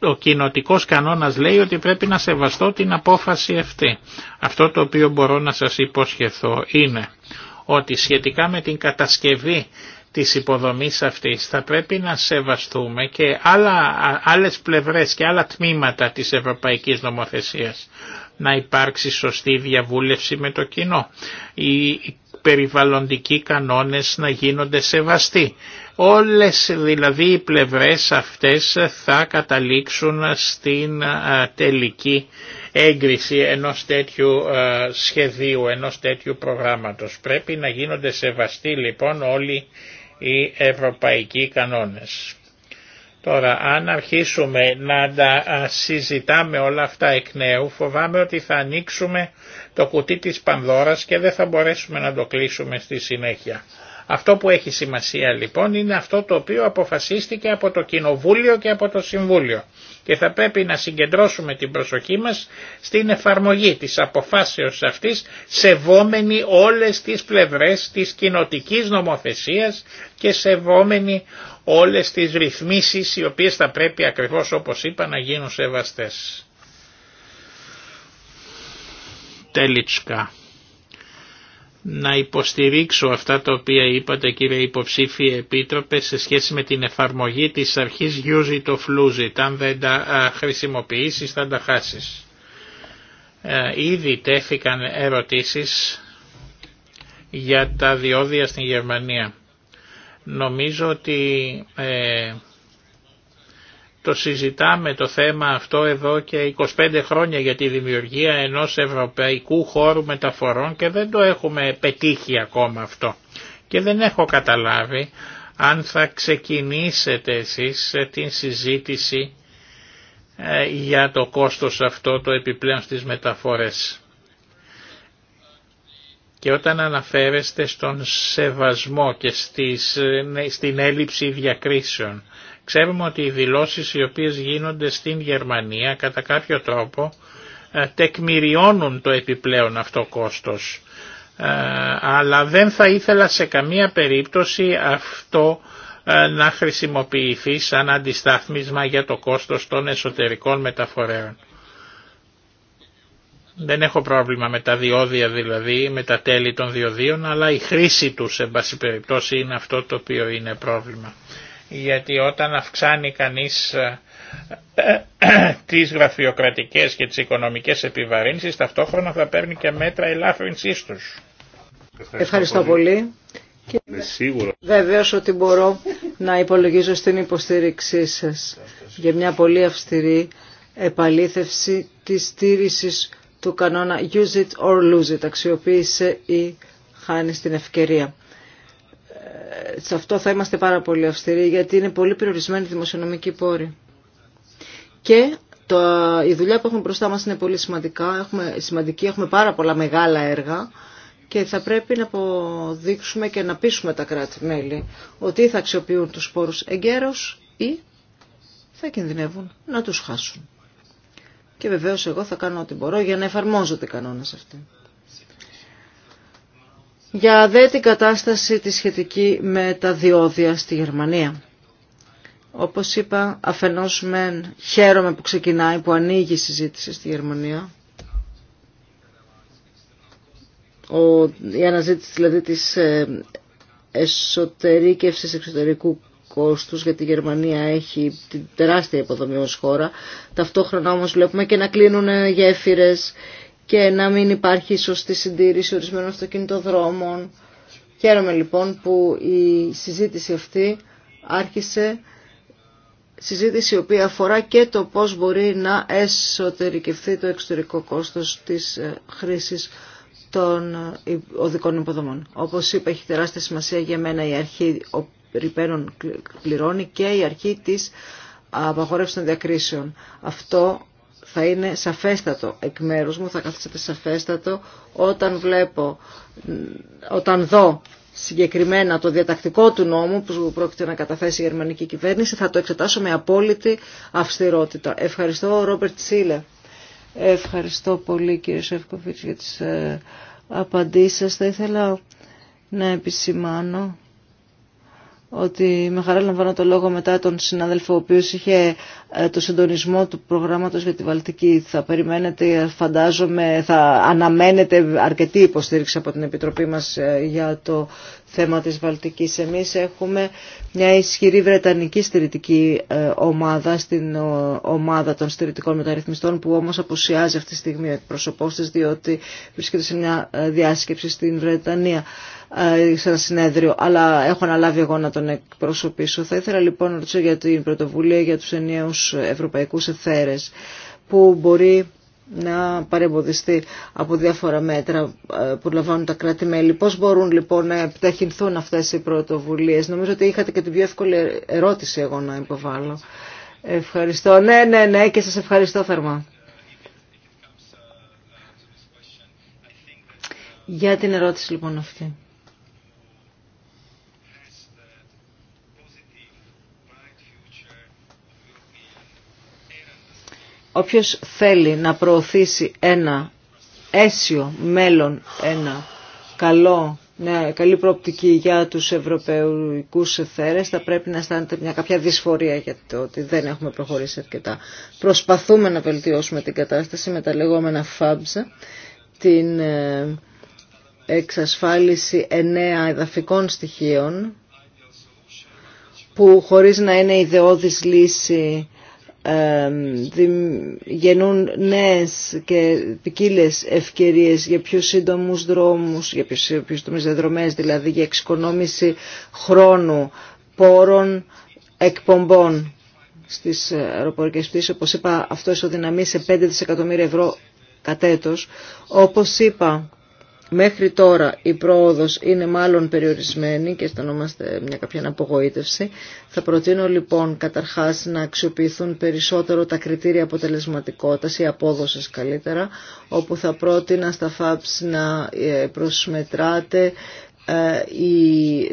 Ο κοινοτικός κανόνας λέει ότι πρέπει να σεβαστώ την απόφαση αυτή. Αυτό το οποίο μπορώ να σας υποσχεθώ είναι ότι σχετικά με την κατασκευή της υποδομής αυτής θα πρέπει να σεβαστούμε και άλλα, άλλες πλευρές και άλλα τμήματα της ευρωπαϊκής νομοθεσίας. Να υπάρξει σωστή διαβούλευση με το κοινό. Οι περιβαλλοντικοί κανόνες να γίνονται σεβαστοί. Όλες δηλαδή οι πλευρές αυτές θα καταλήξουν στην ε, τελική έγκριση ενός τέτοιου ε, σχεδίου, ενός τέτοιου προγράμματος. Πρέπει να γίνονται σεβαστοί λοιπόν όλοι οι ευρωπαϊκοί κανόνες. Τώρα, αν αρχίσουμε να τα συζητάμε όλα αυτά εκ νέου, φοβάμαι ότι θα ανοίξουμε το κουτί της Πανδώρας και δεν θα μπορέσουμε να το κλείσουμε στη συνέχεια. Αυτό που έχει σημασία λοιπόν είναι αυτό το οποίο αποφασίστηκε από το Κοινοβούλιο και από το Συμβούλιο και θα πρέπει να συγκεντρώσουμε την προσοχή μας στην εφαρμογή της αποφάσεως αυτής σεβόμενη όλες τις πλευρές της κοινοτικής νομοθεσίας και σεβόμενη όλες τις ρυθμίσεις οι οποίες θα πρέπει ακριβώς όπως είπα να γίνουν σεβαστές. Τελίτσκα να υποστηρίξω αυτά τα οποία είπατε κύριε υποψήφιε επίτροπε σε σχέση με την εφαρμογή της αρχής use it or lose it. Αν δεν τα χρησιμοποιήσεις θα τα χάσεις. Ε, ήδη τέθηκαν ερωτήσεις για τα διόδια στην Γερμανία. Νομίζω ότι ε, το συζητάμε το θέμα αυτό εδώ και 25 χρόνια για τη δημιουργία ενός ευρωπαϊκού χώρου μεταφορών και δεν το έχουμε πετύχει ακόμα αυτό. Και δεν έχω καταλάβει αν θα ξεκινήσετε εσείς την συζήτηση ε, για το κόστος αυτό το επιπλέον στις μεταφορές. Και όταν αναφέρεστε στον σεβασμό και ε, στην έλλειψη διακρίσεων, Ξέρουμε ότι οι δηλώσεις οι οποίες γίνονται στην Γερμανία κατά κάποιο τρόπο ε, τεκμηριώνουν το επιπλέον αυτό κόστος. Ε, αλλά δεν θα ήθελα σε καμία περίπτωση αυτό ε, να χρησιμοποιηθεί σαν αντιστάθμισμα για το κόστος των εσωτερικών μεταφορέων. Δεν έχω πρόβλημα με τα διόδια δηλαδή, με τα τέλη των διοδίων, αλλά η χρήση τους, σε πάση περιπτώσει, είναι αυτό το οποίο είναι πρόβλημα γιατί όταν αυξάνει κανείς ε, ε, τις γραφειοκρατικές και τις οικονομικές επιβαρύνσεις ταυτόχρονα θα παίρνει και μέτρα ελάφρυνσής τους. Ευχαριστώ, Ευχαριστώ πολύ. πολύ. Και είμαι σίγουρο. ότι μπορώ να υπολογίζω στην υποστήριξή σας για μια πολύ αυστηρή επαλήθευση της στήρησης του κανόνα use it or lose it, αξιοποίησε ή χάνει την ευκαιρία σε αυτό θα είμαστε πάρα πολύ αυστηροί γιατί είναι πολύ περιορισμένοι δημοσιονομικοί πόροι. Και το, η δουλειά που έχουμε μπροστά μας είναι πολύ σημαντικά, έχουμε, σημαντική, έχουμε πάρα πολλά μεγάλα έργα και θα πρέπει να αποδείξουμε και να πείσουμε τα κράτη-μέλη ότι θα αξιοποιούν τους πόρους εγκαίρως ή θα κινδυνεύουν να τους χάσουν. Και βεβαίως εγώ θα κάνω ό,τι μπορώ για να εφαρμόζονται οι κανόνες αυτοί για δε την κατάσταση τη σχετική με τα διόδια στη Γερμανία. Όπως είπα, αφενός μεν χαίρομαι που ξεκινάει, που ανοίγει η συζήτηση στη Γερμανία. Ο, η αναζήτηση δηλαδή της ε, εσωτερήκευσης εξωτερικού κόστους, γιατί η Γερμανία έχει την τεράστια υποδομή ως χώρα. Ταυτόχρονα όμως βλέπουμε και να κλείνουν γέφυρες και να μην υπάρχει σωστή συντήρηση ορισμένων αυτοκινητοδρόμων. Χαίρομαι λοιπόν που η συζήτηση αυτή άρχισε συζήτηση η οποία αφορά και το πώς μπορεί να εσωτερικευθεί το εξωτερικό κόστος της ε, χρήσης των ε, οδικών υποδομών. Όπως είπα, έχει τεράστια σημασία για μένα η αρχή ο πληρώνει και η αρχή της απαγορεύσεων διακρίσεων. Αυτό θα είναι σαφέστατο εκ μέρου μου, θα καθίσετε σαφέστατο όταν βλέπω, όταν δω συγκεκριμένα το διατακτικό του νόμου που πρόκειται να καταθέσει η γερμανική κυβέρνηση, θα το εξετάσω με απόλυτη αυστηρότητα. Ευχαριστώ, Ρόμπερτ Σίλε. Ευχαριστώ πολύ, κύριε Σεύκοβιτς, για τις ε, απαντήσεις Θα ήθελα να επισημάνω ότι με χαρά λαμβάνω το λόγο μετά τον συνάδελφο ο οποίος είχε ε, το συντονισμό του προγράμματος για τη Βαλτική. Θα περιμένετε, φαντάζομαι, θα αναμένετε αρκετή υποστήριξη από την Επιτροπή μας ε, για το θέμα της Βαλτικής. Εμείς έχουμε μια ισχυρή βρετανική στηρητική ε, ομάδα στην ε, ομάδα των στηρητικών μεταρρυθμιστών που όμως αποσιάζει αυτή τη στιγμή ο εκπροσωπός της διότι βρίσκεται σε μια ε, διάσκεψη στην Βρετανία σε ένα συνέδριο, αλλά έχω αναλάβει εγώ να τον εκπροσωπήσω. Θα ήθελα λοιπόν να ρωτήσω για την πρωτοβουλία για τους ενιαίους ευρωπαϊκούς εθέρες που μπορεί να παρεμποδιστεί από διάφορα μέτρα ε, που λαμβάνουν τα κράτη-μέλη. Πώς μπορούν λοιπόν να επιταχυνθούν αυτές οι πρωτοβουλίες. Νομίζω ότι είχατε και την πιο εύκολη ερώτηση εγώ να υποβάλω. Ευχαριστώ. Ναι, ναι, ναι και σας ευχαριστώ θερμά. Για την ερώτηση λοιπόν αυτή. όποιος θέλει να προωθήσει ένα αίσιο μέλλον, ένα καλό, μια καλή προοπτική για τους ευρωπαϊκούς εθέρες, θα πρέπει να αισθάνεται μια κάποια δυσφορία για το ότι δεν έχουμε προχωρήσει αρκετά. Προσπαθούμε να βελτιώσουμε την κατάσταση με τα λεγόμενα FABS, την ε, εξασφάλιση εννέα εδαφικών στοιχείων, που χωρίς να είναι ιδεώδης λύση γεννούν νέες και ποικίλε ευκαιρίες για πιο σύντομους δρόμους, για πιο, σύντομες δρομές δηλαδή για εξοικονόμηση χρόνου, πόρων, εκπομπών στις αεροπορικές πτήσεις. Όπως είπα, αυτό ισοδυναμεί σε 5 δισεκατομμύρια ευρώ κατέτος. Όπως είπα, Μέχρι τώρα η πρόοδος είναι μάλλον περιορισμένη και αισθανόμαστε μια κάποια απογοήτευση. Θα προτείνω λοιπόν καταρχάς να αξιοποιηθούν περισσότερο τα κριτήρια αποτελεσματικότητας ή απόδοσης καλύτερα, όπου θα πρότεινα στα FAPS να ε, προσμετράτε ε,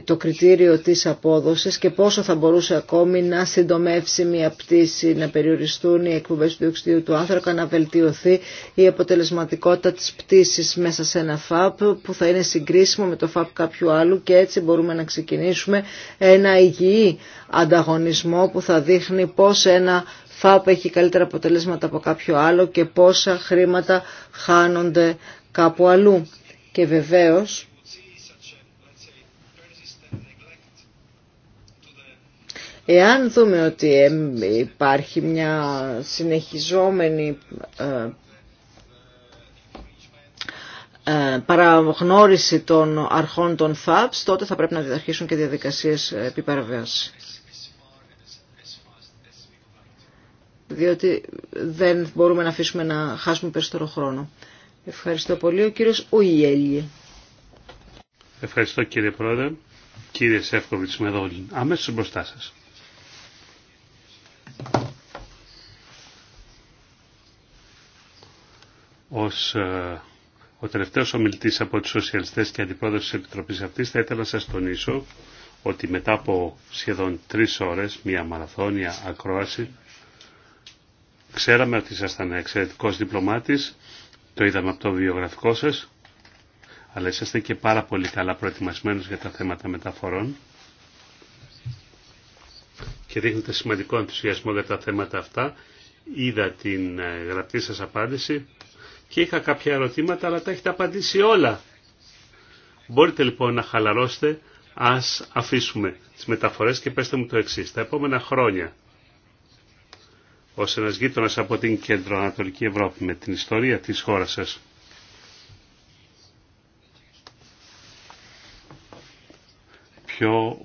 το κριτήριο της απόδοσης και πόσο θα μπορούσε ακόμη να συντομεύσει μια πτήση, να περιοριστούν οι εκπομπές του διοξιδίου του άνθρακα, να βελτιωθεί η αποτελεσματικότητα της πτήσης μέσα σε ένα ΦΑΠ που θα είναι συγκρίσιμο με το ΦΑΠ κάποιου άλλου και έτσι μπορούμε να ξεκινήσουμε ένα υγιή ανταγωνισμό που θα δείχνει πώς ένα ΦΑΠ έχει καλύτερα αποτελέσματα από κάποιο άλλο και πόσα χρήματα χάνονται κάπου αλλού. Και βεβαίως Εάν δούμε ότι ε, υπάρχει μια συνεχιζόμενη ε, ε, παραγνώριση των αρχών των ΦΑΠΣ, τότε θα πρέπει να διδαρχήσουν και διαδικασίες επί Διότι δεν μπορούμε να αφήσουμε να χάσουμε περισσότερο χρόνο. Ευχαριστώ πολύ. Ο κύριος Ουιέλη. Ευχαριστώ κύριε Πρόεδρε. Κύριε Σεύκοβιτς, είμαι εδώ αμέσως μπροστά σας. Ως ε, ο τελευταίος ομιλητής από τους σοσιαλιστές και αντιπρόεδρος της Επιτροπής αυτής θα ήθελα να σας τονίσω ότι μετά από σχεδόν τρεις ώρες, μια μαραθώνια ακρόαση, ξέραμε ότι ήσασταν εξαιρετικός διπλωμάτης, το είδαμε από το βιογραφικό σας, αλλά είσαστε και πάρα πολύ καλά προετοιμασμένος για τα θέματα μεταφορών και δείχνετε σημαντικό ενθουσιασμό για τα θέματα αυτά. Είδα την ε, γραπτή σας απάντηση και είχα κάποια ερωτήματα, αλλά τα έχετε απαντήσει όλα. Μπορείτε λοιπόν να χαλαρώσετε, ας αφήσουμε τις μεταφορές και πέστε μου το εξής. Τα επόμενα χρόνια, ως ένας γείτονας από την Κεντροανατολική Ευρώπη με την ιστορία της χώρας σας,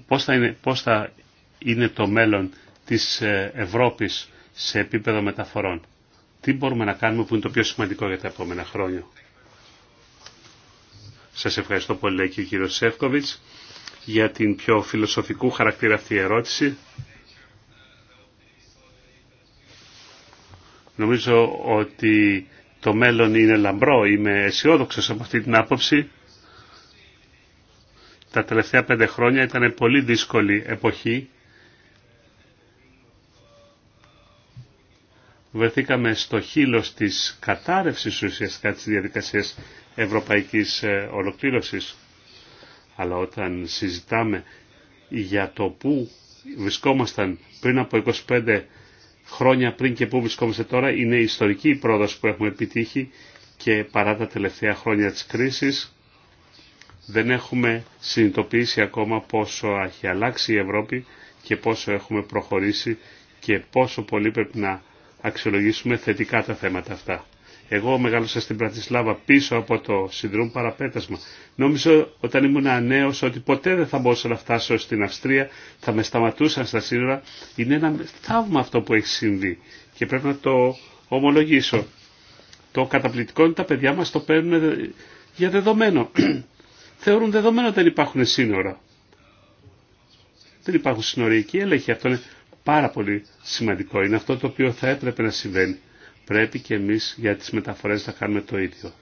πώς, θα είναι, πώς θα είναι το μέλλον της ε, Ευρώπης σε επίπεδο μεταφορών. Τι μπορούμε να κάνουμε που είναι το πιο σημαντικό για τα επόμενα χρόνια. Σας ευχαριστώ πολύ λέει και ο κύριος Σεύκοβιτς για την πιο φιλοσοφικού χαρακτήρα αυτή η ερώτηση. Νομίζω ότι το μέλλον είναι λαμπρό, είμαι αισιόδοξο από αυτή την άποψη. Τα τελευταία πέντε χρόνια ήταν πολύ δύσκολη εποχή βρεθήκαμε στο χείλος της κατάρρευσης ουσιαστικά της διαδικασίας ευρωπαϊκής ε, ολοκλήρωσης. Αλλά όταν συζητάμε για το πού βρισκόμασταν πριν από 25 χρόνια πριν και πού βρισκόμαστε τώρα, είναι η ιστορική πρόοδος που έχουμε επιτύχει και παρά τα τελευταία χρόνια της κρίσης δεν έχουμε συνειδητοποιήσει ακόμα πόσο έχει αλλάξει η Ευρώπη και πόσο έχουμε προχωρήσει και πόσο πολύ πρέπει να αξιολογήσουμε θετικά τα θέματα αυτά. Εγώ μεγάλωσα στην Πρατισλάβα πίσω από το συνδρόμο παραπέτασμα. Νόμιζα όταν ήμουν νέο ότι ποτέ δεν θα μπορούσα να φτάσω στην Αυστρία, θα με σταματούσαν στα σύνορα. Είναι ένα θαύμα αυτό που έχει συμβεί και πρέπει να το ομολογήσω. Το καταπληκτικό είναι ότι τα παιδιά μας το παίρνουν για δεδομένο. Θεωρούν δεδομένο ότι δεν υπάρχουν σύνορα. Δεν υπάρχουν εκεί έλεγχοι. Αυτό είναι πάρα πολύ σημαντικό. Είναι αυτό το οποίο θα έπρεπε να συμβαίνει. Πρέπει και εμείς για τις μεταφορές να κάνουμε το ίδιο.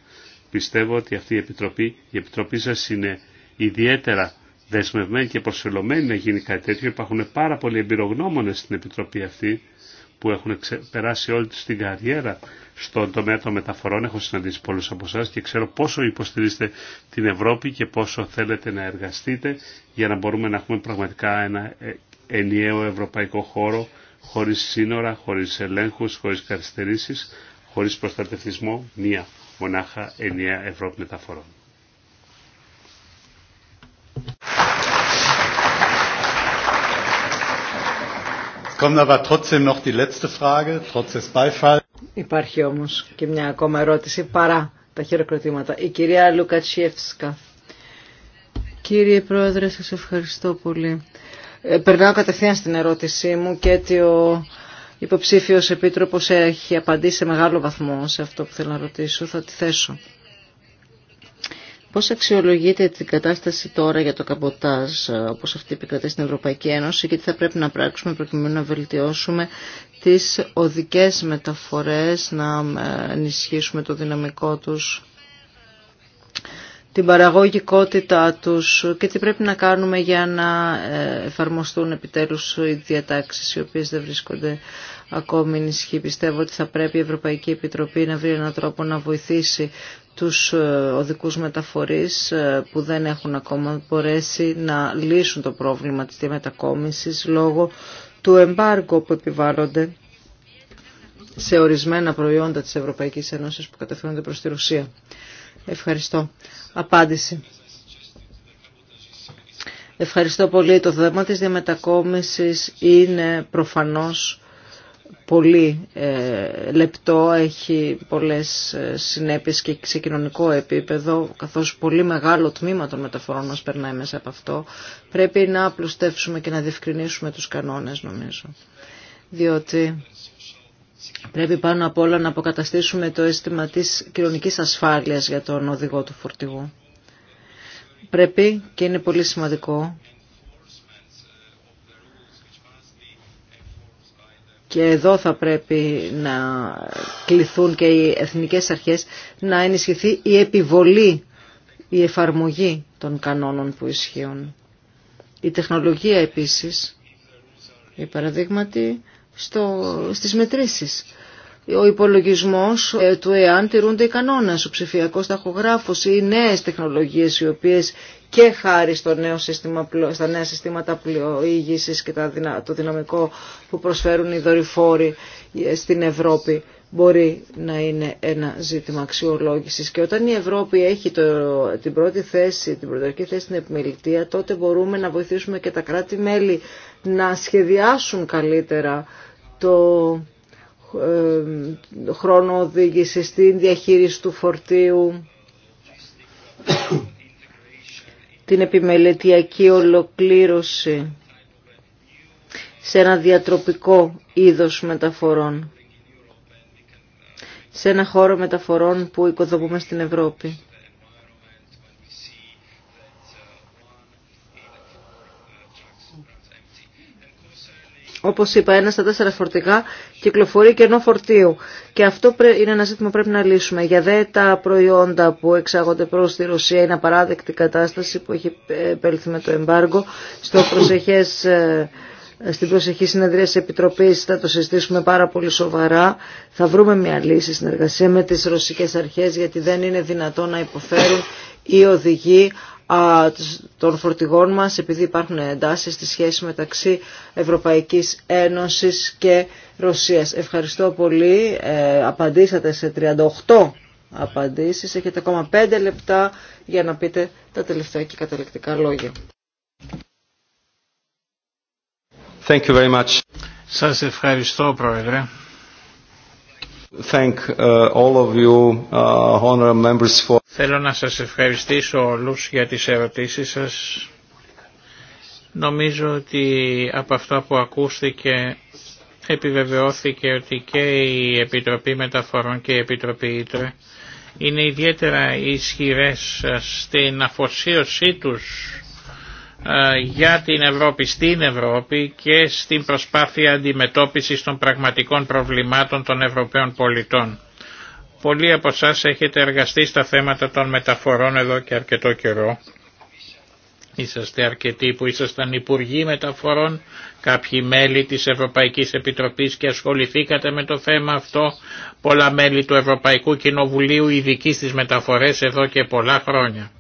Πιστεύω ότι αυτή η Επιτροπή, η Επιτροπή σας είναι ιδιαίτερα δεσμευμένη και προσφελωμένη να γίνει κάτι τέτοιο. Υπάρχουν πάρα πολλοί εμπειρογνώμονες στην Επιτροπή αυτή που έχουν περάσει όλη τους την καριέρα στον τομέα των μεταφορών. Έχω συναντήσει πολλούς από εσά και ξέρω πόσο υποστηρίζετε την Ευρώπη και πόσο θέλετε να εργαστείτε για να μπορούμε να έχουμε πραγματικά ένα ε, ενιαίο ευρωπαϊκό χώρο χωρίς σύνορα, χωρίς ελέγχους, χωρίς καθυστερήσεις, χωρίς προστατευτισμό, μία μονάχα ενιαία Ευρώπη μεταφορών. Υπάρχει όμω και μια ακόμα ερώτηση παρά τα χειροκροτήματα. Η κυρία Λουκατσιεύσκα. Κύριε Πρόεδρε, σας ευχαριστώ πολύ. Ε, περνάω κατευθείαν στην ερώτησή μου και ότι ο υποψήφιος επίτροπος έχει απαντήσει σε μεγάλο βαθμό σε αυτό που θέλω να ρωτήσω. Θα τη θέσω. Πώς αξιολογείτε την κατάσταση τώρα για το καμποτάζ ε, όπως αυτή επικρατεί στην Ευρωπαϊκή Ένωση και τι θα πρέπει να πράξουμε προκειμένου να βελτιώσουμε τις οδικές μεταφορές, να ε, ενισχύσουμε το δυναμικό τους την παραγωγικότητά τους και τι πρέπει να κάνουμε για να ε, εφαρμοστούν επιτέλους οι διατάξεις οι οποίες δεν βρίσκονται ακόμη ενισχύ. Πιστεύω ότι θα πρέπει η Ευρωπαϊκή Επιτροπή να βρει έναν τρόπο να βοηθήσει τους ε, οδικούς μεταφορείς ε, που δεν έχουν ακόμα μπορέσει να λύσουν το πρόβλημα της διαμετακόμισης λόγω του εμπάργου που επιβάλλονται σε ορισμένα προϊόντα της Ευρωπαϊκής Ένωσης που κατευθύνονται προς τη Ρωσία. Ευχαριστώ. Απάντηση. Ευχαριστώ πολύ. Το θέμα της διαμετακόμισης είναι προφανώς πολύ ε, λεπτό, έχει πολλές ε, συνέπειες και σε κοινωνικό επίπεδο, καθώς πολύ μεγάλο τμήμα των μεταφορών μας περνάει μέσα από αυτό. Πρέπει να απλουστεύσουμε και να διευκρινίσουμε τους κανόνες νομίζω, διότι Πρέπει πάνω απ' όλα να αποκαταστήσουμε το αίσθημα της κοινωνικής ασφάλειας για τον οδηγό του φορτηγού. Πρέπει και είναι πολύ σημαντικό και εδώ θα πρέπει να κληθούν και οι εθνικές αρχές να ενισχυθεί η επιβολή, η εφαρμογή των κανόνων που ισχύουν. Η τεχνολογία επίσης, η παραδείγματι, στο, στις μετρήσεις. Ο υπολογισμός ε, του εάν τηρούνται οι κανόνες, ο ψηφιακός ταχογράφος ή οι νέες τεχνολογίες οι οποίες και χάρη νέο σύστημα, στα νέα συστήματα πλοήγησης και το δυναμικό που προσφέρουν οι δορυφόροι ε, στην Ευρώπη μπορεί να είναι ένα ζήτημα αξιολόγησης. Και όταν η Ευρώπη έχει το, την πρώτη θέση, την πρωτορική θέση στην επιμελητία, τότε μπορούμε να βοηθήσουμε και τα κράτη-μέλη να σχεδιάσουν καλύτερα το ε, χρόνο οδήγηση στην διαχείριση του φορτίου, την επιμελετειακή ολοκλήρωση σε ένα διατροπικό είδος μεταφορών, σε ένα χώρο μεταφορών που οικοδομούμε στην Ευρώπη. Όπω είπα, ένα στα τέσσερα φορτηγά κυκλοφορεί κενό φορτίου. Και αυτό είναι ένα ζήτημα που πρέπει να λύσουμε. Για δε τα προϊόντα που εξάγονται προ τη Ρωσία είναι απαράδεκτη κατάσταση που έχει επέλθει με το εμπάργκο. Στο προσεχές, ε, στην προσεχή συνεδρία τη Επιτροπή θα το συζητήσουμε πάρα πολύ σοβαρά. Θα βρούμε μια λύση συνεργασία με τι ρωσικέ αρχέ, γιατί δεν είναι δυνατό να υποφέρουν οι οδηγοί των φορτηγών μας επειδή υπάρχουν εντάσεις στη σχέση μεταξύ Ευρωπαϊκής Ένωσης και Ρωσίας. Ευχαριστώ πολύ. Ε, απαντήσατε σε 38 απαντήσεις. Έχετε ακόμα 5 λεπτά για να πείτε τα τελευταία και καταληκτικά λόγια. Thank you Σας ευχαριστώ Πρόεδρε. Uh, uh, Θέλω να σας ευχαριστήσω όλους για τις ερωτήσεις σας. Νομίζω ότι από αυτό που ακούστηκε επιβεβαιώθηκε ότι και η Επιτροπή Μεταφορών και η Επιτροπή Ήτρε είναι ιδιαίτερα ισχυρές στην αφοσίωσή τους ε, για την Ευρώπη στην Ευρώπη και στην προσπάθεια αντιμετώπισης των πραγματικών προβλημάτων των Ευρωπαίων πολιτών. Πολλοί από εσά έχετε εργαστεί στα θέματα των μεταφορών εδώ και αρκετό καιρό. Είσαστε αρκετοί που ήσασταν υπουργοί μεταφορών, κάποιοι μέλη της Ευρωπαϊκής Επιτροπής και ασχοληθήκατε με το θέμα αυτό, πολλά μέλη του Ευρωπαϊκού Κοινοβουλίου ειδικοί στις μεταφορές εδώ και πολλά χρόνια.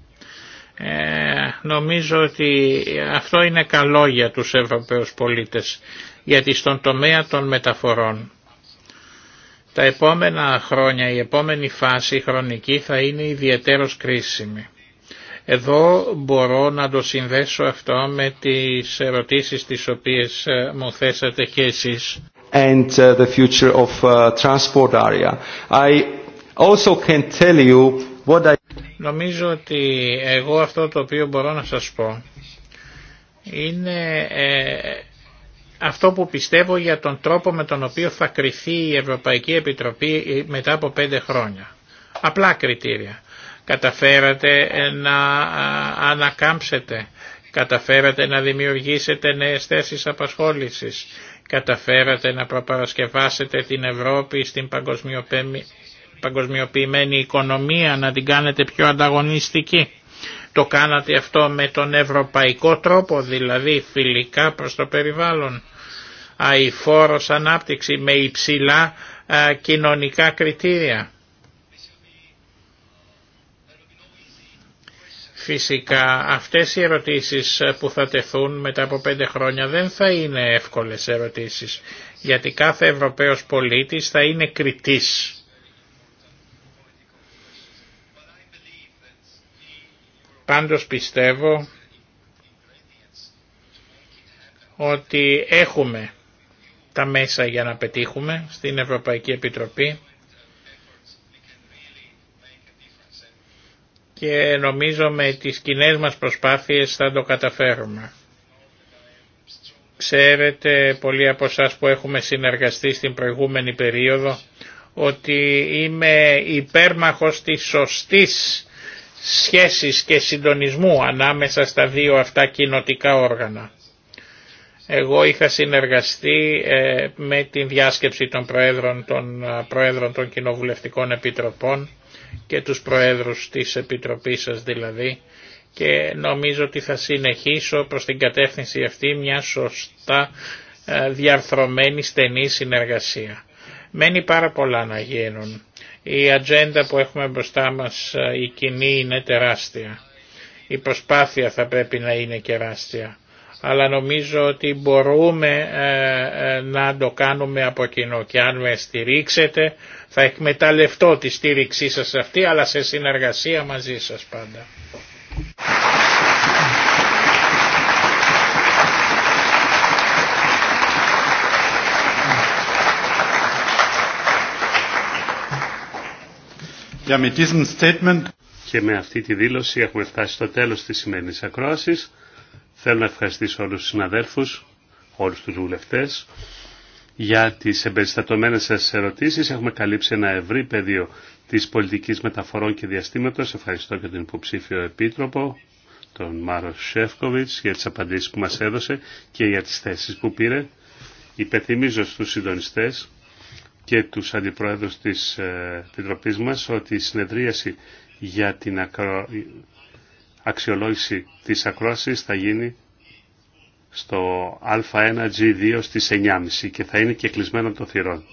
Ε, νομίζω ότι αυτό είναι καλό για τους Ευρωπαίους πολίτες, γιατί στον τομέα των μεταφορών τα επόμενα χρόνια, η επόμενη φάση χρονική θα είναι ιδιαίτερος κρίσιμη. Εδώ μπορώ να το συνδέσω αυτό με τις ερωτήσεις τις οποίες ε, μου θέσατε και εσείς. And uh, the future of uh, transport area. Νομίζω ότι εγώ αυτό το οποίο μπορώ να σας πω είναι ε, αυτό που πιστεύω για τον τρόπο με τον οποίο θα κριθεί η Ευρωπαϊκή Επιτροπή μετά από πέντε χρόνια. Απλά κριτήρια. Καταφέρατε ε, να ανακάμψετε, καταφέρατε να δημιουργήσετε νέες θέσεις απασχόλησης, καταφέρατε να προπαρασκευάσετε την Ευρώπη στην παγκοσμιοποίηση παγκοσμιοποιημένη οικονομία, να την κάνετε πιο ανταγωνιστική. Το κάνατε αυτό με τον ευρωπαϊκό τρόπο, δηλαδή φιλικά προς το περιβάλλον. Αηφόρος ανάπτυξη με υψηλά κοινωνικά κριτήρια. Φυσικά αυτές οι ερωτήσεις που θα τεθούν μετά από πέντε χρόνια δεν θα είναι εύκολες ερωτήσεις γιατί κάθε Ευρωπαίος πολίτης θα είναι κριτής Πάντως πιστεύω ότι έχουμε τα μέσα για να πετύχουμε στην Ευρωπαϊκή Επιτροπή και νομίζω με τις κοινέ μας προσπάθειες θα το καταφέρουμε. Ξέρετε πολλοί από εσά που έχουμε συνεργαστεί στην προηγούμενη περίοδο ότι είμαι υπέρμαχος της σωστής σχέσεις και συντονισμού ανάμεσα στα δύο αυτά κοινοτικά όργανα. Εγώ είχα συνεργαστεί ε, με την διάσκεψη των προέδρων των, ε, προέδρων των κοινοβουλευτικών επιτροπών και τους προέδρους της επιτροπής σας δηλαδή και νομίζω ότι θα συνεχίσω προς την κατεύθυνση αυτή μια σωστά ε, διαρθρωμένη στενή συνεργασία. Μένει πάρα πολλά να γίνουν η ατζέντα που έχουμε μπροστά μας, ε, η κοινή είναι τεράστια. Η προσπάθεια θα πρέπει να είναι κεράστια. Αλλά νομίζω ότι μπορούμε ε, ε, να το κάνουμε από κοινό και αν με στηρίξετε θα εκμεταλλευτώ τη στήριξή σας αυτή αλλά σε συνεργασία μαζί σας πάντα. Ja, mit diesem statement... Και με αυτή τη δήλωση έχουμε φτάσει στο τέλος της σημερινής ακρόασης. Θέλω να ευχαριστήσω όλους τους συναδέλφους, όλους τους βουλευτές, για τις εμπεριστατωμένες σας ερωτήσεις. Έχουμε καλύψει ένα ευρύ πεδίο της πολιτικής μεταφορών και διαστήματος. Ευχαριστώ και τον υποψήφιο επίτροπο, τον Μάρο Σεύκοβιτς, για τις απαντήσεις που μας έδωσε και για τις θέσεις που πήρε. Υπενθυμίζω στους συντονιστές και τους αντιπρόεδρους της ε, επιτροπή μας ότι η συνεδρίαση για την αξιολόγηση της ακρόασης θα γίνει στο Α1G2 στις 9.30 και θα είναι και κλεισμένο το θυρών.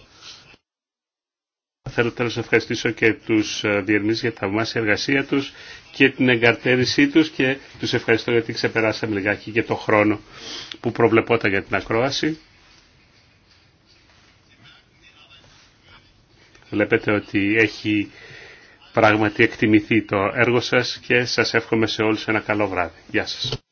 Θέλω τέλος να ευχαριστήσω και τους ε, διερμηνείς για τη θαυμάσια εργασία τους και την εγκαρτέρησή τους και τους ευχαριστώ γιατί ξεπεράσαμε λιγάκι και το χρόνο που προβλεπόταν για την ακρόαση. Βλέπετε ότι έχει πράγματι εκτιμηθεί το έργο σας και σας εύχομαι σε όλους ένα καλό βράδυ. Γεια σας.